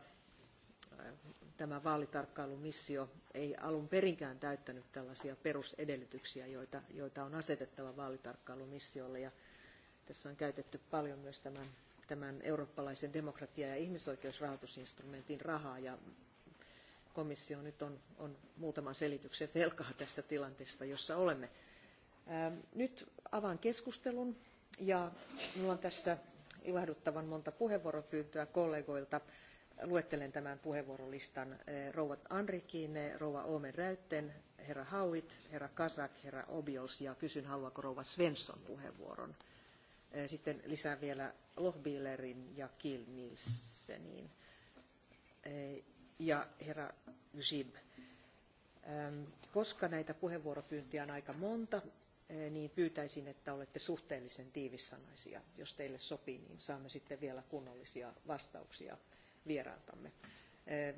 tämä vaalitarkkailumissio ei alun perinkään täyttänyt tällaisia perusedellytyksiä, joita, joita on asetettava vaalitarkkailumissiolle. Ja tässä on käytetty paljon myös tämän, tämän eurooppalaisen demokratia- ja ihmisoikeusrahoitusinstrumentin rahaa, ja komissio nyt on, on muutaman selityksen velkaa tästä tilanteesta, jossa olemme. Ää, ähm, nyt avaan keskustelun, ja minulla on tässä ilahduttavan monta puheenvuoropyyntöä kollegoilta luettelen tämän puheenvuorolistan. Eh, rouva Anrikin, eh, rouva Omen Räytten, herra Hauit, herra Kasak, herra Obiols ja kysyn, haluaako rouva Svensson puheenvuoron. Eh, sitten lisään vielä Lohbillerin ja Kill Nielsenin ja herra Gzib. Ehm, koska näitä puheenvuoropyyntöjä on aika monta, niin pyytäisin, että olette suhteellisen tiivissanaisia. Jos teille sopii, niin saamme sitten vielä kunnollisia vastauksia vierailtamme. Eh,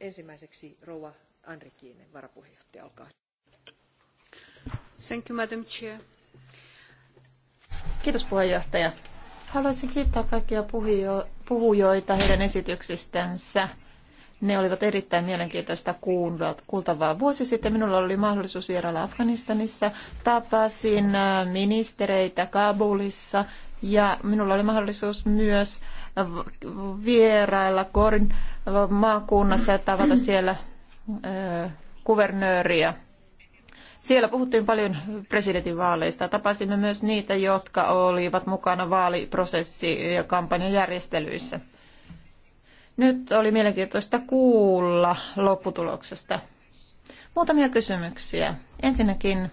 ensimmäiseksi rouva Andrikiinen, varapuheenjohtaja, olkaa hyvä. Thank you, Madam Chair. Kiitos puheenjohtaja. Haluaisin kiittää kaikkia puhujoita heidän esityksistänsä. Ne olivat erittäin mielenkiintoista kuultavaa. Vuosi sitten minulla oli mahdollisuus vierailla Afganistanissa. Tapasin ministereitä Kabulissa ja minulla oli mahdollisuus myös vierailla Korin maakunnassa ja tavata siellä kuvernööriä. Siellä puhuttiin paljon presidentinvaaleista. Tapasimme myös niitä, jotka olivat mukana vaaliprosessi- ja kampanjajärjestelyissä. Nyt oli mielenkiintoista kuulla lopputuloksesta. Muutamia kysymyksiä. Ensinnäkin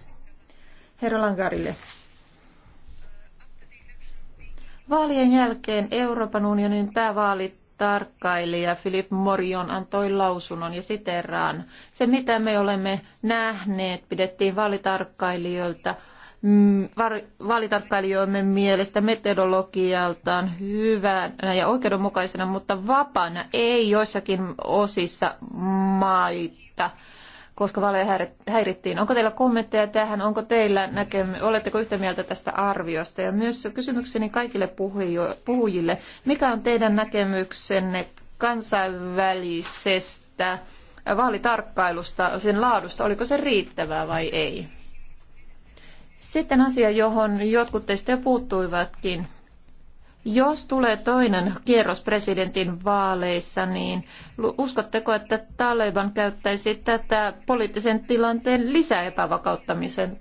herra Langarille. Vaalien jälkeen Euroopan unionin päävaalit tarkkailija Philip Morion antoi lausunnon ja siteraan. Se, mitä me olemme nähneet, pidettiin vaalitarkkailijoilta mm, vaalitarkkailijoimme mielestä metodologialtaan hyvänä ja oikeudenmukaisena, mutta vapaana ei joissakin osissa maita koska vaaleja häirittiin. Onko teillä kommentteja tähän? Onko teillä näkemy- Oletteko yhtä mieltä tästä arviosta? Ja myös kysymykseni kaikille puhujille. Mikä on teidän näkemyksenne kansainvälisestä vaalitarkkailusta, sen laadusta? Oliko se riittävää vai ei? Sitten asia, johon jotkut teistä jo puuttuivatkin. Jos tulee toinen kierros presidentin vaaleissa, niin uskotteko, että Taleban käyttäisi tätä poliittisen tilanteen lisäepävakauttamisen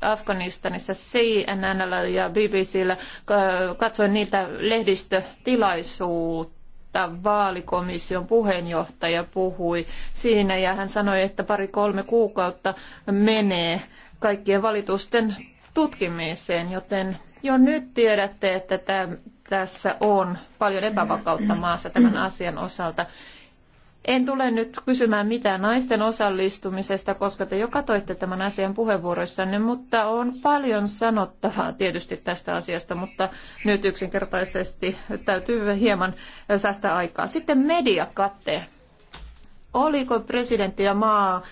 Afganistanissa CNNllä ja BBCllä? Katsoin niitä lehdistötilaisuutta vaalikomission puheenjohtaja puhui siinä ja hän sanoi, että pari-kolme kuukautta menee kaikkien valitusten tutkimiseen, joten jo nyt tiedätte, että tämän, tässä on paljon epävakautta maassa tämän asian osalta. En tule nyt kysymään mitään naisten osallistumisesta, koska te jo katoitte tämän asian puheenvuoroissanne, mutta on paljon sanottavaa tietysti tästä asiasta, mutta nyt yksinkertaisesti täytyy hieman säästää aikaa. Sitten mediakatte. Oliko presidentti ja maa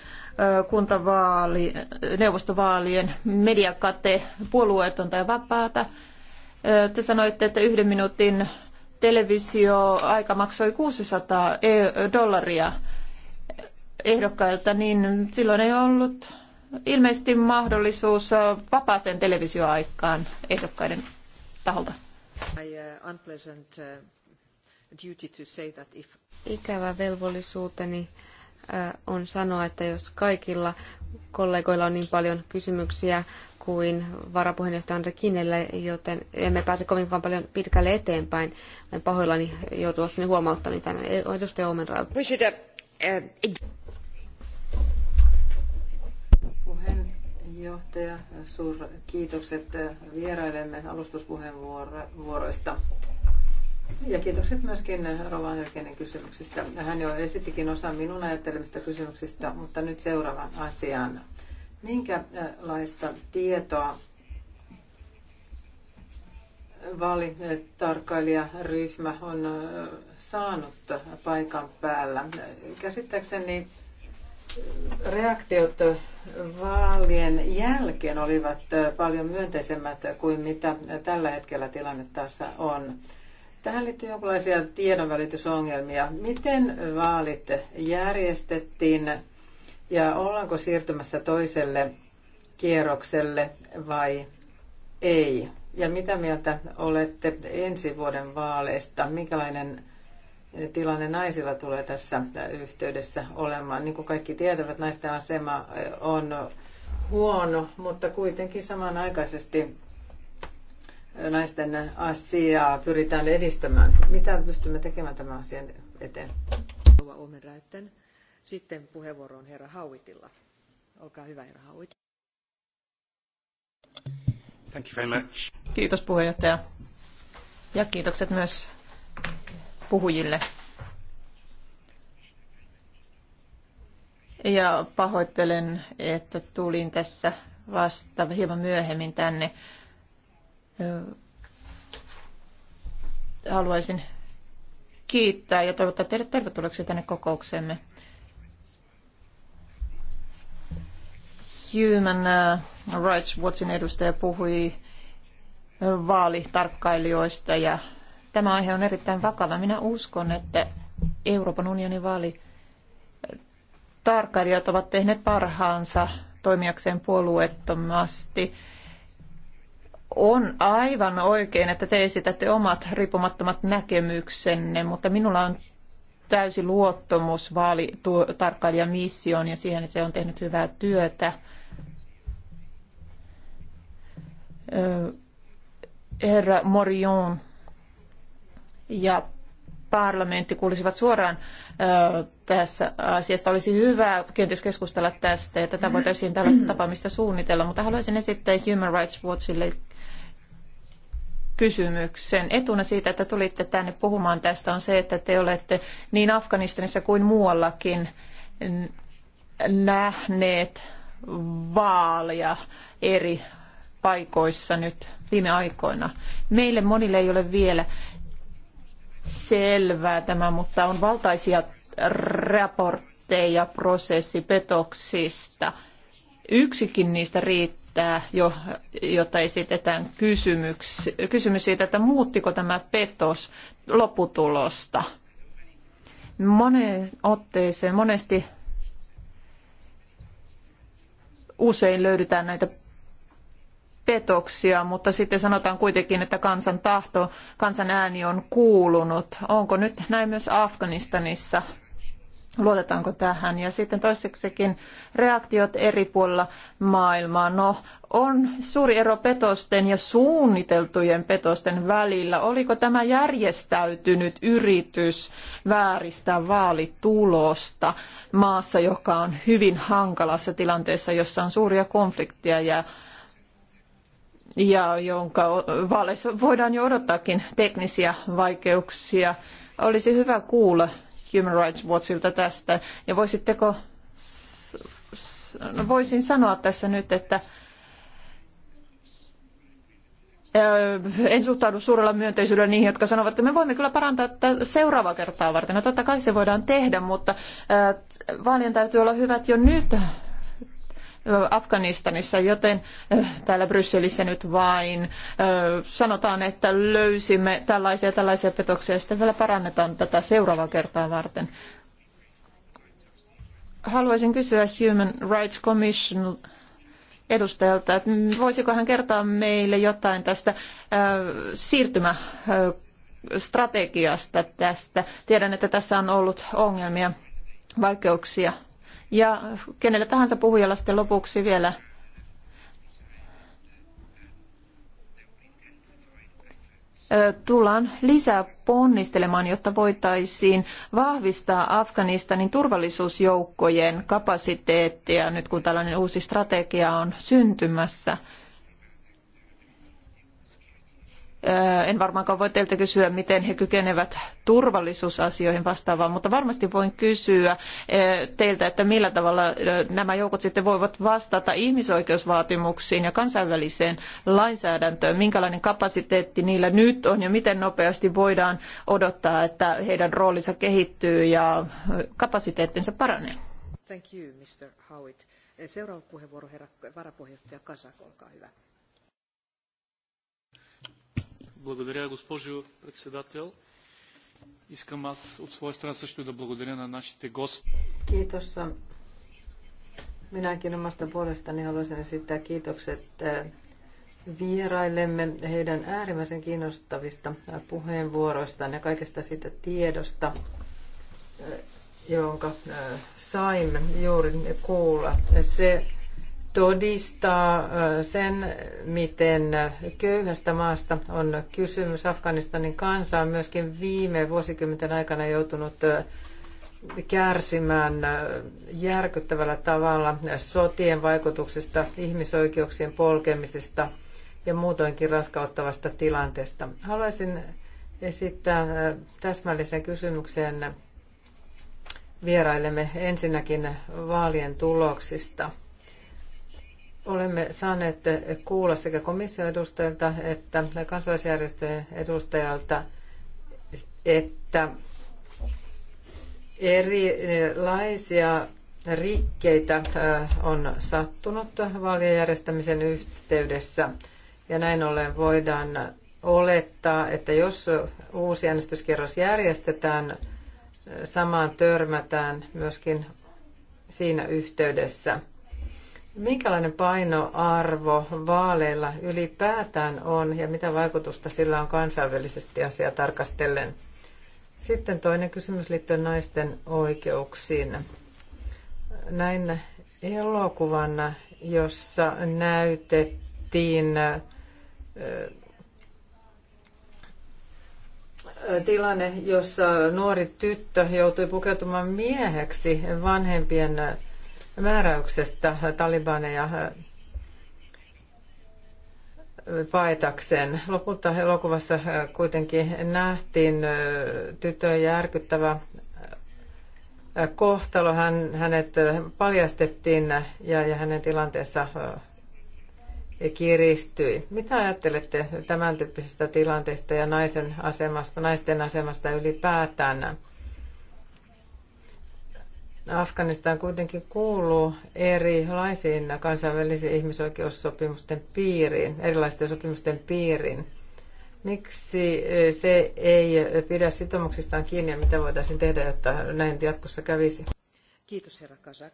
kuntavaali, neuvostovaalien mediakate puolueetonta ja vapaata. Te sanoitte, että yhden minuutin televisioaika maksoi 600 e-, dollaria ehdokkailta, niin silloin ei ollut ilmeisesti mahdollisuus vapaaseen televisioaikaan ehdokkaiden taholta. Uh, uh, Ikävä velvollisuuteni on sanoa, että jos kaikilla kollegoilla on niin paljon kysymyksiä kuin varapuheenjohtaja Andre Kinnelle, joten emme pääse kovinkaan paljon pitkälle eteenpäin. Olen pahoillani joutua sinne huomauttamaan niin tänne. Edustaja Omenraud. Eh, puheenjohtaja, suur kiitokset eh, vierailemme alustuspuheenvuoroista. Ja kiitokset myöskin Rova Hörkenen kysymyksistä. Hän jo esittikin osa minun ajattelemista kysymyksistä, mutta nyt seuraavan asian. Minkälaista tietoa vaalitarkkailijaryhmä on saanut paikan päällä? Käsittääkseni reaktiot vaalien jälkeen olivat paljon myönteisemmät kuin mitä tällä hetkellä tilanne tässä on. Tähän liittyy jonkinlaisia tiedonvälitysongelmia. Miten vaalit järjestettiin ja ollaanko siirtymässä toiselle kierrokselle vai ei? Ja mitä mieltä olette ensi vuoden vaaleista? Minkälainen tilanne naisilla tulee tässä yhteydessä olemaan? Niin kuin kaikki tietävät, naisten asema on huono, mutta kuitenkin samanaikaisesti naisten asiaa pyritään edistämään. Mitä pystymme tekemään tämän asian eteen? Sitten puheenvuoro on herra Hauitilla. Olkaa hyvä, herra Hauit. Thank you very much. Kiitos puheenjohtaja. Ja kiitokset myös puhujille. Ja pahoittelen, että tulin tässä vasta hieman myöhemmin tänne haluaisin kiittää ja toivottaa teidät tervetulleeksi tänne kokoukseemme. Human Rights Watchin edustaja puhui vaalitarkkailijoista ja tämä aihe on erittäin vakava. Minä uskon, että Euroopan unionin vaalitarkkailijat ovat tehneet parhaansa toimijakseen puolueettomasti on aivan oikein, että te esitätte omat riippumattomat näkemyksenne, mutta minulla on täysi luottamus vaalitarkkailijan missioon ja siihen, että se on tehnyt hyvää työtä. Herra Morion ja parlamentti kuulisivat suoraan tässä asiasta. Olisi hyvä kenties keskustella tästä ja tätä voitaisiin tällaista tapaamista suunnitella, mutta haluaisin esittää Human Rights Watchille kysymyksen. Etuna siitä, että tulitte tänne puhumaan tästä on se, että te olette niin Afganistanissa kuin muuallakin nähneet vaalia eri paikoissa nyt viime aikoina. Meille monille ei ole vielä selvää tämä, mutta on valtaisia raportteja prosessipetoksista. Yksikin niistä riittää esittää, jo, jotta esitetään kysymyks, kysymys siitä, että muuttiko tämä petos lopputulosta. Moneen otteeseen, monesti usein löydetään näitä petoksia, mutta sitten sanotaan kuitenkin, että kansan tahto, kansan ääni on kuulunut. Onko nyt näin myös Afganistanissa? Luotetaanko tähän? Ja sitten toiseksikin reaktiot eri puolilla maailmaa. No, on suuri ero petosten ja suunniteltujen petosten välillä. Oliko tämä järjestäytynyt yritys vääristää vaalitulosta maassa, joka on hyvin hankalassa tilanteessa, jossa on suuria konflikteja ja ja jonka vaaleissa voidaan jo odottaakin teknisiä vaikeuksia. Olisi hyvä kuulla Human Rights Watchilta tästä. Ja voisitteko, no voisin sanoa tässä nyt, että en suhtaudu suurella myönteisyydellä niihin, jotka sanovat, että me voimme kyllä parantaa tätä seuraavaa kertaa varten. No totta kai se voidaan tehdä, mutta vaalien täytyy olla hyvät jo nyt Afganistanissa, joten täällä Brysselissä nyt vain sanotaan, että löysimme tällaisia tällaisia petoksia ja sitten vielä parannetaan tätä seuraavaa kertaa varten. Haluaisin kysyä Human Rights Commission edustajalta, että voisiko hän kertoa meille jotain tästä siirtymästrategiasta tästä. Tiedän, että tässä on ollut ongelmia, vaikeuksia ja kenelle tahansa puhujalla sitten lopuksi vielä tullaan lisää ponnistelemaan, jotta voitaisiin vahvistaa Afganistanin turvallisuusjoukkojen kapasiteettia nyt kun tällainen uusi strategia on syntymässä. En varmaankaan voi teiltä kysyä, miten he kykenevät turvallisuusasioihin vastaavaan, mutta varmasti voin kysyä teiltä, että millä tavalla nämä joukot sitten voivat vastata ihmisoikeusvaatimuksiin ja kansainväliseen lainsäädäntöön, minkälainen kapasiteetti niillä nyt on ja miten nopeasti voidaan odottaa, että heidän roolinsa kehittyy ja kapasiteettinsa paranee. Thank you, Mr. Howitt. Seuraava puheenvuoro herra varapuheenjohtaja Kasak, olkaa hyvä. Благодаря, госпожо председател. Искам аз от своя страна също да благодаря на нашите гости. Kiitos. Minäkin omasta puolestani haluaisin esittää kiitokset vieraillemme heidän äärimmäisen kiinnostavista puheenvuoroistaan ja kaikesta siitä tiedosta, jonka saimme juuri kuulla. Se todistaa sen, miten köyhästä maasta on kysymys. Afganistanin kansa on myöskin viime vuosikymmenten aikana joutunut kärsimään järkyttävällä tavalla sotien vaikutuksista, ihmisoikeuksien polkemisesta ja muutoinkin raskauttavasta tilanteesta. Haluaisin esittää täsmällisen kysymyksen vierailemme ensinnäkin vaalien tuloksista – Olemme saaneet kuulla sekä komission edustajilta että kansalaisjärjestöjen edustajalta, että erilaisia rikkeitä äh, on sattunut vaalien järjestämisen yhteydessä. Ja näin ollen voidaan olettaa, että jos uusi äänestyskierros järjestetään, äh, samaan törmätään myöskin siinä yhteydessä – Minkälainen painoarvo vaaleilla ylipäätään on ja mitä vaikutusta sillä on kansainvälisesti asiaa tarkastellen? Sitten toinen kysymys liittyen naisten oikeuksiin. Näin elokuvan, jossa näytettiin tilanne, jossa nuori tyttö joutui pukeutumaan mieheksi vanhempien määräyksestä talibaneja äh, paetakseen. Lopulta elokuvassa äh, kuitenkin nähtiin äh, tytön järkyttävä kohtalo. Hän, hänet paljastettiin ja, ja hänen tilanteessa kiristyi. Mitä ajattelette tämän tyyppisestä tilanteista ja naisen asemasta, naisten asemasta ylipäätään? Afganistan kuitenkin kuuluu erilaisiin kansainvälisiin ihmisoikeussopimusten piiriin, erilaisten sopimusten piiriin. Miksi e, se ei pidä sitoumuksistaan kiinni ja mitä voitaisiin tehdä, jotta näin jatkossa kävisi? Kiitos herra Kazak.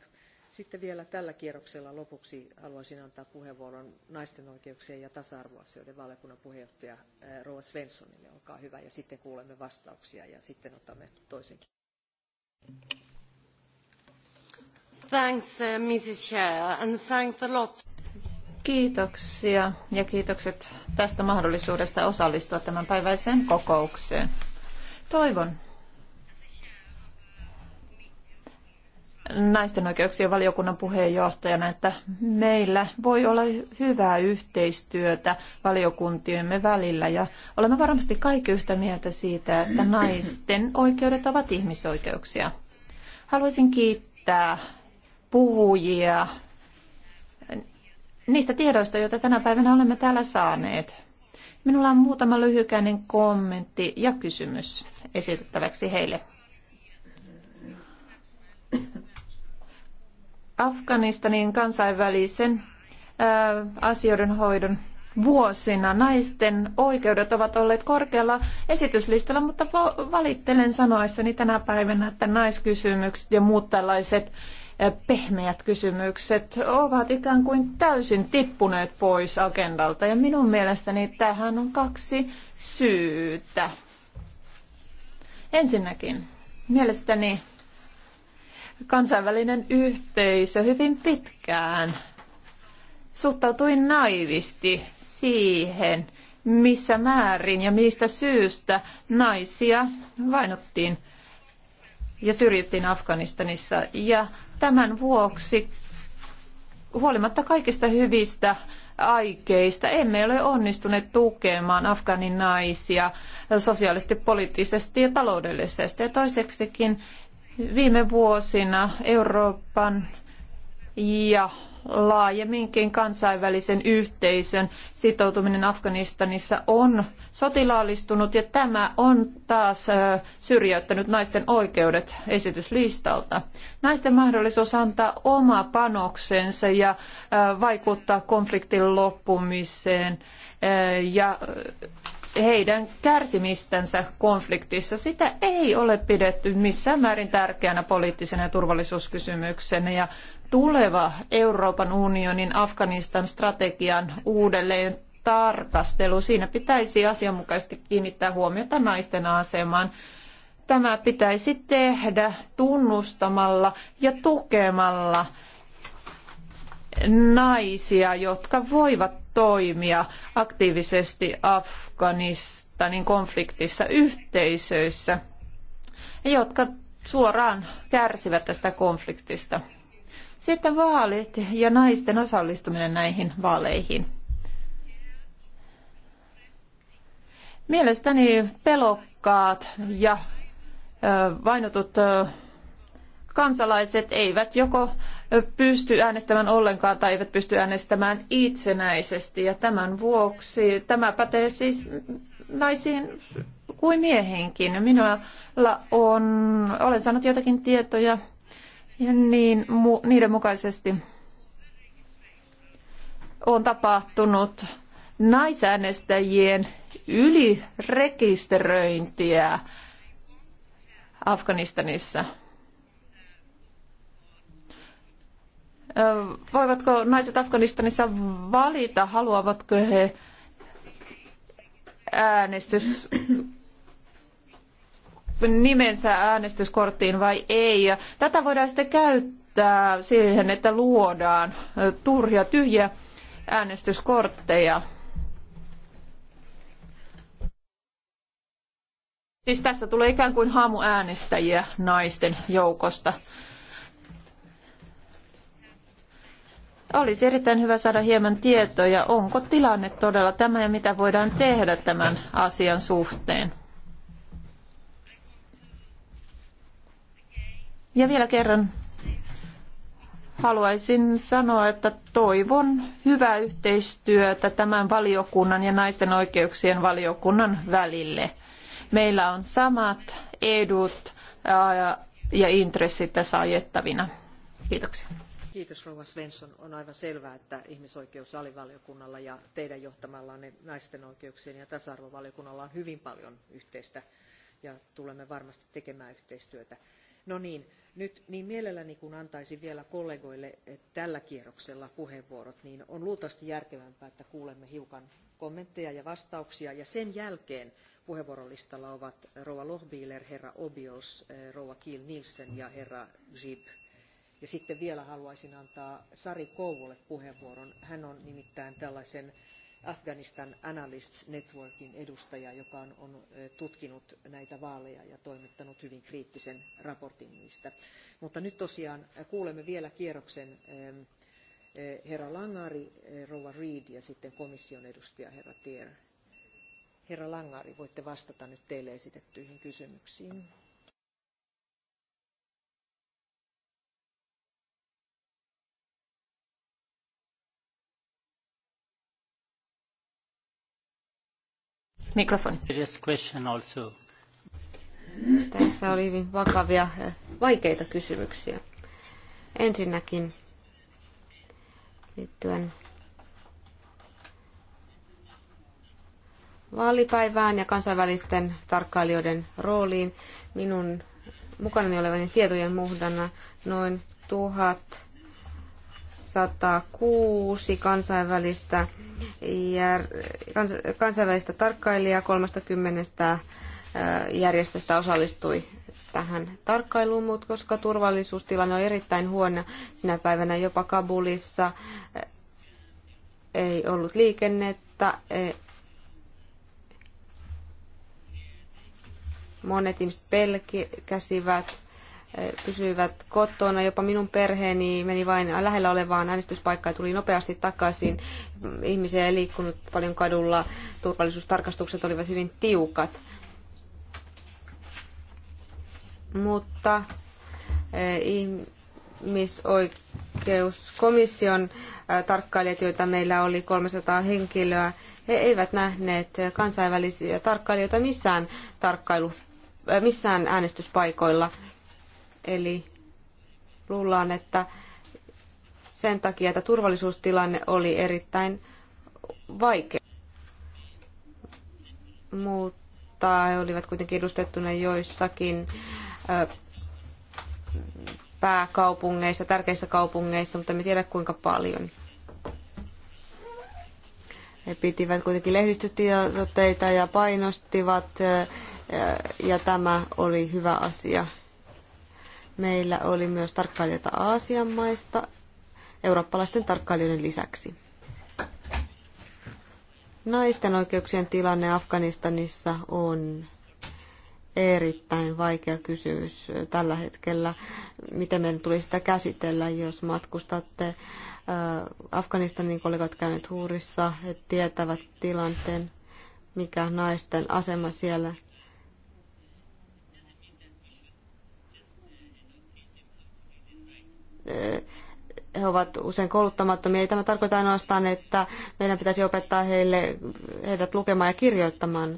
Sitten vielä tällä kierroksella lopuksi haluaisin antaa puheenvuoron naisten oikeuksien ja tasa-arvoasioiden valiokunnan puheenjohtaja e, Roa Svenssonille. Olkaa hyvä ja sitten kuulemme vastauksia ja sitten otamme toisenkin. Thanks, uh, Mrs. Chair, and thanks a lot. Kiitoksia ja kiitokset tästä mahdollisuudesta osallistua tämän päiväiseen kokoukseen. Toivon, naisten oikeuksien valiokunnan puheenjohtajana, että meillä voi olla hyvää yhteistyötä valiokuntiemme välillä ja olemme varmasti kaikki yhtä mieltä siitä, että naisten oikeudet ovat ihmisoikeuksia. Haluaisin kiittää puhujia niistä tiedoista, joita tänä päivänä olemme täällä saaneet. Minulla on muutama lyhykäinen kommentti ja kysymys esitettäväksi heille. Afganistanin kansainvälisen äh, asioiden hoidon vuosina naisten oikeudet ovat olleet korkealla esityslistalla, mutta valittelen sanoessani tänä päivänä, että naiskysymykset ja muut tällaiset pehmeät kysymykset ovat ikään kuin täysin tippuneet pois agendalta. Ja minun mielestäni tähän on kaksi syytä. Ensinnäkin, mielestäni kansainvälinen yhteisö hyvin pitkään suhtautui naivisti siihen, missä määrin ja mistä syystä naisia vainottiin ja syrjittiin Afganistanissa. Ja Tämän vuoksi huolimatta kaikista hyvistä aikeista emme ole onnistuneet tukemaan Afganin naisia sosiaalisesti, poliittisesti ja taloudellisesti. Ja toiseksikin viime vuosina Euroopan ja laajemminkin kansainvälisen yhteisön sitoutuminen Afganistanissa on sotilaallistunut ja tämä on taas syrjäyttänyt naisten oikeudet esityslistalta. Naisten mahdollisuus antaa oma panoksensa ja vaikuttaa konfliktin loppumiseen ja heidän kärsimistänsä konfliktissa. Sitä ei ole pidetty missään määrin tärkeänä poliittisena ja turvallisuuskysymyksenä ja tuleva Euroopan unionin Afganistan strategian uudelleen tarkastelu. Siinä pitäisi asianmukaisesti kiinnittää huomiota naisten asemaan. Tämä pitäisi tehdä tunnustamalla ja tukemalla naisia, jotka voivat toimia aktiivisesti Afganistanin konfliktissa yhteisöissä, jotka suoraan kärsivät tästä konfliktista. Sitten vaalit ja naisten osallistuminen näihin vaaleihin. Mielestäni pelokkaat ja vainotut kansalaiset eivät joko pysty äänestämään ollenkaan tai eivät pysty äänestämään itsenäisesti. Ja tämän vuoksi tämä pätee siis naisiin kuin miehenkin. Minulla on, olen saanut jotakin tietoja ja niin, mu, niiden mukaisesti on tapahtunut naisäänestäjien ylirekisteröintiä Afganistanissa. Voivatko naiset Afganistanissa valita, haluavatko he äänestys nimensä äänestyskorttiin vai ei. Ja tätä voidaan sitten käyttää siihen, että luodaan turhia tyhjiä äänestyskortteja. Siis tässä tulee ikään kuin haamu äänestäjiä naisten joukosta. Olisi erittäin hyvä saada hieman tietoja, onko tilanne todella tämä ja mitä voidaan tehdä tämän asian suhteen. Ja vielä kerran haluaisin sanoa, että toivon hyvää yhteistyötä tämän valiokunnan ja naisten oikeuksien valiokunnan välille. Meillä on samat edut ja intressit tässä ajettavina. Kiitoksia. Kiitos Rouva Svensson. On aivan selvää, että ihmisoikeus-alivaliokunnalla ja teidän johtamallanne naisten oikeuksien ja tasa-arvovaliokunnalla on hyvin paljon yhteistä ja tulemme varmasti tekemään yhteistyötä. No niin, nyt niin mielelläni kun antaisin vielä kollegoille eh, tällä kierroksella puheenvuorot, niin on luultavasti järkevämpää, että kuulemme hiukan kommentteja ja vastauksia. Ja sen jälkeen puheenvuorolistalla ovat rouva Lohbiler, herra Obios, eh, rouva Kiel Nielsen ja herra Grib. Ja sitten vielä haluaisin antaa Sari Kouvolle puheenvuoron. Hän on nimittäin tällaisen Afganistan Analysts Networkin edustaja, joka on, on tutkinut näitä vaaleja ja toimittanut hyvin kriittisen raportin niistä. Mutta nyt tosiaan kuulemme vielä kierroksen herra Langari, rouva Reid ja sitten komission edustaja herra Tier. Herra Langari, voitte vastata nyt teille esitettyihin kysymyksiin. Tässä oli hyvin vakavia, eh, vaikeita kysymyksiä. Ensinnäkin liittyen vaalipäivään ja kansainvälisten tarkkailijoiden rooliin. Minun mukanani olevani tietojen muhdana noin tuhat 106 kansainvälistä, jär, kans, kansainvälistä tarkkailijaa 30 järjestöstä osallistui tähän tarkkailuun, mutta koska turvallisuustilanne on erittäin huono sinä päivänä jopa Kabulissa, ei ollut liikennettä, monet ihmiset pelkäsivät pysyivät kotona. Jopa minun perheeni meni vain lähellä olevaan äänestyspaikkaan ja tuli nopeasti takaisin. Ihmisiä ei liikkunut paljon kadulla. Turvallisuustarkastukset olivat hyvin tiukat. Mutta eh, ihmisoikeuskomission eh, tarkkailijat, joita meillä oli 300 henkilöä, he eivät nähneet kansainvälisiä tarkkailijoita missään, tarkkailu, eh, missään äänestyspaikoilla Eli luullaan, että sen takia, että turvallisuustilanne oli erittäin vaikea. Mutta he olivat kuitenkin edustettuneet joissakin pääkaupungeissa, tärkeissä kaupungeissa, mutta emme tiedä kuinka paljon. He pitivät kuitenkin lehdistötiedotteita ja painostivat, ja tämä oli hyvä asia Meillä oli myös tarkkailijoita Aasian maista eurooppalaisten tarkkailijoiden lisäksi. Naisten oikeuksien tilanne Afganistanissa on erittäin vaikea kysymys tällä hetkellä. Miten meidän tulisi sitä käsitellä, jos matkustatte äh, Afganistanin kollegat käyneet huurissa, he tietävät tilanteen, mikä naisten asema siellä – he ovat usein kouluttamattomia. Ei tämä tarkoita ainoastaan, että meidän pitäisi opettaa heille, heidät lukemaan ja kirjoittamaan,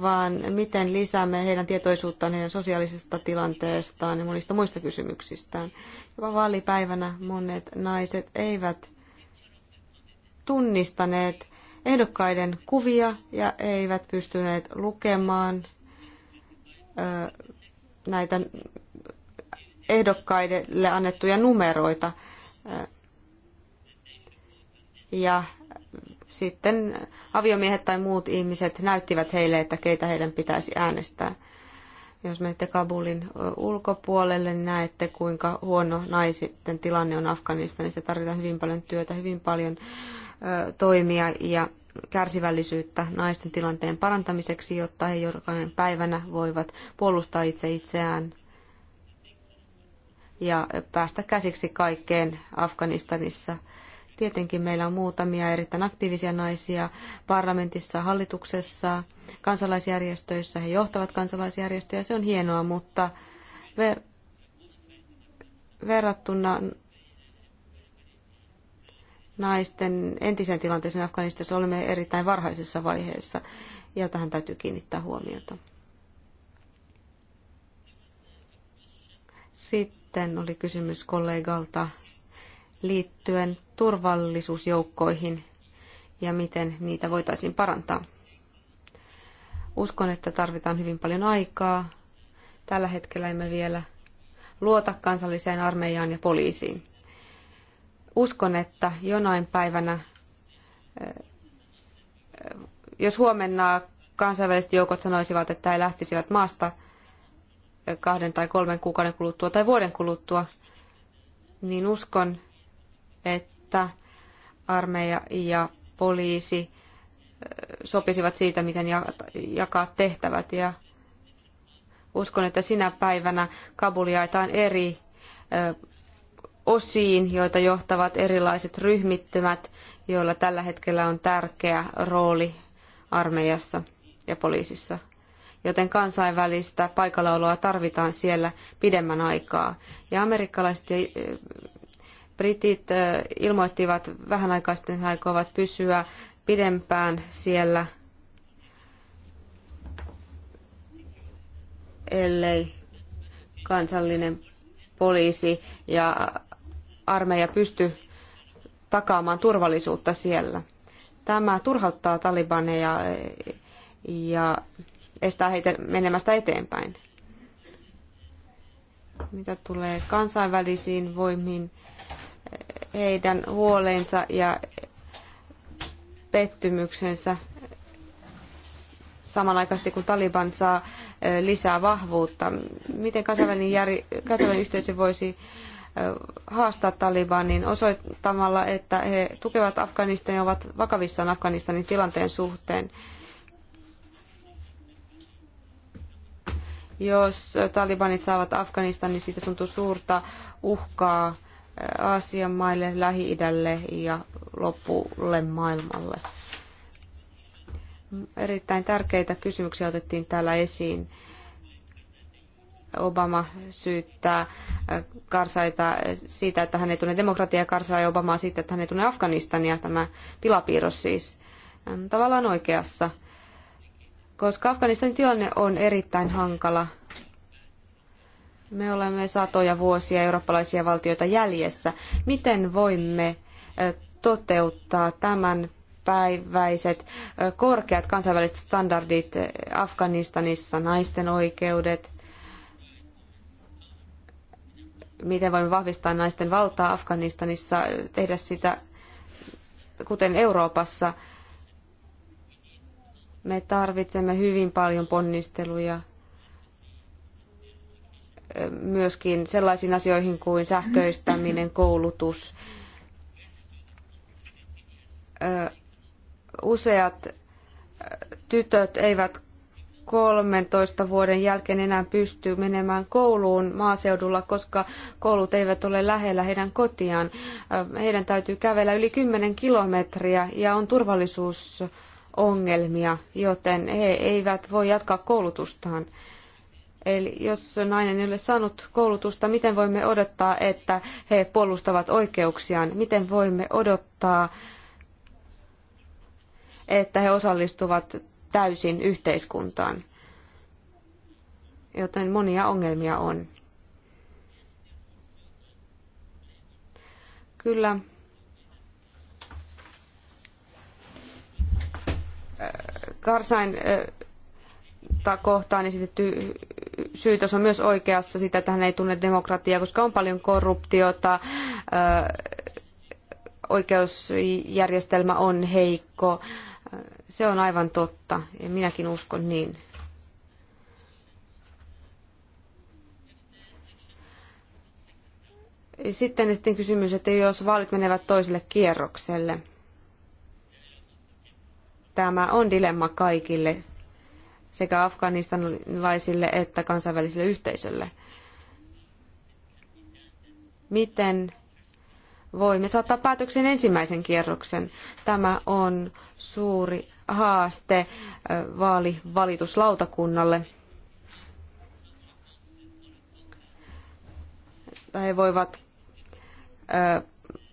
vaan miten lisäämme heidän tietoisuuttaan heidän sosiaalisesta tilanteestaan ja monista muista kysymyksistään. Jopa vaalipäivänä monet naiset eivät tunnistaneet ehdokkaiden kuvia ja eivät pystyneet lukemaan näitä ehdokkaille annettuja numeroita. Ja sitten aviomiehet tai muut ihmiset näyttivät heille, että keitä heidän pitäisi äänestää. Jos menette Kabulin ulkopuolelle, niin näette, kuinka huono naisten tilanne on Afganistanissa. Tarvitaan hyvin paljon työtä, hyvin paljon toimia ja kärsivällisyyttä naisten tilanteen parantamiseksi, jotta he jokainen päivänä voivat puolustaa itse itseään ja päästä käsiksi kaikkeen Afganistanissa. Tietenkin meillä on muutamia erittäin aktiivisia naisia parlamentissa, hallituksessa, kansalaisjärjestöissä. He johtavat kansalaisjärjestöjä, se on hienoa, mutta ver- verrattuna naisten entisen tilanteeseen Afganistanissa olemme erittäin varhaisessa vaiheessa ja tähän täytyy kiinnittää huomiota. Sitten sitten oli kysymys kollegalta liittyen turvallisuusjoukkoihin ja miten niitä voitaisiin parantaa. Uskon, että tarvitaan hyvin paljon aikaa. Tällä hetkellä emme vielä luota kansalliseen armeijaan ja poliisiin. Uskon, että jonain päivänä, jos huomenna kansainväliset joukot sanoisivat, että he lähtisivät maasta, kahden tai kolmen kuukauden kuluttua tai vuoden kuluttua, niin uskon, että armeija ja poliisi sopisivat siitä, miten jakaa tehtävät. Ja uskon, että sinä päivänä Kabul jaetaan eri osiin, joita johtavat erilaiset ryhmittymät, joilla tällä hetkellä on tärkeä rooli armeijassa ja poliisissa joten kansainvälistä paikallaoloa tarvitaan siellä pidemmän aikaa. Ja amerikkalaiset ja eh, britit eh, ilmoittivat vähän aikaa sitten, että he aikovat pysyä pidempään siellä, ellei kansallinen poliisi ja armeija pysty takaamaan turvallisuutta siellä. Tämä turhauttaa talibaneja eh, ja estää heitä menemästä eteenpäin. Mitä tulee kansainvälisiin voimiin, heidän huoleensa ja pettymyksensä samanaikaisesti kun Taliban saa lisää vahvuutta. Miten kansainvälinen, jär... kansainvälinen yhteisö voisi haastaa Talibanin osoittamalla, että he tukevat Afganistania ja ovat vakavissaan Afganistanin tilanteen suhteen? Jos talibanit saavat Afganistanin, niin siitä tuntuu suurta uhkaa eh, Aasian maille, Lähi-idälle ja lopulle maailmalle. Erittäin tärkeitä kysymyksiä otettiin täällä esiin. Obama syyttää eh, Karsaita siitä, että hän ei tunne demokratiaa Karsaa ja Obamaa siitä, että hän ei tunne Afganistania, tämä pilapiirros siis. Hän on tavallaan oikeassa koska Afganistanin tilanne on erittäin hankala. Me olemme satoja vuosia eurooppalaisia valtioita jäljessä. Miten voimme toteuttaa tämän päiväiset korkeat kansainväliset standardit Afganistanissa, naisten oikeudet, miten voimme vahvistaa naisten valtaa Afganistanissa, tehdä sitä kuten Euroopassa – me tarvitsemme hyvin paljon ponnisteluja myöskin sellaisiin asioihin kuin sähköistäminen, koulutus. Useat tytöt eivät 13 vuoden jälkeen enää pysty menemään kouluun maaseudulla, koska koulut eivät ole lähellä heidän kotiaan. Heidän täytyy kävellä yli kymmenen kilometriä ja on turvallisuus ongelmia, joten he eivät voi jatkaa koulutustaan. Eli jos nainen ei ole saanut koulutusta, miten voimme odottaa, että he puolustavat oikeuksiaan? Miten voimme odottaa, että he osallistuvat täysin yhteiskuntaan? Joten monia ongelmia on. Kyllä Karsain kohtaan esitetty syytös on myös oikeassa sitä, että hän ei tunne demokratiaa, koska on paljon korruptiota, oikeusjärjestelmä on heikko. Se on aivan totta ja minäkin uskon niin. Sitten sitten kysymys, että jos vaalit menevät toiselle kierrokselle – tämä on dilemma kaikille, sekä afganistanilaisille että kansainväliselle yhteisölle. Miten voimme saattaa päätöksen ensimmäisen kierroksen? Tämä on suuri haaste vaalivalituslautakunnalle. He voivat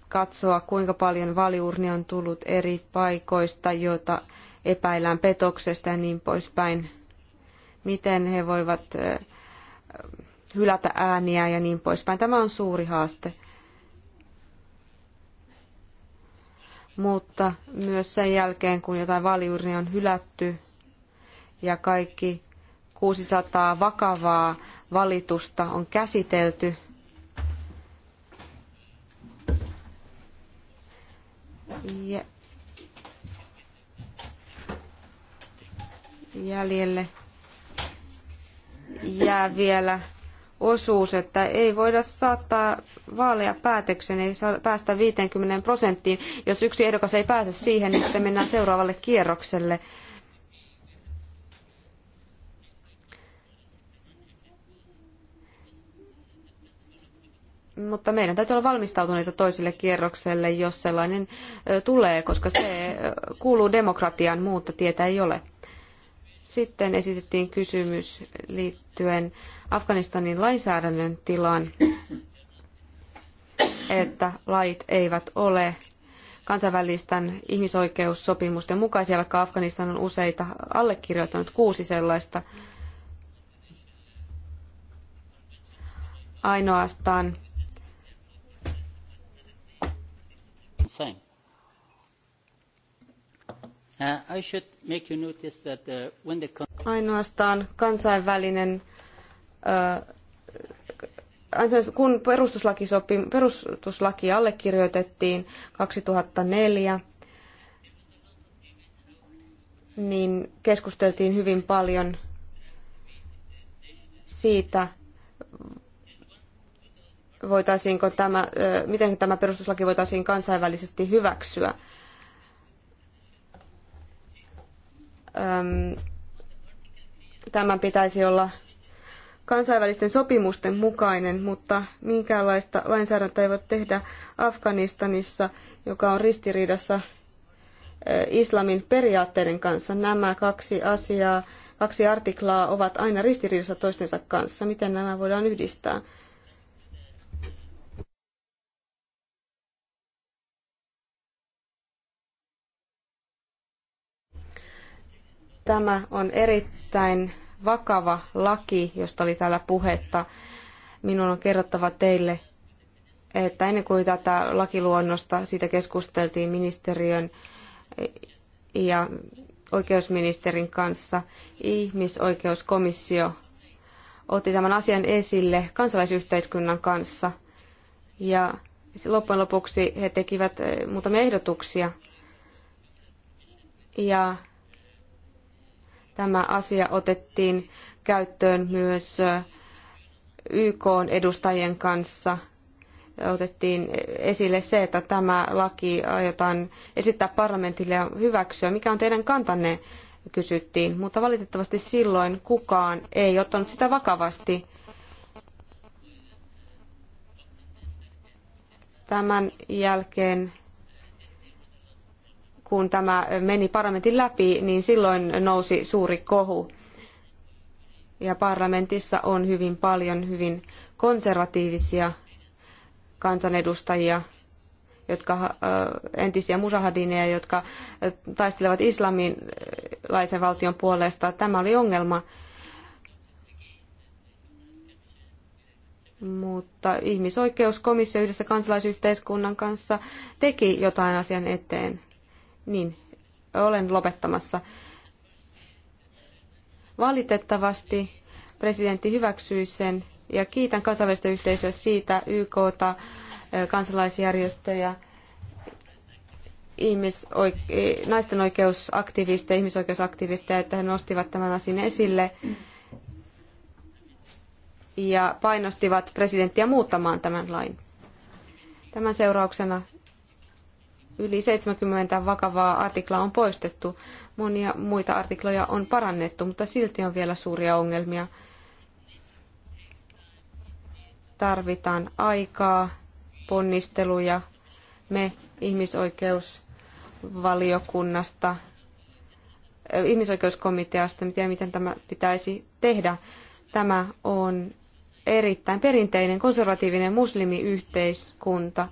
katsoa, kuinka paljon valiurnia on tullut eri paikoista, joita epäillään petoksesta ja niin poispäin. Miten he voivat hylätä ääniä ja niin poispäin. Tämä on suuri haaste. Mutta myös sen jälkeen, kun jotain valiurnia on hylätty ja kaikki 600 vakavaa valitusta on käsitelty – jä, jäljelle jää vielä osuus, että ei voida saattaa vaaleja päätöksen, ei saa päästä 50 prosenttiin. Jos yksi ehdokas ei pääse siihen, niin sitten mennään seuraavalle kierrokselle. mutta meidän täytyy olla valmistautuneita toiselle kierrokselle, jos sellainen tulee, koska se kuuluu demokratiaan, muuta tietä ei ole. Sitten esitettiin kysymys liittyen Afganistanin lainsäädännön tilaan, että lait eivät ole kansainvälisten ihmisoikeussopimusten mukaisia, vaikka Afganistan on useita allekirjoittanut kuusi sellaista. Ainoastaan same. Uh, I should make you notice that uh, when the Ainoastaan kansainvälinen uh, kun perustuslaki sopi, perustuslaki allekirjoitettiin 2004, niin keskusteltiin hyvin paljon siitä, voitaisiinko tämä, miten tämä perustuslaki voitaisiin kansainvälisesti hyväksyä. Tämän pitäisi olla kansainvälisten sopimusten mukainen, mutta minkäänlaista lainsäädäntöä ei voi tehdä Afganistanissa, joka on ristiriidassa islamin periaatteiden kanssa. Nämä kaksi asiaa, kaksi artiklaa ovat aina ristiriidassa toistensa kanssa. Miten nämä voidaan yhdistää? Tämä on erittäin vakava laki, josta oli täällä puhetta. Minun on kerrottava teille, että ennen kuin tätä lakiluonnosta siitä keskusteltiin ministeriön ja oikeusministerin kanssa, ihmisoikeuskomissio otti tämän asian esille kansalaisyhteiskunnan kanssa. Ja loppujen lopuksi he tekivät eh, muutamia ehdotuksia. Ja Tämä asia otettiin käyttöön myös YK-edustajien kanssa. Otettiin esille se, että tämä laki aiotaan esittää parlamentille ja hyväksyä. Mikä on teidän kantanne, kysyttiin, mutta valitettavasti silloin kukaan ei ottanut sitä vakavasti. Tämän jälkeen kun tämä meni parlamentin läpi, niin silloin nousi suuri kohu. Ja parlamentissa on hyvin paljon hyvin konservatiivisia kansanedustajia, jotka, äh, entisiä musahadineja, jotka äh, taistelevat islamilaisen valtion puolesta. Tämä oli ongelma. Mutta ihmisoikeuskomissio yhdessä kansalaisyhteiskunnan kanssa teki jotain asian eteen. Niin, olen lopettamassa. Valitettavasti presidentti hyväksyi sen ja kiitän kansainvälistä yhteisöä siitä, YKta, kansalaisjärjestöjä, ihmisoike- naisten oikeusaktivisteja, ihmisoikeusaktivisteja, että he nostivat tämän asian esille ja painostivat presidenttiä muuttamaan tämän lain. Tämän seurauksena yli 70 vakavaa artiklaa on poistettu, monia muita artikloja on parannettu, mutta silti on vielä suuria ongelmia. Tarvitaan aikaa, ponnisteluja. Me ihmisoikeusvaliokunnasta, äh, ihmisoikeuskomiteasta, miten, miten tämä pitäisi tehdä. Tämä on erittäin perinteinen konservatiivinen muslimiyhteiskunta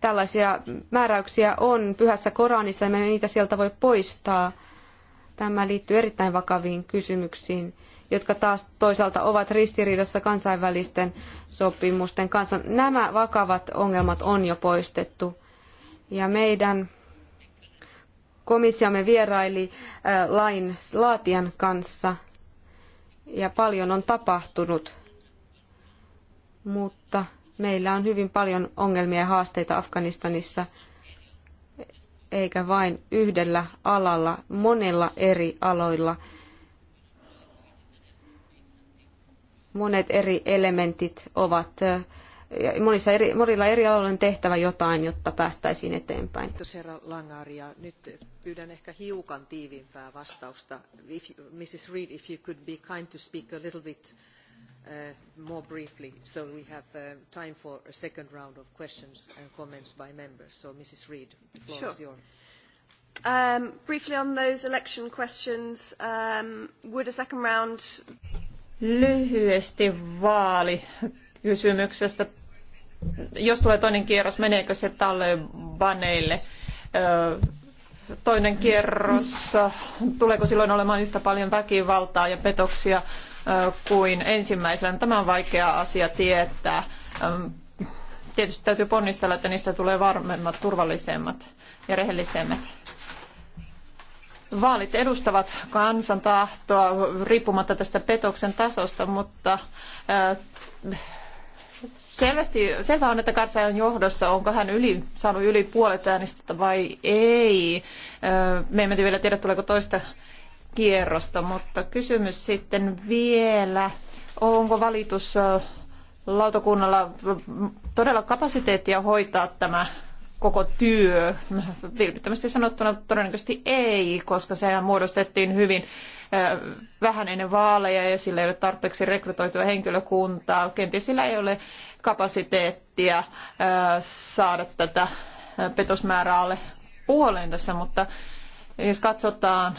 tällaisia määräyksiä on pyhässä Koranissa, emme niitä sieltä voi poistaa. Tämä liittyy erittäin vakaviin kysymyksiin, jotka taas toisaalta ovat ristiriidassa kansainvälisten sopimusten kanssa. Nämä vakavat ongelmat on jo poistettu. Ja meidän komissiomme vieraili lain laatian kanssa ja paljon on tapahtunut, mutta Meillä on hyvin paljon ongelmia ja haasteita Afganistanissa, eikä vain yhdellä alalla, monella eri aloilla. Monet eri elementit ovat monissa eri, monilla eri aloilla on tehtävä jotain, jotta päästäisiin eteenpäin. herra ja nyt pyydän ehkä hiukan tiiviimpää vastausta. If, Mrs. Reid, if you could be kind to speak a little bit Uh, more briefly so we have uh, time for a second round of questions and comments by members. So Mrs. Reid, the floor sure. is yours. Um, briefly on those election questions, um, would a second round... Lyhyesti vaali kysymyksestä. Jos tulee toinen kierros, meneekö se Talebaneille? Toinen kierros, tuleeko silloin olemaan yhtä paljon väkivaltaa ja petoksia? kuin ensimmäisellä. Tämä on vaikea asia tietää. Tietysti täytyy ponnistella, että niistä tulee varmemmat, turvallisemmat ja rehellisemmät. Vaalit edustavat kansan tahtoa riippumatta tästä petoksen tasosta, mutta selvästi, selvä on, että Karsa on johdossa. Onko hän yli, saanut yli puolet äänistä vai ei? Me emme vielä tiedä, tuleeko toista kierrosta, mutta kysymys sitten vielä, onko valitus lautakunnalla todella kapasiteettia hoitaa tämä koko työ? Vilpittömästi sanottuna todennäköisesti ei, koska sehän muodostettiin hyvin vähän ennen vaaleja ja sillä ei ole tarpeeksi rekrytoitua henkilökuntaa. Kenties sillä ei ole kapasiteettia saada tätä petosmäärää alle puoleen tässä, mutta jos katsotaan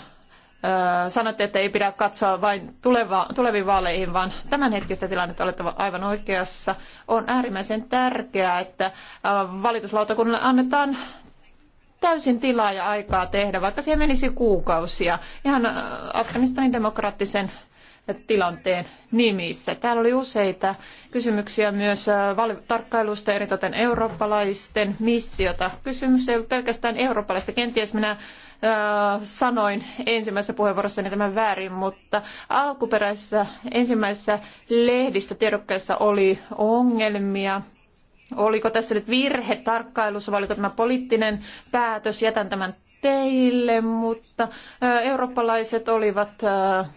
sanotte, että ei pidä katsoa vain tuleva, tuleviin vaaleihin, vaan tämänhetkistä tilannetta olette aivan oikeassa. On äärimmäisen tärkeää, että valituslautakunnalle annetaan täysin tilaa ja aikaa tehdä, vaikka siihen menisi kuukausia. Ihan Afganistanin demokraattisen tilanteen nimissä. Täällä oli useita kysymyksiä myös tarkkailusta eritoten eurooppalaisten missiota. Kysymys ei ollut pelkästään eurooppalaista. Kenties minä Äh, sanoin ensimmäisessä puheenvuorossani tämän väärin, mutta alkuperäisessä ensimmäisessä lehdistötiedokkeessa oli ongelmia. Oliko tässä nyt virhe tarkkailussa vai oliko tämä poliittinen päätös? Jätän tämän teille, mutta äh, eurooppalaiset olivat äh,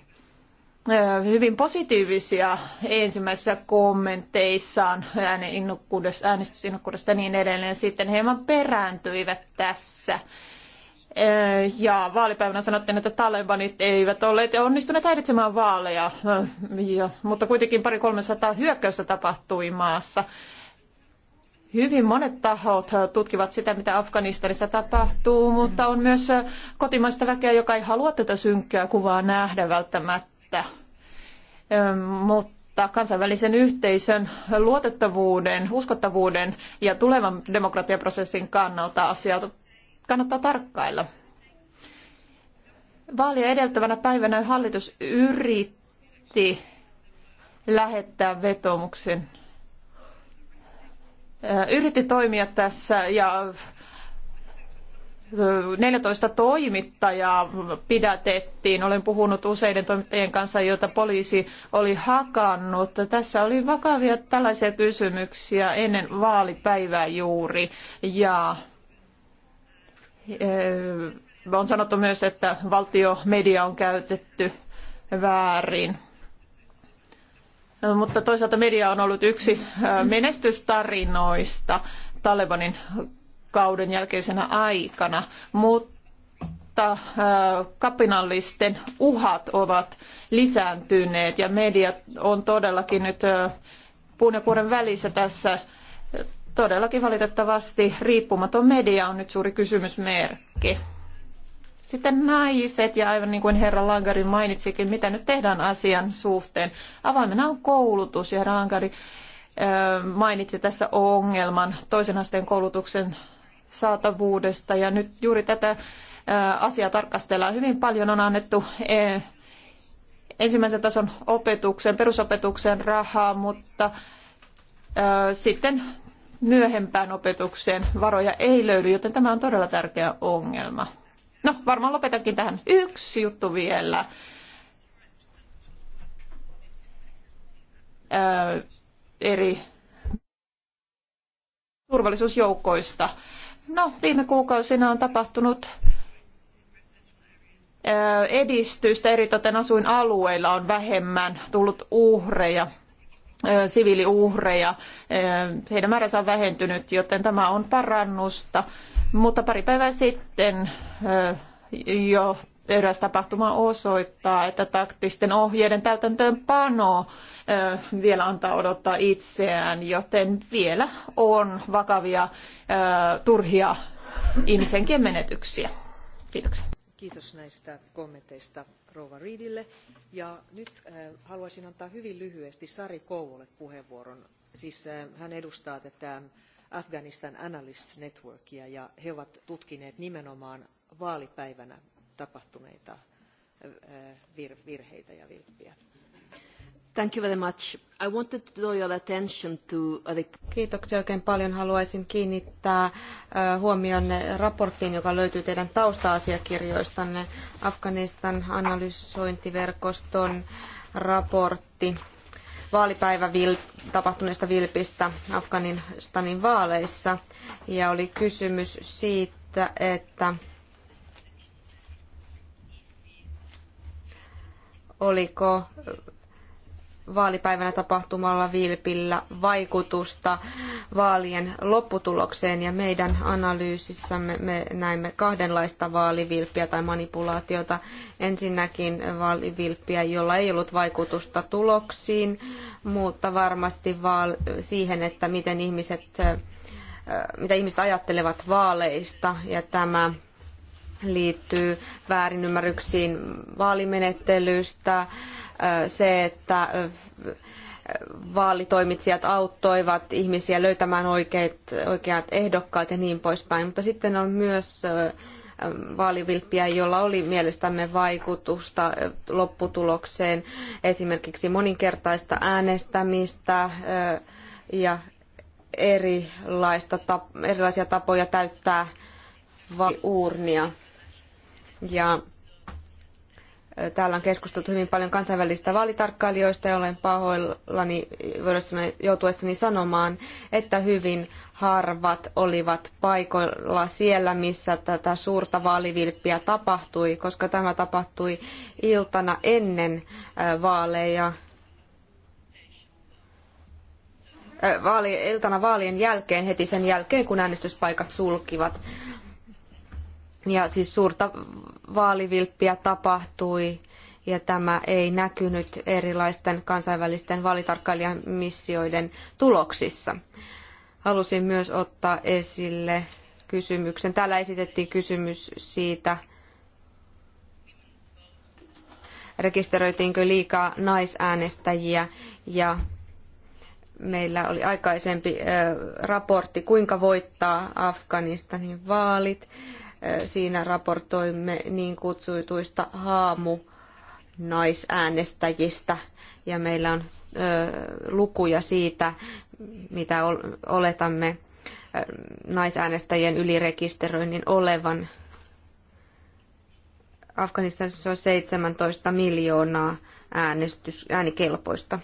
hyvin positiivisia ensimmäisissä kommenteissaan äänestysinnokkuudesta ja niin edelleen. Sitten hieman perääntyivät tässä. Eh, ja vaalipäivänä sanottiin, että talebanit eivät olleet onnistuneet häiritsemään vaaleja, eh, ja, mutta kuitenkin pari 300 hyökkäystä tapahtui maassa. Hyvin monet tahot tutkivat sitä, mitä Afganistanissa tapahtuu, mutta on myös eh, kotimaista väkeä, joka ei halua tätä synkkää kuvaa nähdä välttämättä. Mutta mutta kansainvälisen yhteisön luotettavuuden, uskottavuuden ja tulevan demokratiaprosessin kannalta asiat kannattaa tarkkailla. Vaalia edeltävänä päivänä hallitus yritti lähettää vetomuksen. Yritti toimia tässä ja 14 toimittajaa pidätettiin. Olen puhunut useiden toimittajien kanssa, joita poliisi oli hakannut. Tässä oli vakavia tällaisia kysymyksiä ennen vaalipäivää juuri. Ja on sanottu myös, että valtiomedia on käytetty väärin. Mutta toisaalta media on ollut yksi menestystarinoista Talebanin kauden jälkeisenä aikana, mutta kapinallisten uhat ovat lisääntyneet ja media on todellakin nyt puun ja kuoren välissä tässä todellakin valitettavasti riippumaton media on nyt suuri kysymysmerkki. Sitten naiset ja aivan niin kuin herra Langari mainitsikin, mitä nyt tehdään asian suhteen. Avaimena on koulutus ja Langari mainitsi tässä ongelman toisen asteen koulutuksen saatavuudesta ja nyt juuri tätä asiaa tarkastellaan. Hyvin paljon on annettu e, ensimmäisen tason opetukseen, perusopetukseen rahaa, mutta sitten myöhempään opetukseen varoja ei löydy, joten tämä on todella tärkeä ongelma. No, varmaan lopetankin tähän. Yksi juttu vielä. Öö, eri turvallisuusjoukoista. No, viime kuukausina on tapahtunut edistystä, eritoten asuinalueilla on vähemmän tullut uhreja siviiliuhreja. Heidän määränsä on vähentynyt, joten tämä on parannusta. Mutta pari päivää sitten jo eräs tapahtuma osoittaa, että taktisten ohjeiden täytäntöönpano vielä antaa odottaa itseään, joten vielä on vakavia turhia ihmisenkin menetyksiä. Kiitoksia. Kiitos näistä kommenteista rouva Riidille. Ja nyt äh, haluaisin antaa hyvin lyhyesti Sari Kouvolle puheenvuoron. Siis äh, hän edustaa tätä Afghanistan Analysts Networkia ja he ovat tutkineet nimenomaan vaalipäivänä tapahtuneita äh, virheitä ja vilppiä. Thank you very much. I wanted to draw your attention to... Kiitoksia oikein paljon. Haluaisin kiinnittää huomion raporttiin, joka löytyy teidän tausta-asiakirjoistanne. Afganistan analysointiverkoston raportti vaalipäivä vil, tapahtuneesta vilpistä Afganistanin vaaleissa. Ja oli kysymys siitä, että oliko vaalipäivänä tapahtumalla vilpillä vaikutusta vaalien lopputulokseen ja meidän analyysissämme me näimme kahdenlaista vaalivilppiä tai manipulaatiota. Ensinnäkin vaalivilppiä, jolla ei ollut vaikutusta tuloksiin, mutta varmasti siihen, että miten ihmiset, mitä ihmiset ajattelevat vaaleista ja tämä liittyy väärinymmärryksiin vaalimenettelystä, se, että vaalitoimitsijat auttoivat ihmisiä löytämään oikeat, oikeat ehdokkaat ja niin poispäin. Mutta sitten on myös vaalivilppiä, jolla oli mielestämme vaikutusta lopputulokseen, esimerkiksi moninkertaista äänestämistä ja erilaista, erilaisia tapoja täyttää vaaliuurnia. Ja Täällä on keskusteltu hyvin paljon kansainvälisistä vaalitarkkailijoista ja olen pahoillani joutuessani sanomaan, että hyvin harvat olivat paikoilla siellä, missä tätä suurta vaalivilppiä tapahtui, koska tämä tapahtui iltana ennen vaaleja. Vaali, iltana vaalien jälkeen, heti sen jälkeen, kun äänestyspaikat sulkivat. Ja siis suurta vaalivilppiä tapahtui ja tämä ei näkynyt erilaisten kansainvälisten vaalitarkkailijan missioiden tuloksissa. Halusin myös ottaa esille kysymyksen. Täällä esitettiin kysymys siitä, rekisteröitiinkö liikaa naisäänestäjiä ja meillä oli aikaisempi raportti, kuinka voittaa Afganistanin vaalit. Siinä raportoimme niin kutsuituista haamu naisäänestäjistä ja meillä on lukuja siitä, mitä oletamme naisäänestäjien ylirekisteröinnin olevan. Afganistanissa on 17 miljoonaa äänestys, äänikelpoista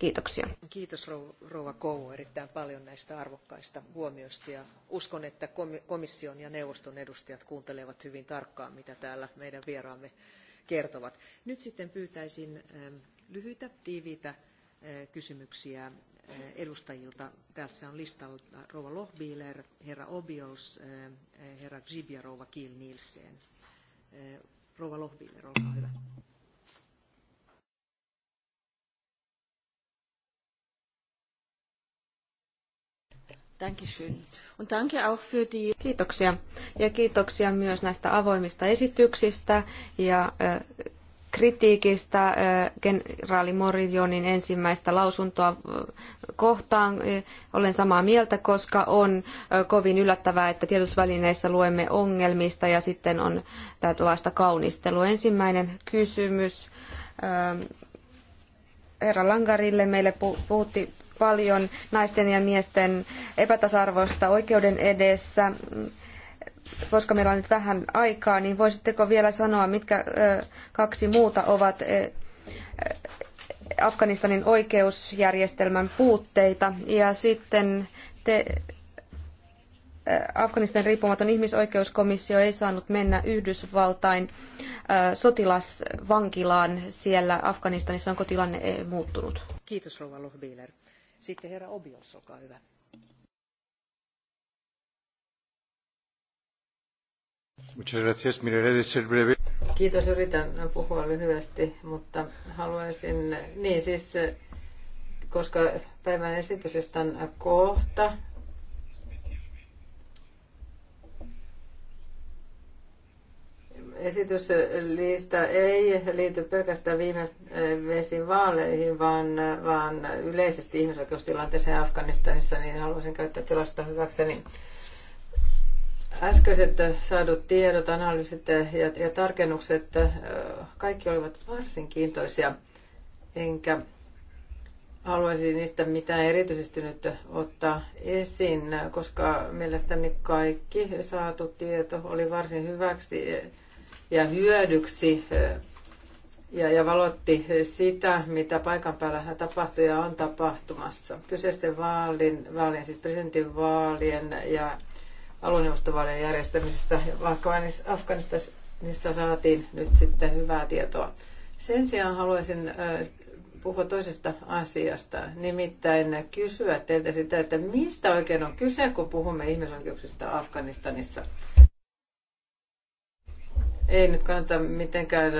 Kiitoksia. Kiitos Rouva Koulu erittäin paljon näistä arvokkaista huomioista ja uskon, että komission ja neuvoston edustajat kuuntelevat hyvin tarkkaan, mitä täällä meidän vieraamme kertovat. Nyt sitten pyytäisin ähm, lyhyitä, tiiviitä äh, kysymyksiä äh, edustajilta. Tässä on listalla Rouva Lohbiler, herra Obiols, äh, herra Gzib ja Rouva Kiel Nielsen. Rouva Lohbiler, olkaa hyvä. Kiitoksia. Ja kiitoksia myös näistä avoimista esityksistä ja kritiikistä kenraali Morillonin ensimmäistä lausuntoa kohtaan. Olen samaa mieltä, koska on kovin yllättävää, että tiedotusvälineissä luemme ongelmista ja sitten on tällaista kaunistelua. Ensimmäinen kysymys herra Langarille. Meille puhuttiin paljon naisten ja miesten epätasa-arvoista oikeuden edessä. Koska meillä on nyt vähän aikaa, niin voisitteko vielä sanoa, mitkä kaksi muuta ovat Afganistanin oikeusjärjestelmän puutteita ja sitten te, Afganistanin riippumaton ihmisoikeuskomissio ei saanut mennä Yhdysvaltain sotilasvankilaan siellä Afganistanissa. Onko tilanne muuttunut? Kiitos Rouva Lohbiler. Sitten herra Obios, olkaa hyvä. Kiitos, yritän puhua lyhyesti, mutta haluaisin, niin siis koska päivän esityslistan kohta esityslista ei liity pelkästään viime eh, vesin vaaleihin, vaan, vaan yleisesti ihmisoikeustilanteeseen Afganistanissa, niin haluaisin käyttää tilasta hyväkseni. Äskeiset saadut tiedot, analyysit ja, ja tarkennukset, eh, kaikki olivat varsin kiintoisia, enkä haluaisi niistä mitään erityisesti nyt ottaa esiin, koska mielestäni kaikki saatu tieto oli varsin hyväksi ja hyödyksi ja, ja valotti sitä, mitä paikan päällä tapahtui ja on tapahtumassa. Kyseisten vaalin, vaalien, siis presidentinvaalien ja alueneuvostovaalien järjestämisestä Afganistanissa saatiin nyt sitten hyvää tietoa. Sen sijaan haluaisin puhua toisesta asiasta, nimittäin kysyä teiltä sitä, että mistä oikein on kyse, kun puhumme ihmisoikeuksista Afganistanissa – ei nyt kannata mitenkään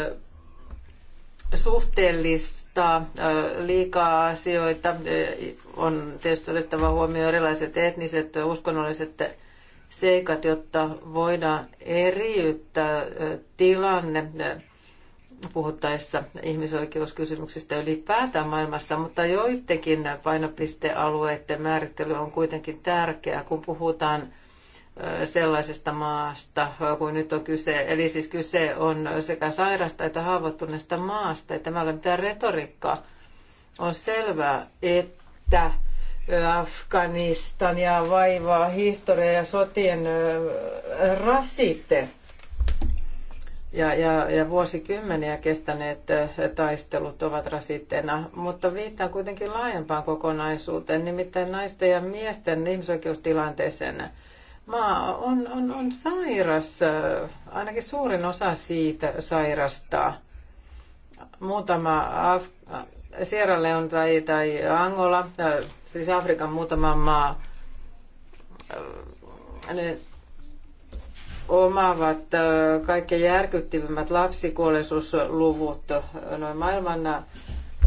suhteellista liikaa asioita. On tietysti otettava huomioon erilaiset etniset, uskonnolliset seikat, jotta voidaan eriyttää tilanne puhuttaessa ihmisoikeuskysymyksistä ylipäätään maailmassa, mutta joidenkin painopistealueiden määrittely on kuitenkin tärkeää, kun puhutaan sellaisesta maasta kuin nyt on kyse. Eli siis kyse on sekä sairasta että haavoittuneesta maasta. että tämä ole mitään retoriikkaa. On selvää, että ja vaivaa historia ja sotien rasite ja, ja, ja vuosikymmeniä kestäneet taistelut ovat rasitteena, mutta viittaan kuitenkin laajempaan kokonaisuuteen, nimittäin naisten ja miesten ihmisoikeustilanteeseen maa on, on, on sairas, äh, ainakin suurin osa siitä sairastaa. Muutama Af- äh, Sierra Leone tai, tai Angola, äh, siis Afrikan muutama maa, ne omaavat kaikkein järkyttävimmät lapsikuolleisuusluvut noin maailman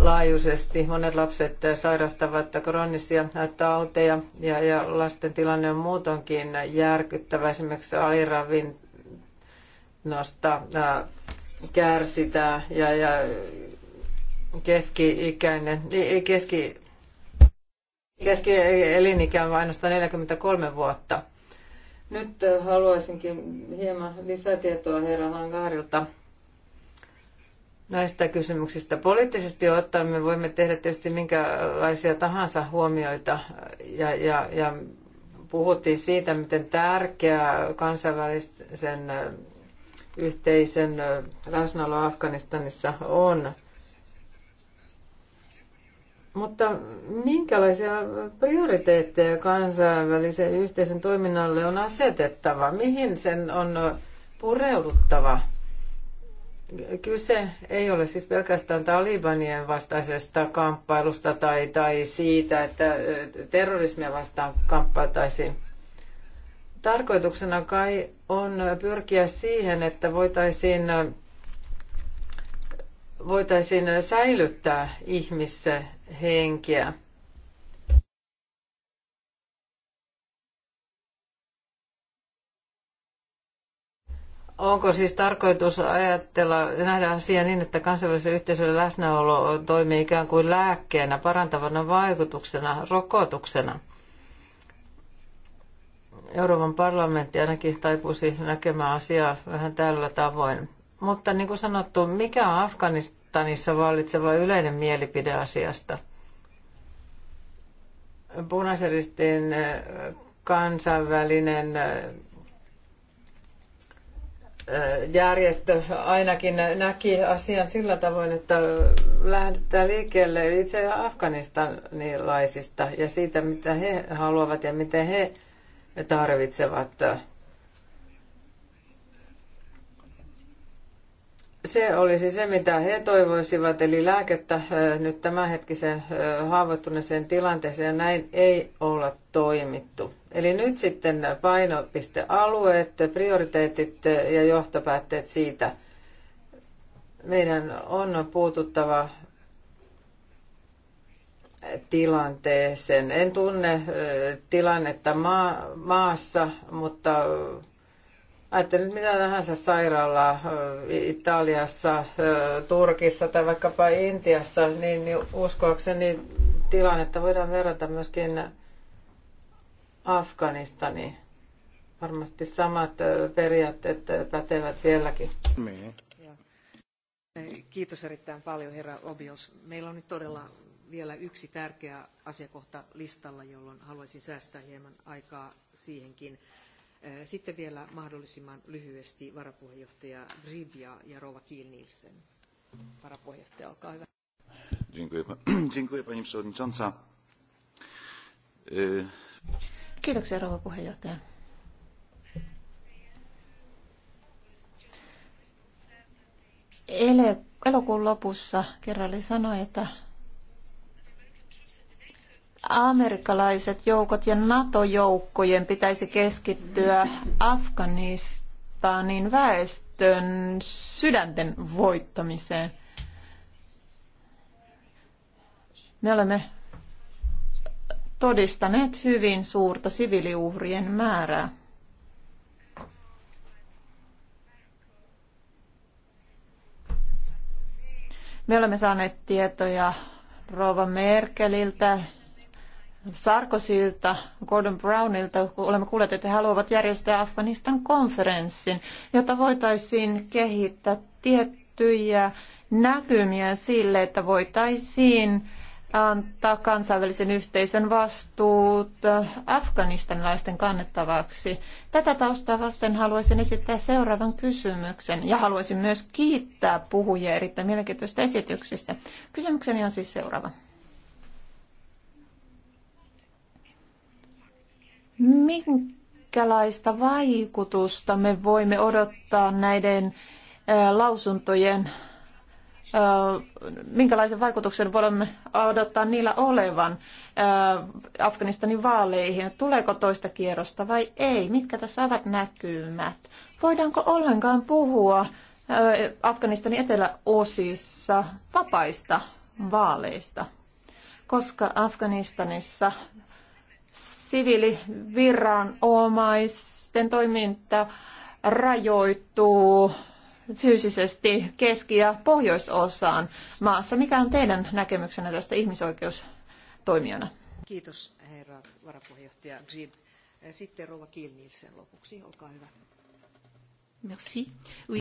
laajuisesti. Monet lapset sairastavat kroonisia tauteja ja, ja lasten tilanne on muutonkin järkyttävä. Esimerkiksi aliravinnosta kärsitään ja, ja keski-ikäinen, keski, keski elinikä on ainoastaan 43 vuotta. Nyt haluaisinkin hieman lisätietoa herra Hangarilta näistä kysymyksistä. Poliittisesti ottaen me voimme tehdä tietysti minkälaisia tahansa huomioita ja, ja, ja puhuttiin siitä, miten tärkeää kansainvälisen yhteisen läsnäolo Afganistanissa on. Mutta minkälaisia prioriteetteja kansainvälisen yhteisen toiminnalle on asetettava? Mihin sen on pureuduttava? Kyse ei ole siis pelkästään talibanien vastaisesta kamppailusta tai, tai siitä, että terrorismia vastaan kamppailtaisiin. Tarkoituksena kai on pyrkiä siihen, että voitaisiin, voitaisiin säilyttää ihmishenkiä. Onko siis tarkoitus ajatella, nähdä asia niin, että kansainvälisen yhteisön läsnäolo toimii ikään kuin lääkkeenä, parantavana vaikutuksena, rokotuksena? Euroopan parlamentti ainakin taipuisi näkemään asiaa vähän tällä tavoin. Mutta niin kuin sanottu, mikä on Afganistanissa vallitseva yleinen mielipide asiasta? Punaisen eh, kansainvälinen eh, järjestö ainakin näki asian sillä tavoin, että lähdetään liikkeelle itse afganistanilaisista ja siitä, mitä he haluavat ja miten he tarvitsevat. se olisi se, mitä he toivoisivat, eli lääkettä nyt tämänhetkiseen haavoittuneeseen tilanteeseen, näin ei olla toimittu. Eli nyt sitten painopistealueet, prioriteetit ja johtopäätteet siitä. Meidän on puututtava tilanteeseen. En tunne tilannetta maassa, mutta Ajattelen nyt mitä tahansa sairaalaa Italiassa, Turkissa tai vaikkapa Intiassa, niin, niin uskoakseni tilannetta voidaan verrata myöskin Afganistaniin. Varmasti samat periaatteet pätevät sielläkin. Kiitos erittäin paljon, herra Obios. Meillä on nyt todella vielä yksi tärkeä asiakohta listalla, jolloin haluaisin säästää hieman aikaa siihenkin. Sitten vielä mahdollisimman lyhyesti varapuheenjohtaja Grib ja, ja Rova Kiel Nielsen. Varapuheenjohtaja, olkaa hyvä. dziękuję pani przewodnicząca. Kiitoksia rouva puheenjohtaja. Elokuun lopussa kerran sanoi, että amerikkalaiset joukot ja NATO-joukkojen pitäisi keskittyä Afganistanin väestön sydänten voittamiseen. Me olemme todistaneet hyvin suurta siviiliuhrien määrää. Me olemme saaneet tietoja Rova Merkeliltä, Sarkosilta, Gordon Brownilta, olemme kuulleet, että he haluavat järjestää Afganistan-konferenssin, jotta voitaisiin kehittää tiettyjä näkymiä sille, että voitaisiin antaa kansainvälisen yhteisön vastuut afganistanilaisten kannettavaksi. Tätä taustaa vasten haluaisin esittää seuraavan kysymyksen ja haluaisin myös kiittää puhujia erittäin mielenkiintoisista esityksistä. Kysymykseni on siis seuraava. Minkälaista vaikutusta me voimme odottaa näiden lausuntojen, minkälaisen vaikutuksen voimme odottaa niillä olevan Afganistanin vaaleihin? Tuleeko toista kierrosta vai ei? Mitkä tässä ovat näkymät? Voidaanko ollenkaan puhua Afganistanin eteläosissa vapaista vaaleista? Koska Afganistanissa siviiliviranomaisten toiminta rajoittuu fyysisesti keski- ja pohjoisosaan maassa. Mikä on teidän näkemyksenne tästä ihmisoikeustoimijana? Kiitos herra varapuheenjohtaja Gzib. Sitten rouva Kilniilsen lopuksi, olkaa hyvä. Merci. Oui.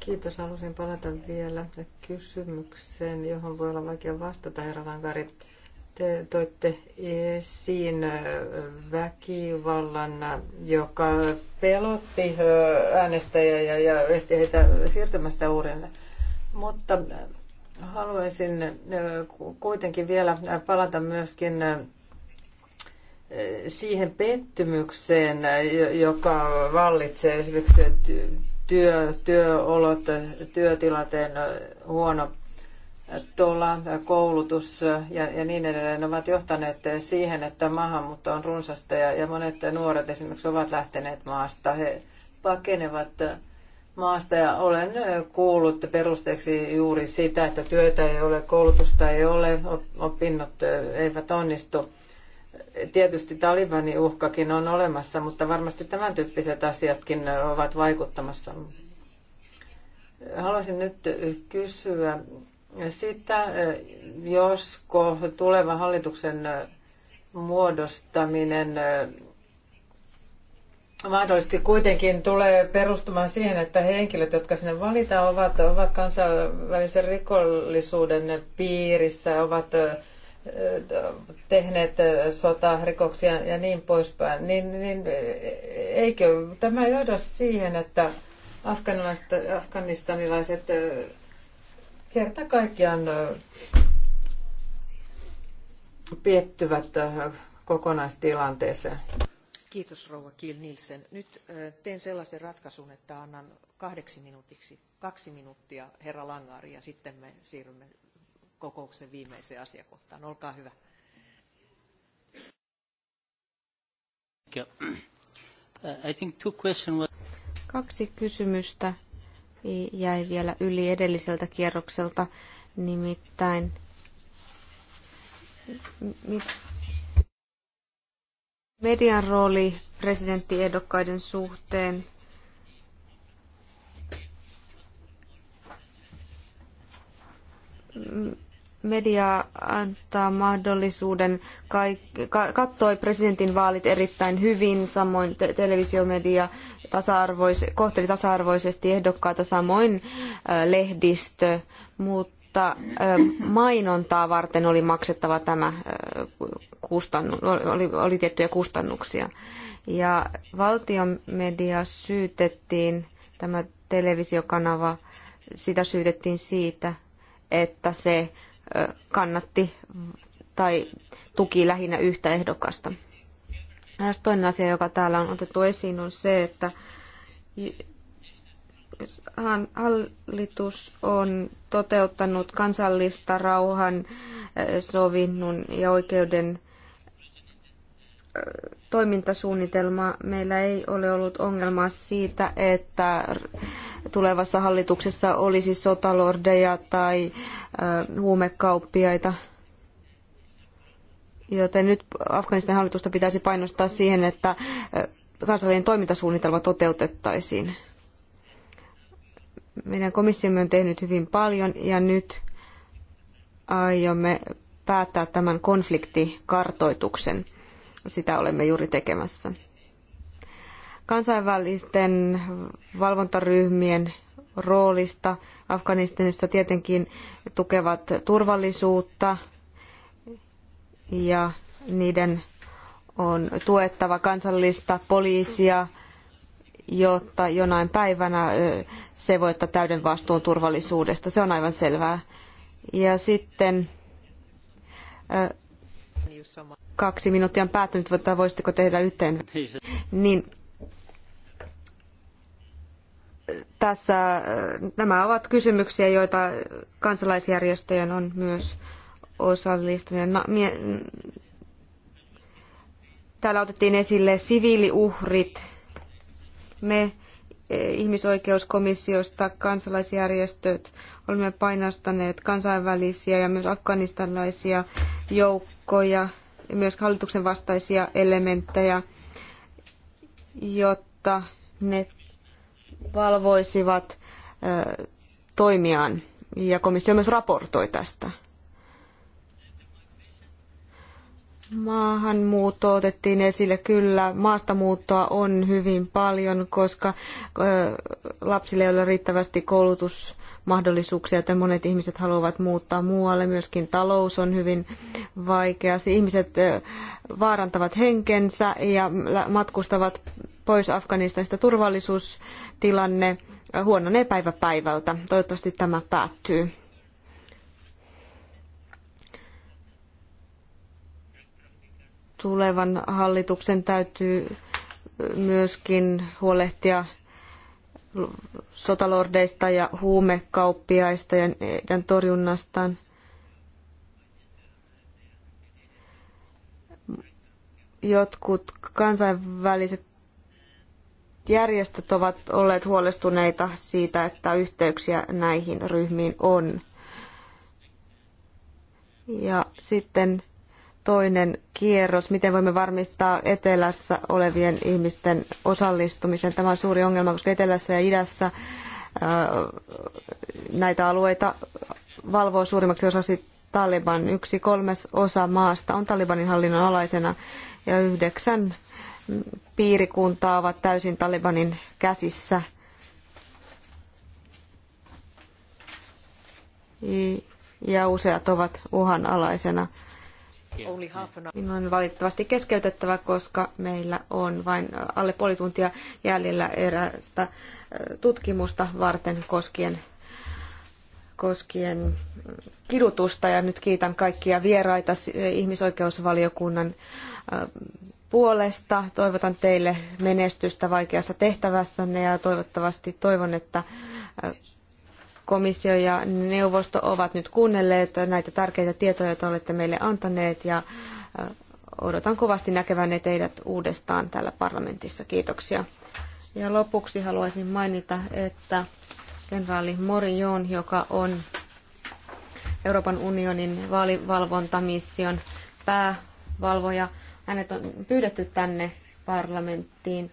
Kiitos. Halusin palata vielä kysymykseen, johon voi olla vaikea vastata, herra Lankari. Te toitte esiin väkivallan, joka pelotti äänestäjiä ja esti heitä siirtymästä uudelle. Mutta haluaisin kuitenkin vielä palata myöskin siihen pettymykseen, joka vallitsee esimerkiksi työ, työolot, työtilanteen huono tola, koulutus ja, ja niin edelleen ovat johtaneet siihen, että maahanmuutto on runsasta ja, ja monet nuoret esimerkiksi ovat lähteneet maasta. He pakenevat maasta ja olen kuullut perusteeksi juuri sitä, että työtä ei ole, koulutusta ei ole, opinnot eivät onnistu. Tietysti Talibanin uhkakin on olemassa, mutta varmasti tämän tyyppiset asiatkin ovat vaikuttamassa. Haluaisin nyt kysyä sitä, josko tuleva hallituksen muodostaminen mahdollisesti kuitenkin tulee perustumaan siihen, että henkilöt, jotka sinne valitaan, ovat, ovat kansainvälisen rikollisuuden piirissä, ovat tehneet sotarikoksia ja niin poispäin, niin, niin e, eikö tämä johda siihen, että afganistanilaiset kerta kaikkiaan piettyvät kokonaistilanteeseen. Kiitos rouva Kiil Nielsen. Nyt teen sellaisen ratkaisun, että annan kahdeksi minuutiksi kaksi minuuttia herra Langaari ja sitten me siirrymme kokouksen viimeiseen asiakohtaan. Olkaa hyvä. Kaksi kysymystä jäi vielä yli edelliseltä kierrokselta, nimittäin median rooli presidenttiehdokkaiden suhteen media antaa mahdollisuuden, kaik- kattoi presidentin vaalit erittäin hyvin, samoin te- televisiomedia tasa-arvois- kohteli tasa-arvoisesti ehdokkaita, samoin lehdistö, mutta mainontaa varten oli maksettava tämä kustannu- oli, oli tiettyjä kustannuksia. Ja valtion media syytettiin, tämä televisiokanava, sitä syytettiin siitä, että se kannatti tai tuki lähinnä yhtä ehdokasta. Eräs toinen asia, joka täällä on otettu esiin, on se, että hallitus on toteuttanut kansallista rauhan sovinnun ja oikeuden toimintasuunnitelmaa. Meillä ei ole ollut ongelmaa siitä, että tulevassa hallituksessa olisi sotalordeja tai huumekauppiaita. Joten nyt Afganistan hallitusta pitäisi painostaa siihen, että kansallinen toimintasuunnitelma toteutettaisiin. Meidän komissiomme on tehnyt hyvin paljon ja nyt aiomme päättää tämän konfliktikartoituksen. Sitä olemme juuri tekemässä. Kansainvälisten valvontaryhmien roolista Afganistanissa tietenkin tukevat turvallisuutta, ja niiden on tuettava kansallista poliisia, jotta jonain päivänä se voi ottaa täyden vastuun turvallisuudesta. Se on aivan selvää. Ja sitten kaksi minuuttia on päättynyt, mutta voisitteko tehdä yhteen? Niin, tässä nämä ovat kysymyksiä, joita kansalaisjärjestöjen on myös osallistuminen. Na, mie, täällä otettiin esille siviiliuhrit. Me e, ihmisoikeuskomissiosta kansalaisjärjestöt olemme painostaneet kansainvälisiä ja myös afganistanlaisia joukkoja ja myös hallituksen vastaisia elementtejä, jotta ne valvoisivat e, toimiaan. Ja komissio myös raportoi tästä. Maahanmuutto otettiin esille. Kyllä, maastamuuttoa on hyvin paljon, koska lapsille ei ole riittävästi koulutusmahdollisuuksia, joten monet ihmiset haluavat muuttaa muualle. Myöskin talous on hyvin vaikea. Ihmiset vaarantavat henkensä ja matkustavat pois Afganistanista. Turvallisuustilanne huononee päivä päivältä. Toivottavasti tämä päättyy. tulevan hallituksen täytyy myöskin huolehtia sotalordeista ja huumekauppiaista ja heidän torjunnastaan. Jotkut kansainväliset järjestöt ovat olleet huolestuneita siitä, että yhteyksiä näihin ryhmiin on. Ja sitten toinen kierros, miten voimme varmistaa etelässä olevien ihmisten osallistumisen. Tämä on suuri ongelma, koska etelässä ja idässä näitä alueita valvoo suurimmaksi osaksi Taliban. Yksi kolmes osa maasta on Talibanin hallinnon alaisena ja yhdeksän piirikuntaa ovat täysin Talibanin käsissä. Ja useat ovat uhanalaisena. alaisena Minun on valitettavasti keskeytettävä, koska meillä on vain äh, alle puoli tuntia jäljellä erästä äh, tutkimusta varten koskien koskien äh, kidutusta ja nyt kiitän kaikkia vieraita ihmisoikeusvaliokunnan puolesta. Toivotan teille menestystä vaikeassa tehtävässänne ja toivottavasti toivon, että komissio ja neuvosto ovat nyt kuunnelleet näitä tärkeitä tietoja, joita olette meille antaneet ja odotan kovasti näkevänne teidät uudestaan täällä parlamentissa. Kiitoksia. Ja lopuksi haluaisin mainita, että kenraali Morion, joka on Euroopan unionin vaalivalvontamission päävalvoja, hänet on pyydetty tänne parlamenttiin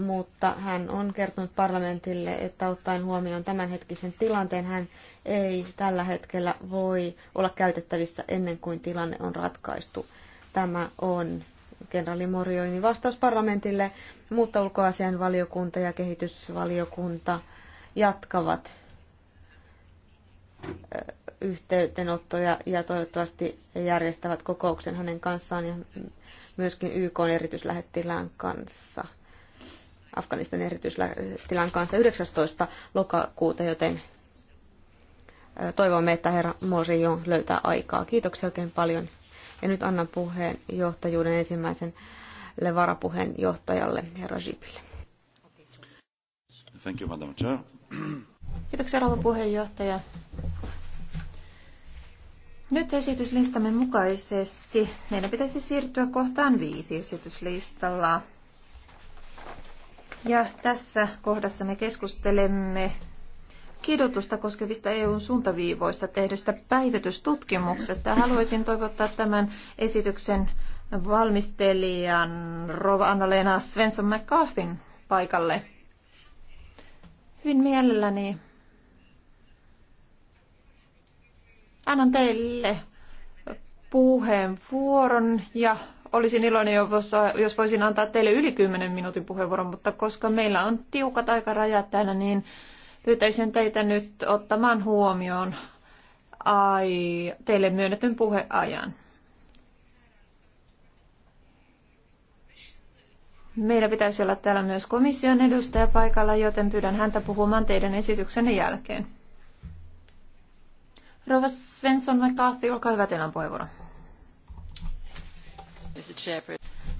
mutta hän on kertonut parlamentille, että ottaen huomioon tämänhetkisen tilanteen, hän ei tällä hetkellä voi olla käytettävissä ennen kuin tilanne on ratkaistu. Tämä on kenraali Morioini vastaus parlamentille, mutta ulkoasian valiokunta ja kehitysvaliokunta jatkavat yhteydenottoja ja toivottavasti järjestävät kokouksen hänen kanssaan ja myöskin YK erityislähettilään kanssa. Afganistan erityistilan kanssa 19. lokakuuta, joten toivomme, että herra Morion löytää aikaa. Kiitoksia oikein paljon. Ja nyt annan johtajuuden ensimmäisen johtajalle herra Zipille. Thank you, Madam Chair. Kiitoksia, rouva puheenjohtaja. Nyt esityslistamme mukaisesti meidän pitäisi siirtyä kohtaan viisi esityslistalla. Ja tässä kohdassa me keskustelemme kidutusta koskevista EUn suuntaviivoista tehdystä päivitystutkimuksesta. Haluaisin toivottaa tämän esityksen valmistelijan Rova Anna-Leena Svensson McCarthyn paikalle. Hyvin mielelläni annan teille puheenvuoron ja olisin iloinen, jos voisin antaa teille yli 10 minuutin puheenvuoron, mutta koska meillä on tiukat aikarajat täällä, niin pyytäisin teitä nyt ottamaan huomioon ai, teille myönnetyn puheajan. Meillä pitäisi olla täällä myös komission edustaja paikalla, joten pyydän häntä puhumaan teidän esityksenne jälkeen. Rova Svensson McCarthy, olkaa hyvä, teillä on puheenvuoro.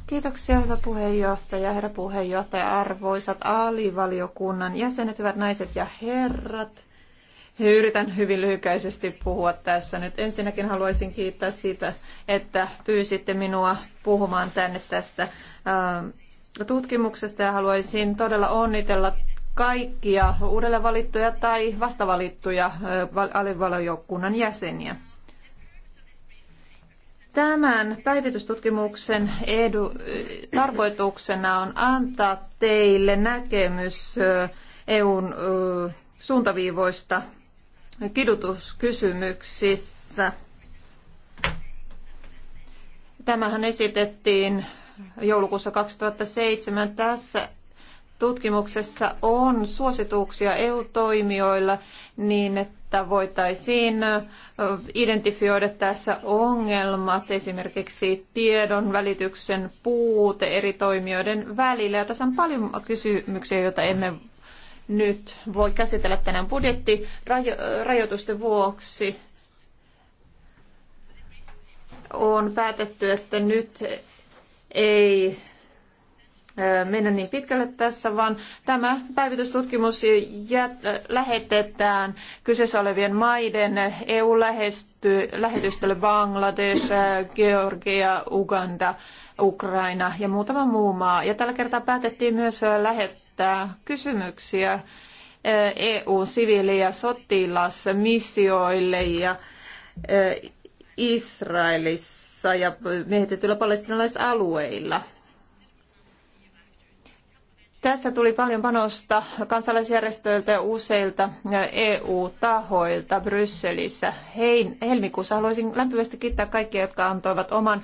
Kiitoksia, hyvä puheenjohtaja, herra puheenjohtaja, arvoisat alivaliokunnan jäsenet, hyvät naiset ja herrat. Yritän hyvin lyhykäisesti puhua tässä nyt. Ensinnäkin haluaisin kiittää siitä, että pyysitte minua puhumaan tänne tästä tutkimuksesta ja haluaisin todella onnitella kaikkia uudelle valittuja tai vastavalittuja alivaliokunnan jäseniä. Tämän päivitystutkimuksen edu, tarkoituksena on antaa teille näkemys EUn suuntaviivoista kidutuskysymyksissä. Tämähän esitettiin joulukuussa 2007 tässä tutkimuksessa on suosituksia EU-toimijoilla niin, että voitaisiin identifioida tässä ongelmat, esimerkiksi tiedon välityksen puute eri toimijoiden välillä. Ja tässä on paljon kysymyksiä, joita emme nyt voi käsitellä tänään budjettirajoitusten vuoksi. On päätetty, että nyt ei mennä niin pitkälle tässä, vaan tämä päivitystutkimus lähetetään kyseessä olevien maiden EU-lähetystölle Bangladesh, Georgia, Uganda, Ukraina ja muutama muu maa. Ja tällä kertaa päätettiin myös lähettää kysymyksiä EU-siviili- ja sotilasmissioille ja Israelissa ja miehitetyillä palestinalaisalueilla – tässä tuli paljon panosta kansalaisjärjestöiltä ja useilta EU-tahoilta Brysselissä. Hein, helmikuussa haluaisin lämpimästi kiittää kaikkia, jotka antoivat oman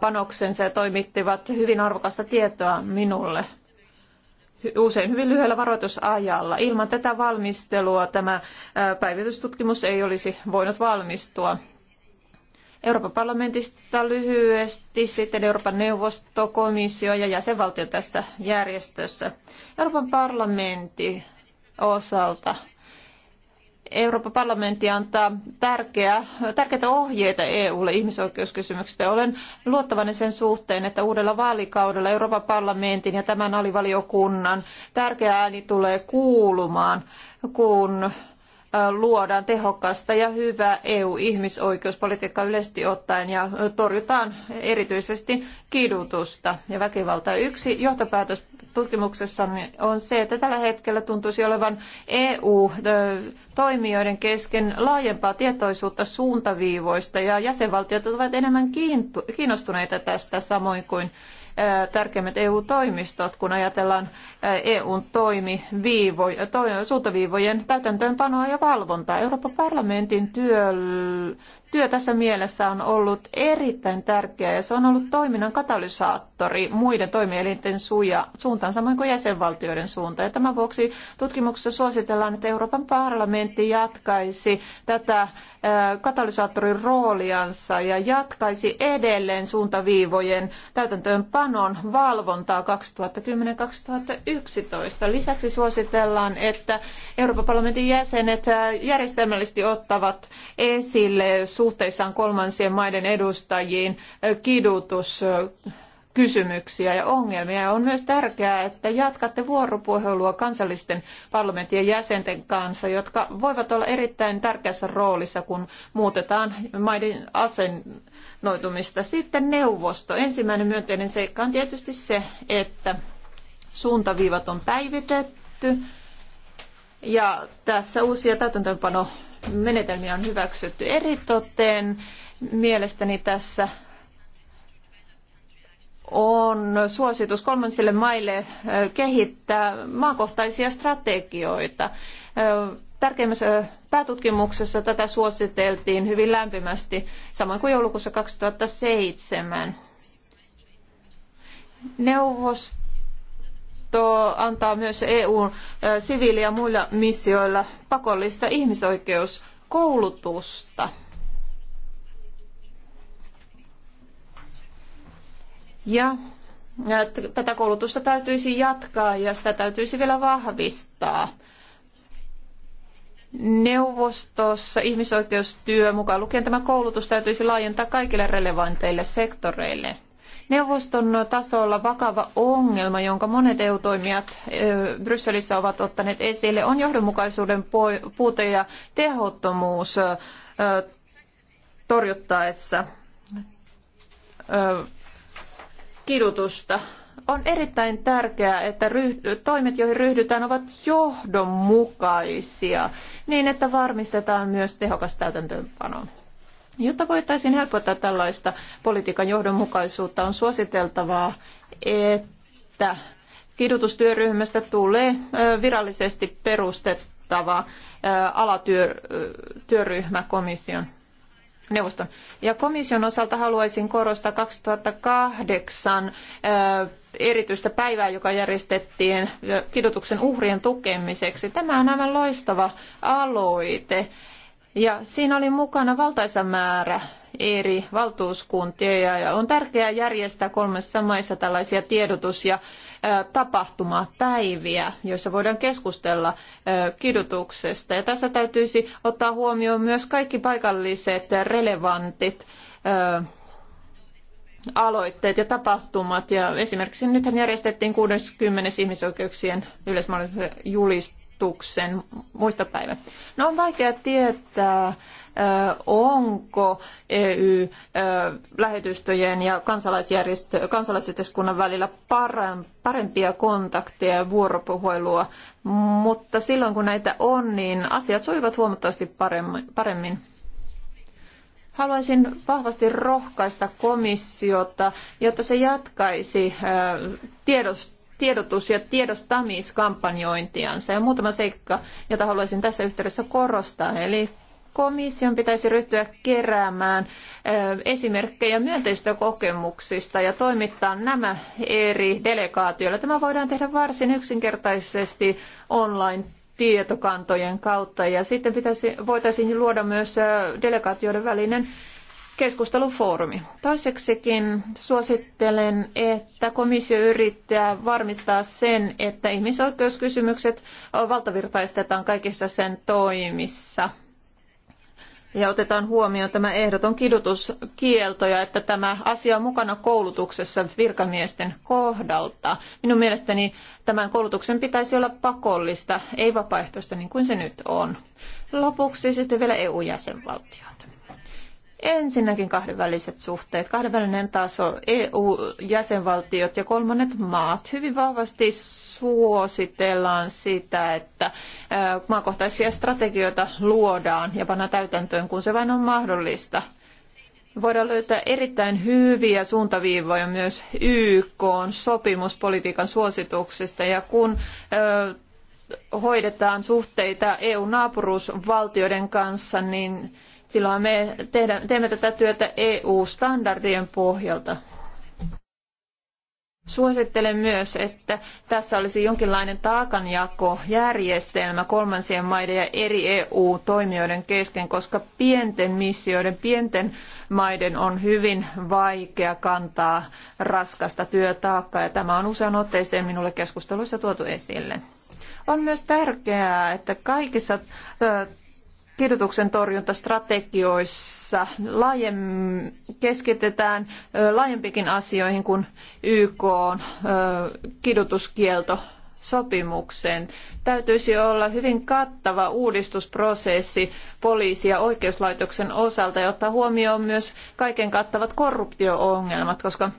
panoksensa ja toimittivat hyvin arvokasta tietoa minulle usein hyvin lyhyellä varoitusajalla. Ilman tätä valmistelua tämä päivitystutkimus ei olisi voinut valmistua. Euroopan parlamentista lyhyesti, sitten Euroopan neuvosto, komissio ja jäsenvaltio tässä järjestössä. Euroopan parlamentti osalta. Euroopan parlamentti antaa tärkeä, tärkeitä ohjeita EUlle ihmisoikeuskysymyksistä. Olen luottavainen sen suhteen, että uudella vaalikaudella Euroopan parlamentin ja tämän alivaliokunnan tärkeä ääni tulee kuulumaan, kun luodaan tehokasta ja hyvää EU-ihmisoikeuspolitiikkaa yleisesti ottaen ja torjutaan erityisesti kidutusta ja väkivaltaa. Yksi johtopäätös tutkimuksessamme on se, että tällä hetkellä tuntuisi olevan EU-toimijoiden kesken laajempaa tietoisuutta suuntaviivoista ja jäsenvaltiot ovat enemmän kiinnostuneita tästä samoin kuin tärkeimmät EU-toimistot, kun ajatellaan EUn toimiviivoja, suuntaviivojen täytäntöönpanoa ja valvontaa. Euroopan parlamentin työ, työ tässä mielessä on ollut erittäin tärkeää ja se on ollut toiminnan katalysaattori muiden toimielinten suja, suuntaan samoin kuin jäsenvaltioiden suuntaan. Ja tämän vuoksi tutkimuksessa suositellaan, että Euroopan parlamentti jatkaisi tätä katalysaattorin rooliansa ja jatkaisi edelleen suuntaviivojen täytäntöönpanon valvontaa 2010-2011. Lisäksi suositellaan, että Euroopan parlamentin jäsenet järjestelmällisesti ottavat esille suhteissaan kolmansien maiden edustajiin kidutus kysymyksiä ja ongelmia. On myös tärkeää, että jatkatte vuoropuhelua kansallisten parlamenttien jäsenten kanssa, jotka voivat olla erittäin tärkeässä roolissa, kun muutetaan maiden asennoitumista. Sitten neuvosto. Ensimmäinen myönteinen seikka on tietysti se, että suuntaviivat on päivitetty ja tässä uusia täytäntöönpano menetelmiä on hyväksytty eritoten. Mielestäni tässä on suositus kolmansille maille kehittää maakohtaisia strategioita. Tärkeimmässä päätutkimuksessa tätä suositeltiin hyvin lämpimästi, samoin kuin joulukuussa 2007. Neuvosto antaa myös EUn siviili- ja muilla missioilla pakollista ihmisoikeuskoulutusta. Ja tätä koulutusta täytyisi jatkaa ja sitä täytyisi vielä vahvistaa. Neuvostossa ihmisoikeustyö, mukaan lukien tämä koulutus, täytyisi laajentaa kaikille relevanteille sektoreille. Neuvoston tasolla vakava ongelma, jonka monet EU-toimijat Brysselissä ovat ottaneet esille, on johdonmukaisuuden puute ja tehottomuus torjuttaessa kidutusta. On erittäin tärkeää, että toimet, joihin ryhdytään, ovat johdonmukaisia, niin että varmistetaan myös tehokas täytäntöönpano. Jotta voitaisiin helpottaa tällaista politiikan johdonmukaisuutta, on suositeltavaa, että kidutustyöryhmästä tulee virallisesti perustettava alatyöryhmä komission neuvoston. Ja komission osalta haluaisin korostaa 2008 erityistä päivää, joka järjestettiin kidutuksen uhrien tukemiseksi. Tämä on aivan loistava aloite. Ja siinä oli mukana valtaisa määrä eri valtuuskuntia ja on tärkeää järjestää kolmessa maissa tällaisia tiedotus- ja tapahtumapäiviä, joissa voidaan keskustella kidutuksesta. Ja tässä täytyisi ottaa huomioon myös kaikki paikalliset relevantit aloitteet ja tapahtumat. Ja esimerkiksi nythän järjestettiin 60 ihmisoikeuksien yleismaailmallisen julistuksen muistopäivä. No on vaikea tietää, onko EU-lähetystöjen ja kansalaisjärjestö, kansalaisyhteiskunnan välillä parempia kontakteja ja vuoropuhelua, mutta silloin kun näitä on, niin asiat sujuvat huomattavasti paremmin. Haluaisin vahvasti rohkaista komissiota, jotta se jatkaisi tiedosta tiedotus- ja tiedostamiskampanjointiansa. Ja muutama seikka, jota haluaisin tässä yhteydessä korostaa. Eli komission pitäisi ryhtyä keräämään esimerkkejä myönteisistä kokemuksista ja toimittaa nämä eri delegaatioille. Tämä voidaan tehdä varsin yksinkertaisesti online tietokantojen kautta ja sitten pitäisi, voitaisiin luoda myös delegaatioiden välinen keskustelufoorumi. Toiseksikin suosittelen, että komissio yrittää varmistaa sen, että ihmisoikeuskysymykset valtavirtaistetaan kaikissa sen toimissa – ja otetaan huomioon tämä ehdoton kidutuskielto ja että tämä asia on mukana koulutuksessa virkamiesten kohdalta. Minun mielestäni tämän koulutuksen pitäisi olla pakollista, ei vapaaehtoista niin kuin se nyt on. Lopuksi sitten vielä EU-jäsenvaltiot. Ensinnäkin kahdenväliset suhteet, kahdenvälinen taso, EU-jäsenvaltiot ja kolmannet maat. Hyvin vahvasti suositellaan sitä, että maakohtaisia strategioita luodaan ja pannaan täytäntöön, kun se vain on mahdollista. Voidaan löytää erittäin hyviä suuntaviivoja myös YK sopimuspolitiikan suosituksista ja kun hoidetaan suhteita EU-naapuruusvaltioiden kanssa, niin Silloin me tehdään, teemme tätä työtä EU-standardien pohjalta. Suosittelen myös, että tässä olisi jonkinlainen taakanjakojärjestelmä kolmansien maiden ja eri EU-toimijoiden kesken, koska pienten missioiden, pienten maiden on hyvin vaikea kantaa raskasta työtaakkaa, ja tämä on usein otteeseen minulle keskusteluissa tuotu esille. On myös tärkeää, että kaikissa kidutuksen torjuntastrategioissa laajem, keskitetään laajempikin asioihin kuin YK kidutuskielto sopimukseen. Täytyisi olla hyvin kattava uudistusprosessi poliisi- ja oikeuslaitoksen osalta ja ottaa huomioon myös kaiken kattavat korruptioongelmat, koska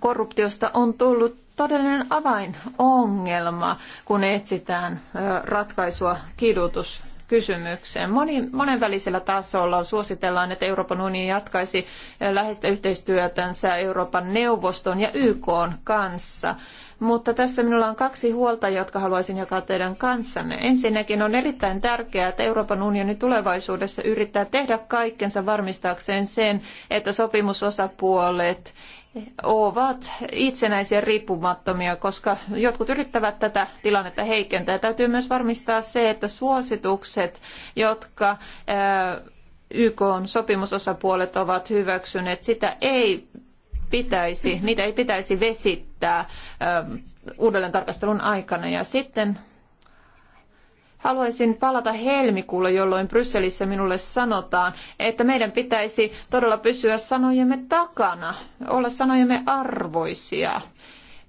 korruptiosta on tullut todellinen avainongelma, kun etsitään ratkaisua kidutus kysymykseen. Moni, monenvälisellä tasolla suositellaan, että Euroopan unioni jatkaisi läheistä yhteistyötänsä Euroopan neuvoston ja YK kanssa. Mutta tässä minulla on kaksi huolta, jotka haluaisin jakaa teidän kanssanne. Ensinnäkin on erittäin tärkeää, että Euroopan unioni tulevaisuudessa yrittää tehdä kaikkensa varmistaakseen sen, että sopimusosapuolet ovat itsenäisiä riippumattomia, koska jotkut yrittävät tätä tilannetta heikentää. Täytyy myös varmistaa se, että suositukset, jotka YK on sopimusosapuolet ovat hyväksyneet, sitä ei pitäisi, niitä ei pitäisi vesittää uudelleen tarkastelun aikana. Ja sitten Haluaisin palata helmikuulle, jolloin Brysselissä minulle sanotaan, että meidän pitäisi todella pysyä sanojemme takana, olla sanojemme arvoisia.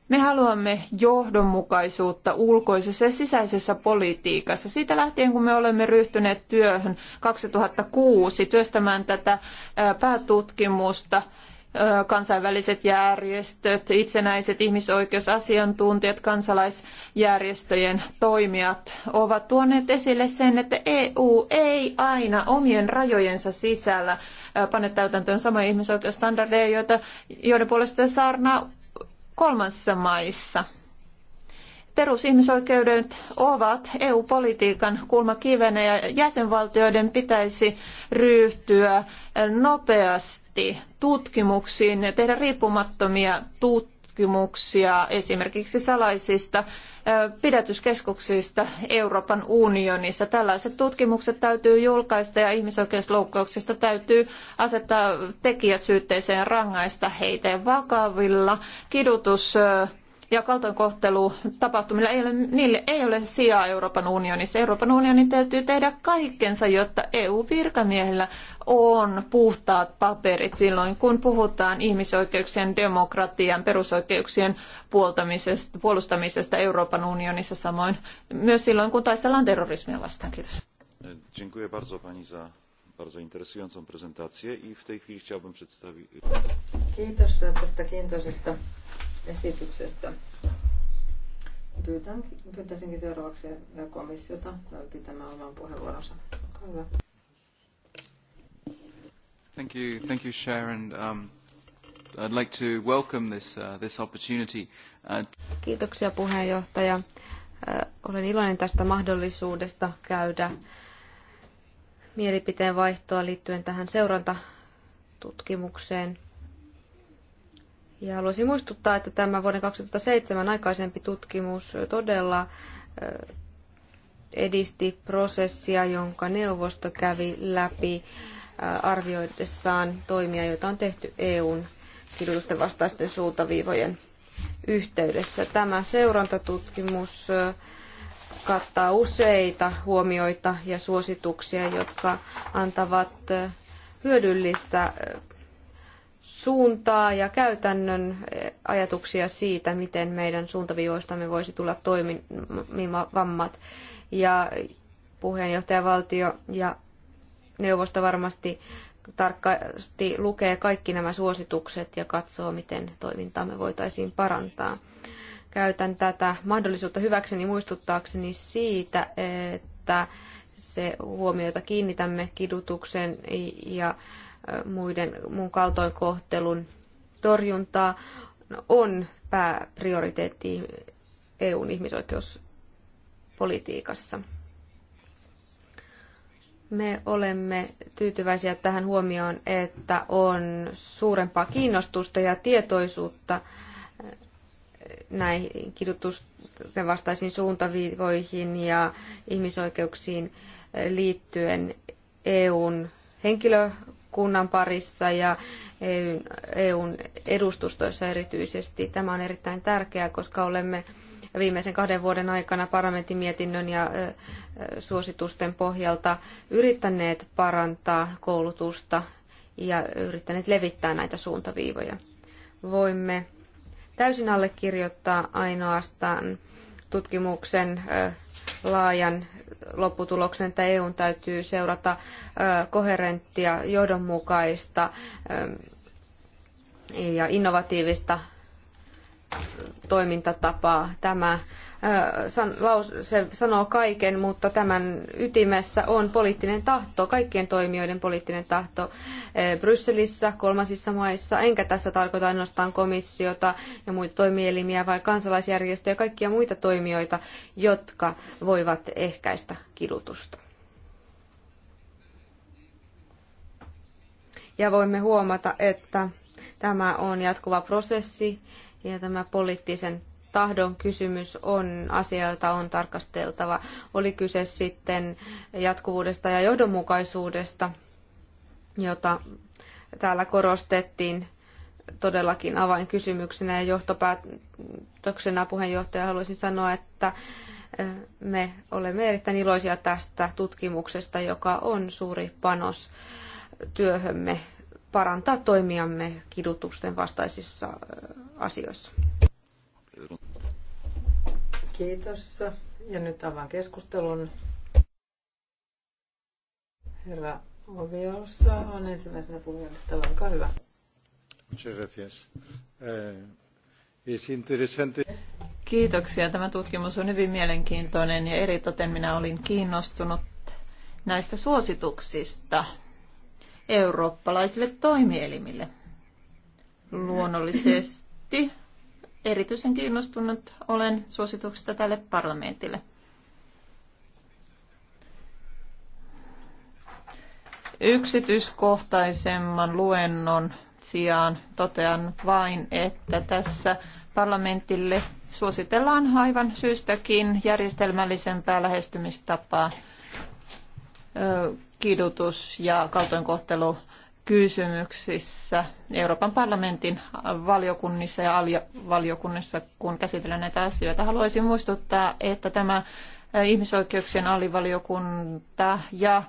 Me haluamme johdonmukaisuutta ulkoisessa ja sisäisessä politiikassa. Siitä lähtien, kun me olemme ryhtyneet työhön 2006 työstämään tätä päätutkimusta, kansainväliset järjestöt, itsenäiset ihmisoikeusasiantuntijat, kansalaisjärjestöjen toimijat ovat tuoneet esille sen, että EU ei aina omien rajojensa sisällä pane täytäntöön samoja ihmisoikeusstandardeja, joita, joiden puolesta saarnaa kolmansissa maissa. Perusihmisoikeudet ovat EU-politiikan kulmakivenä ja jäsenvaltioiden pitäisi ryhtyä nopeasti tutkimuksiin ja tehdä riippumattomia tutkimuksia esimerkiksi salaisista pidätyskeskuksista Euroopan unionissa. Tällaiset tutkimukset täytyy julkaista ja ihmisoikeusloukkauksista täytyy asettaa tekijät syytteeseen ja rangaista heitä. vakavilla kidutus ja kaltoinkohtelu tapahtumilla ei ole, niille ei ole sijaa Euroopan unionissa. Euroopan unionin täytyy tehdä kaikkensa, jotta EU-virkamiehillä on puhtaat paperit silloin, kun puhutaan ihmisoikeuksien, demokratian, perusoikeuksien puoltamisesta, puolustamisesta Euroopan unionissa samoin myös silloin, kun taistellaan terrorismia vastaan. Kiitos. Dziękuję bardzo pani za bardzo interesującą prezentację i w tej chwili chciałbym przedstawić... Kiitos tästä kiintoisesta esityksestä. Pyytän, pyytäisinkin seuraavaksi komissiota pitämään oman puheenvuoronsa. hyvä. Thank you, thank you Sharon. Um, I'd like to welcome this, uh, this opportunity. Uh, Kiitoksia puheenjohtaja. Uh, olen iloinen tästä mahdollisuudesta käydä mielipiteen vaihtoa liittyen tähän seurantatutkimukseen. Ja haluaisin muistuttaa, että tämä vuoden 2007 aikaisempi tutkimus todella eh, edisti prosessia, jonka neuvosto kävi läpi eh, arvioidessaan toimia, joita on tehty EUn kidutusten vastaisten suuntaviivojen yhteydessä. Tämä seurantatutkimus eh, kattaa useita huomioita ja suosituksia, jotka antavat hyödyllistä suuntaa ja käytännön ajatuksia siitä, miten meidän suuntaviivoistamme voisi tulla toimivammat. Ja puheenjohtajavaltio ja neuvosto varmasti tarkasti lukee kaikki nämä suositukset ja katsoo, miten toimintaamme voitaisiin parantaa. Käytän tätä mahdollisuutta hyväkseni muistuttaakseni siitä, että se huomiota kiinnitämme kidutuksen ja muiden muun kaltoinkohtelun torjuntaa on pääprioriteetti EUn ihmisoikeuspolitiikassa. Me olemme tyytyväisiä tähän huomioon, että on suurempaa kiinnostusta ja tietoisuutta näihin kidutusten vastaisiin suuntaviivoihin ja ihmisoikeuksiin liittyen EUn henkilö kunnan parissa ja EUn edustustoissa erityisesti. Tämä on erittäin tärkeää, koska olemme viimeisen kahden vuoden aikana parlamentin mietinnön ja suositusten pohjalta yrittäneet parantaa koulutusta ja yrittäneet levittää näitä suuntaviivoja. Voimme täysin allekirjoittaa ainoastaan tutkimuksen laajan lopputuloksen, että EUn täytyy seurata koherenttia, johdonmukaista ja innovatiivista toimintatapaa. Tämä san, laus, se sanoo kaiken, mutta tämän ytimessä on poliittinen tahto, kaikkien toimijoiden poliittinen tahto Brysselissä, kolmansissa maissa, enkä tässä tarkoita ainoastaan komissiota ja muita toimielimiä, vaan kansalaisjärjestöjä ja kaikkia muita toimijoita, jotka voivat ehkäistä kidutusta. Ja voimme huomata, että tämä on jatkuva prosessi ja tämä poliittisen tahdon kysymys on asia, jota on tarkasteltava. Oli kyse sitten jatkuvuudesta ja johdonmukaisuudesta, jota täällä korostettiin todellakin avainkysymyksenä ja johtopäätöksenä puheenjohtaja haluaisin sanoa, että me olemme erittäin iloisia tästä tutkimuksesta, joka on suuri panos työhömme parantaa toimiamme kidutusten vastaisissa asioissa. Kiitos. Ja nyt avaan keskustelun. Herra Oviossa on ensimmäisenä puheenjohtajalla. Olkaa hyvä. Muchas gracias. Eh, Kiitoksia. Tämä tutkimus on hyvin mielenkiintoinen ja eritoten minä olin kiinnostunut näistä suosituksista eurooppalaisille toimielimille. Luonnollisesti erityisen kiinnostunut olen suosituksista tälle parlamentille. Yksityiskohtaisemman luennon sijaan totean vain, että tässä parlamentille suositellaan aivan syystäkin järjestelmällisempää lähestymistapaa kidutus- ja kaltoinkohtelu kysymyksissä Euroopan parlamentin valiokunnissa ja valiokunnissa, kun käsitellään näitä asioita. Haluaisin muistuttaa, että tämä ihmisoikeuksien alivaliokunta ja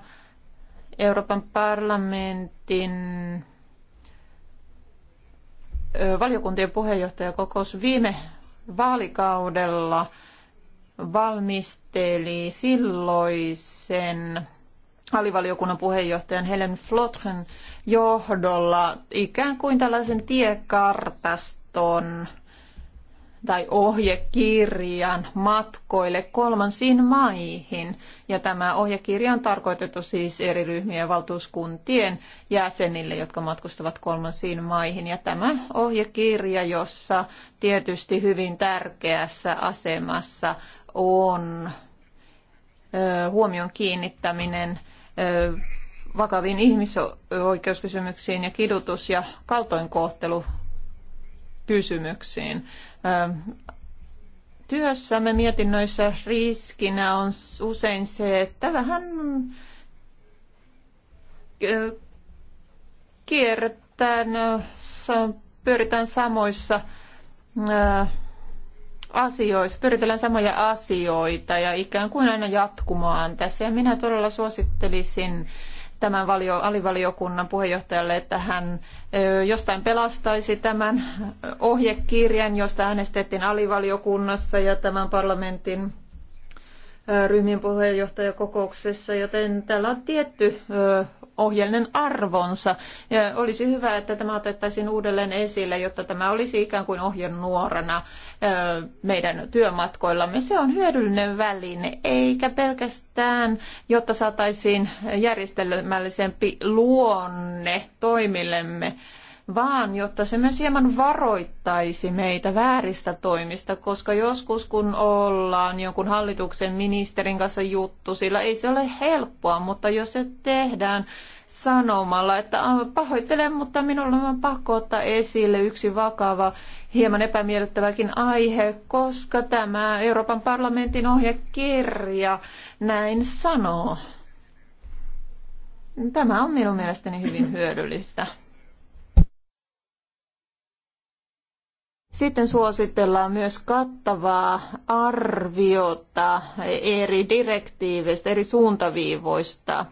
Euroopan parlamentin valiokuntien puheenjohtajakokous viime vaalikaudella valmisteli silloisen alivaliokunnan puheenjohtajan Helen Flotren johdolla ikään kuin tällaisen tiekartaston tai ohjekirjan matkoille kolmansiin maihin. Ja tämä ohjekirja on tarkoitettu siis eri ryhmien ja valtuuskuntien jäsenille, jotka matkustavat kolmansiin maihin. Ja tämä ohjekirja, jossa tietysti hyvin tärkeässä asemassa on huomion kiinnittäminen vakaviin ihmisoikeuskysymyksiin ja kidutus- ja kaltoinkohtelukysymyksiin. Työssämme mietinnöissä riskinä on usein se, että vähän kierretään, pyöritään samoissa asioissa, pyritellään samoja asioita ja ikään kuin aina jatkumaan tässä. Ja minä todella suosittelisin tämän valio, alivaliokunnan puheenjohtajalle, että hän jostain pelastaisi tämän ohjekirjan, josta äänestettiin alivaliokunnassa ja tämän parlamentin ryhmien puheenjohtajakokouksessa, joten täällä on tietty ohjelmien arvonsa. Ja olisi hyvä, että tämä otettaisiin uudelleen esille, jotta tämä olisi ikään kuin ohjenuorana meidän työmatkoillamme. Se on hyödyllinen väline, eikä pelkästään, jotta saataisiin järjestelmällisempi luonne toimillemme vaan jotta se myös hieman varoittaisi meitä vääristä toimista, koska joskus kun ollaan jonkun hallituksen ministerin kanssa juttu, sillä ei se ole helppoa, mutta jos se tehdään sanomalla, että pahoittelen, mutta minulla on pakko ottaa esille yksi vakava, hieman epämiellyttäväkin aihe, koska tämä Euroopan parlamentin ohjekirja näin sanoo. Tämä on minun mielestäni hyvin hyödyllistä. Sitten suositellaan myös kattavaa arviota eri direktiiveistä, eri suuntaviivoista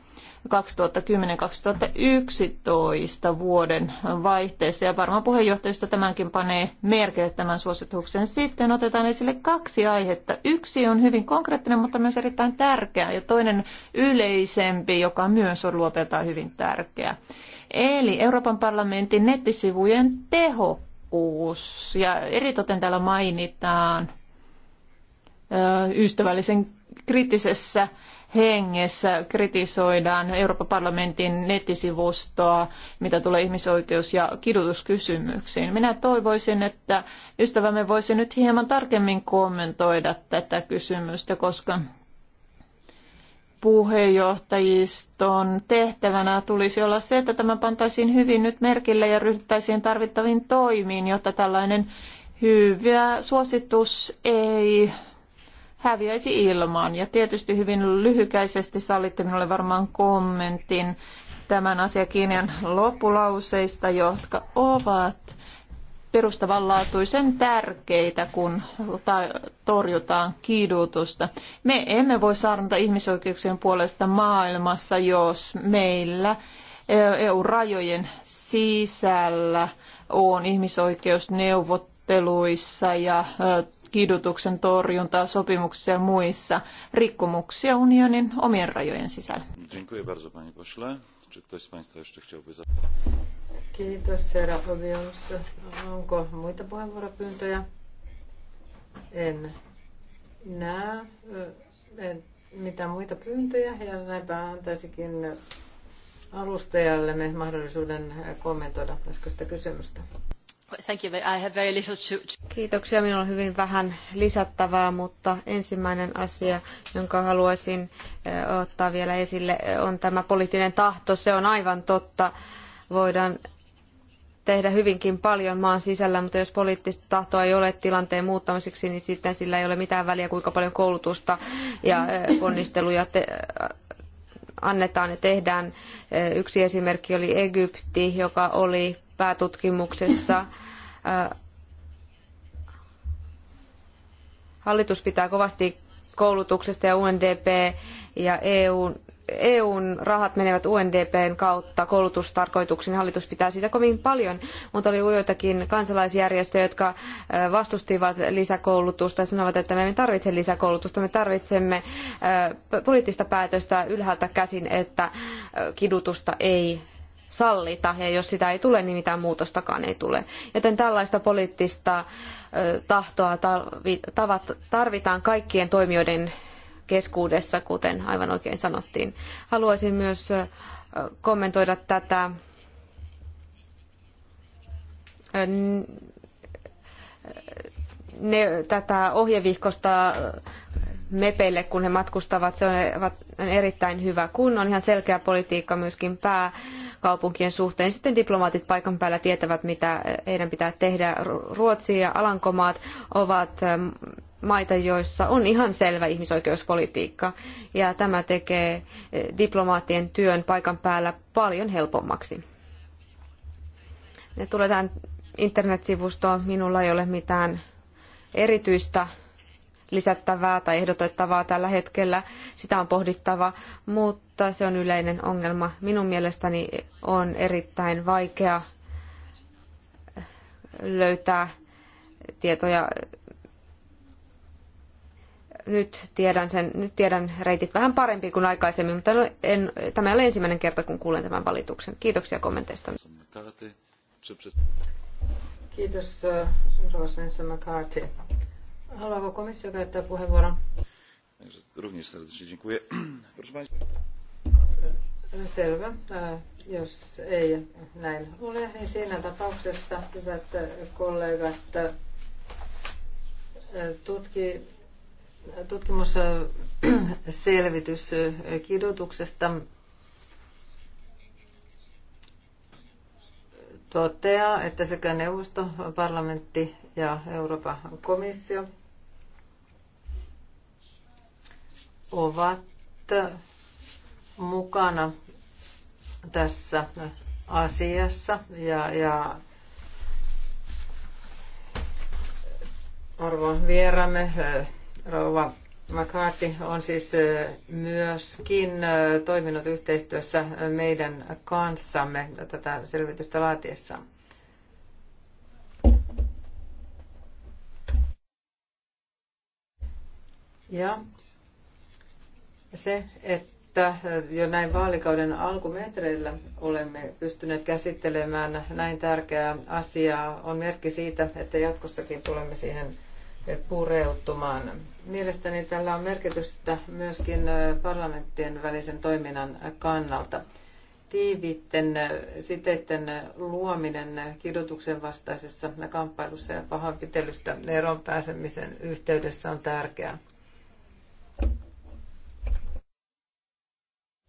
2010-2011 vuoden vaihteessa. Ja varmaan puheenjohtajista tämänkin panee merkille tämän suosituksen. Sitten otetaan esille kaksi aihetta. Yksi on hyvin konkreettinen, mutta myös erittäin tärkeä. Ja toinen yleisempi, joka myös on luotetaan hyvin tärkeä. Eli Euroopan parlamentin nettisivujen tehokkuus tehokkuus. Ja eritoten täällä mainitaan ystävällisen kriittisessä hengessä kritisoidaan Euroopan parlamentin nettisivustoa, mitä tulee ihmisoikeus- ja kidutuskysymyksiin. Minä toivoisin, että ystävämme voisi nyt hieman tarkemmin kommentoida tätä kysymystä, koska puheenjohtajiston tehtävänä tulisi olla se, että tämä pantaisiin hyvin nyt merkille ja ryhdyttäisiin tarvittaviin toimiin, jotta tällainen hyvä suositus ei häviäisi ilmaan. Ja tietysti hyvin lyhykäisesti sallitte minulle varmaan kommentin tämän asiakirjan loppulauseista, jotka ovat perustavanlaatuisen tärkeitä, kun torjutaan kidutusta. Me emme voi saarnata ihmisoikeuksien puolesta maailmassa, jos meillä e, EU-rajojen sisällä on ihmisoikeusneuvotteluissa ja e, kidutuksen torjuntaa sopimuksissa ja muissa rikkomuksia unionin omien rajojen sisällä. Kiitos, herra Fabius. Onko muita puheenvuoropyyntöjä? En näe en, mitään muita pyyntöjä ja näinpä antaisikin alustajallemme mahdollisuuden kommentoida äskeistä kysymystä. Thank you. I have very little to... Kiitoksia. Minulla on hyvin vähän lisättävää, mutta ensimmäinen asia, jonka haluaisin ottaa vielä esille, on tämä poliittinen tahto. Se on aivan totta. Voidaan tehdä hyvinkin paljon maan sisällä, mutta jos poliittista tahtoa ei ole tilanteen muuttamiseksi, niin sitten sillä ei ole mitään väliä, kuinka paljon koulutusta ja ponnisteluja annetaan ja tehdään. Yksi esimerkki oli Egypti, joka oli päätutkimuksessa. Hallitus pitää kovasti koulutuksesta ja UNDP ja EUn EUn rahat menevät UNDPn kautta koulutustarkoituksiin. Hallitus pitää siitä kovin paljon, mutta oli joitakin kansalaisjärjestöjä, jotka vastustivat lisäkoulutusta ja sanoivat että me emme tarvitse lisäkoulutusta, me tarvitsemme poliittista päätöstä ylhäältä käsin, että kidutusta ei sallita ja jos sitä ei tule, niin mitään muutostakaan ei tule. Joten tällaista poliittista tahtoa tarvitaan kaikkien toimijoiden keskuudessa, kuten aivan oikein sanottiin. Haluaisin myös kommentoida tätä ne, tätä ohjevihkosta mepeille, kun he matkustavat. Se on, on erittäin hyvä, kun on ihan selkeä politiikka myöskin pääkaupunkien suhteen. Sitten diplomaatit paikan päällä tietävät, mitä heidän pitää tehdä. Ruotsi ja Alankomaat ovat maita, joissa on ihan selvä ihmisoikeuspolitiikka. Ja tämä tekee eh, diplomaattien työn paikan päällä paljon helpommaksi. Ne tulee tähän internetsivustoon. Minulla ei ole mitään erityistä lisättävää tai ehdotettavaa tällä hetkellä. Sitä on pohdittava, mutta se on yleinen ongelma. Minun mielestäni on erittäin vaikea eh, löytää tietoja nyt tiedän, sen, nyt tiedän reitit vähän parempi kuin aikaisemmin, mutta en, tämä ei ole ensimmäinen kerta, kun kuulen tämän valituksen. Kiitoksia kommenteista. Kiitos, äh, Rova Svensson McCarthy. Haluaako komissio käyttää puheenvuoron? Äh, selvä. Äh, jos ei näin ole, niin siinä tapauksessa, hyvät kollegat, tutki tutkimusselvitys kidutuksesta toteaa, että sekä neuvosto, parlamentti ja Euroopan komissio ovat mukana tässä asiassa ja, ja arvon vieramme Rouva McCarthy on siis myöskin toiminut yhteistyössä meidän kanssamme tätä selvitystä laatiessa. Ja se, että jo näin vaalikauden alkumetreillä olemme pystyneet käsittelemään näin tärkeää asiaa, on merkki siitä, että jatkossakin tulemme siihen pureutumaan. Mielestäni tällä on merkitystä myöskin parlamenttien välisen toiminnan kannalta. Tiiviitten siteiden luominen kidutuksen vastaisessa kamppailussa ja pahoinpitelystä eroon pääsemisen yhteydessä on tärkeää.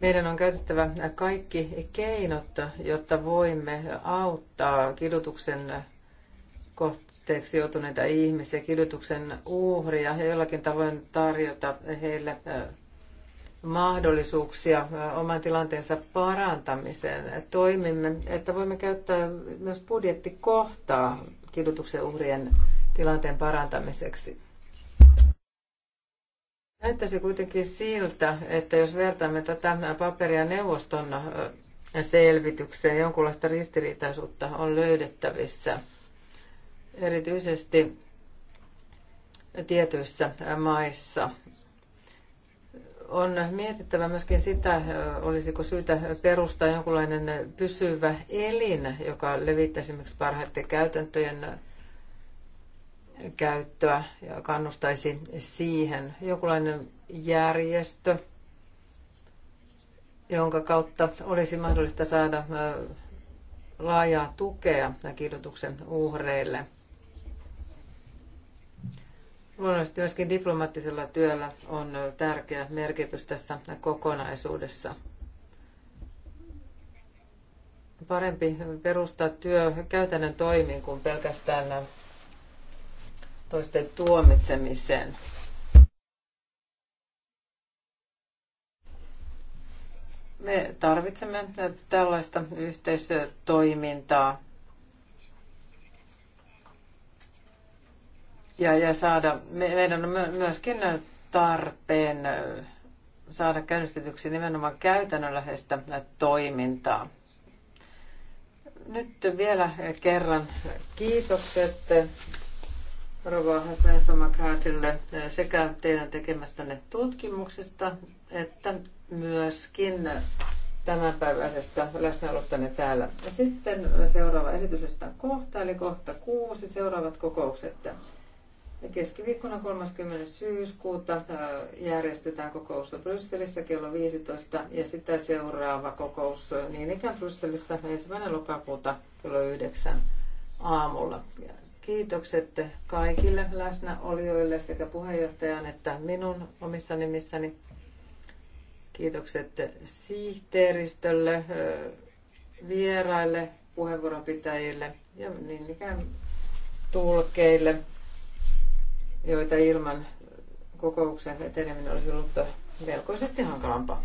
Meidän on käytettävä kaikki keinot, jotta voimme auttaa kidutuksen kohteeksi joutuneita ihmisiä, kidutuksen uhria ja jollakin tavoin tarjota heille mahdollisuuksia oman tilanteensa parantamiseen. Toimimme, että voimme käyttää myös budjettikohtaa kidutuksen uhrien tilanteen parantamiseksi. Näyttäisi kuitenkin siltä, että jos vertaamme tätä paperia neuvoston selvitykseen, jonkunlaista ristiriitaisuutta on löydettävissä – erityisesti tietyissä maissa. On mietittävä myöskin sitä, olisiko syytä perustaa jonkinlainen pysyvä elin, joka levittää esimerkiksi parhaiten käytäntöjen käyttöä ja kannustaisi siihen. Jokinlainen järjestö, jonka kautta olisi mahdollista saada laajaa tukea kidutuksen uhreille – Luonnollisesti myöskin diplomaattisella työllä on tärkeä merkitys tässä kokonaisuudessa. Parempi perustaa työ käytännön toimiin kuin pelkästään toisten tuomitsemiseen. Me tarvitsemme tällaista yhteistoimintaa ja, ja saada, me, meidän on myöskin tarpeen saada käynnistetyksi nimenomaan käytännönläheistä toimintaa. Nyt vielä kerran kiitokset Rova Hasvensomakraatille sekä teidän tekemästänne tutkimuksesta että myöskin tämänpäiväisestä läsnäolostanne täällä. Ja sitten seuraava on kohta, eli kohta kuusi, seuraavat kokoukset. Keskiviikkona 30. syyskuuta järjestetään kokous Brysselissä kello 15 ja sitä seuraava kokous niin ikään Brysselissä 1. lokakuuta kello 9 aamulla. Kiitokset kaikille läsnäolijoille sekä puheenjohtajan että minun omissa nimissäni. Kiitokset sihteeristölle, vieraille, pitäjille ja niin ikään tulkeille joita ilman kokouksen eteneminen olisi ollut melkoisesti hankalampaa.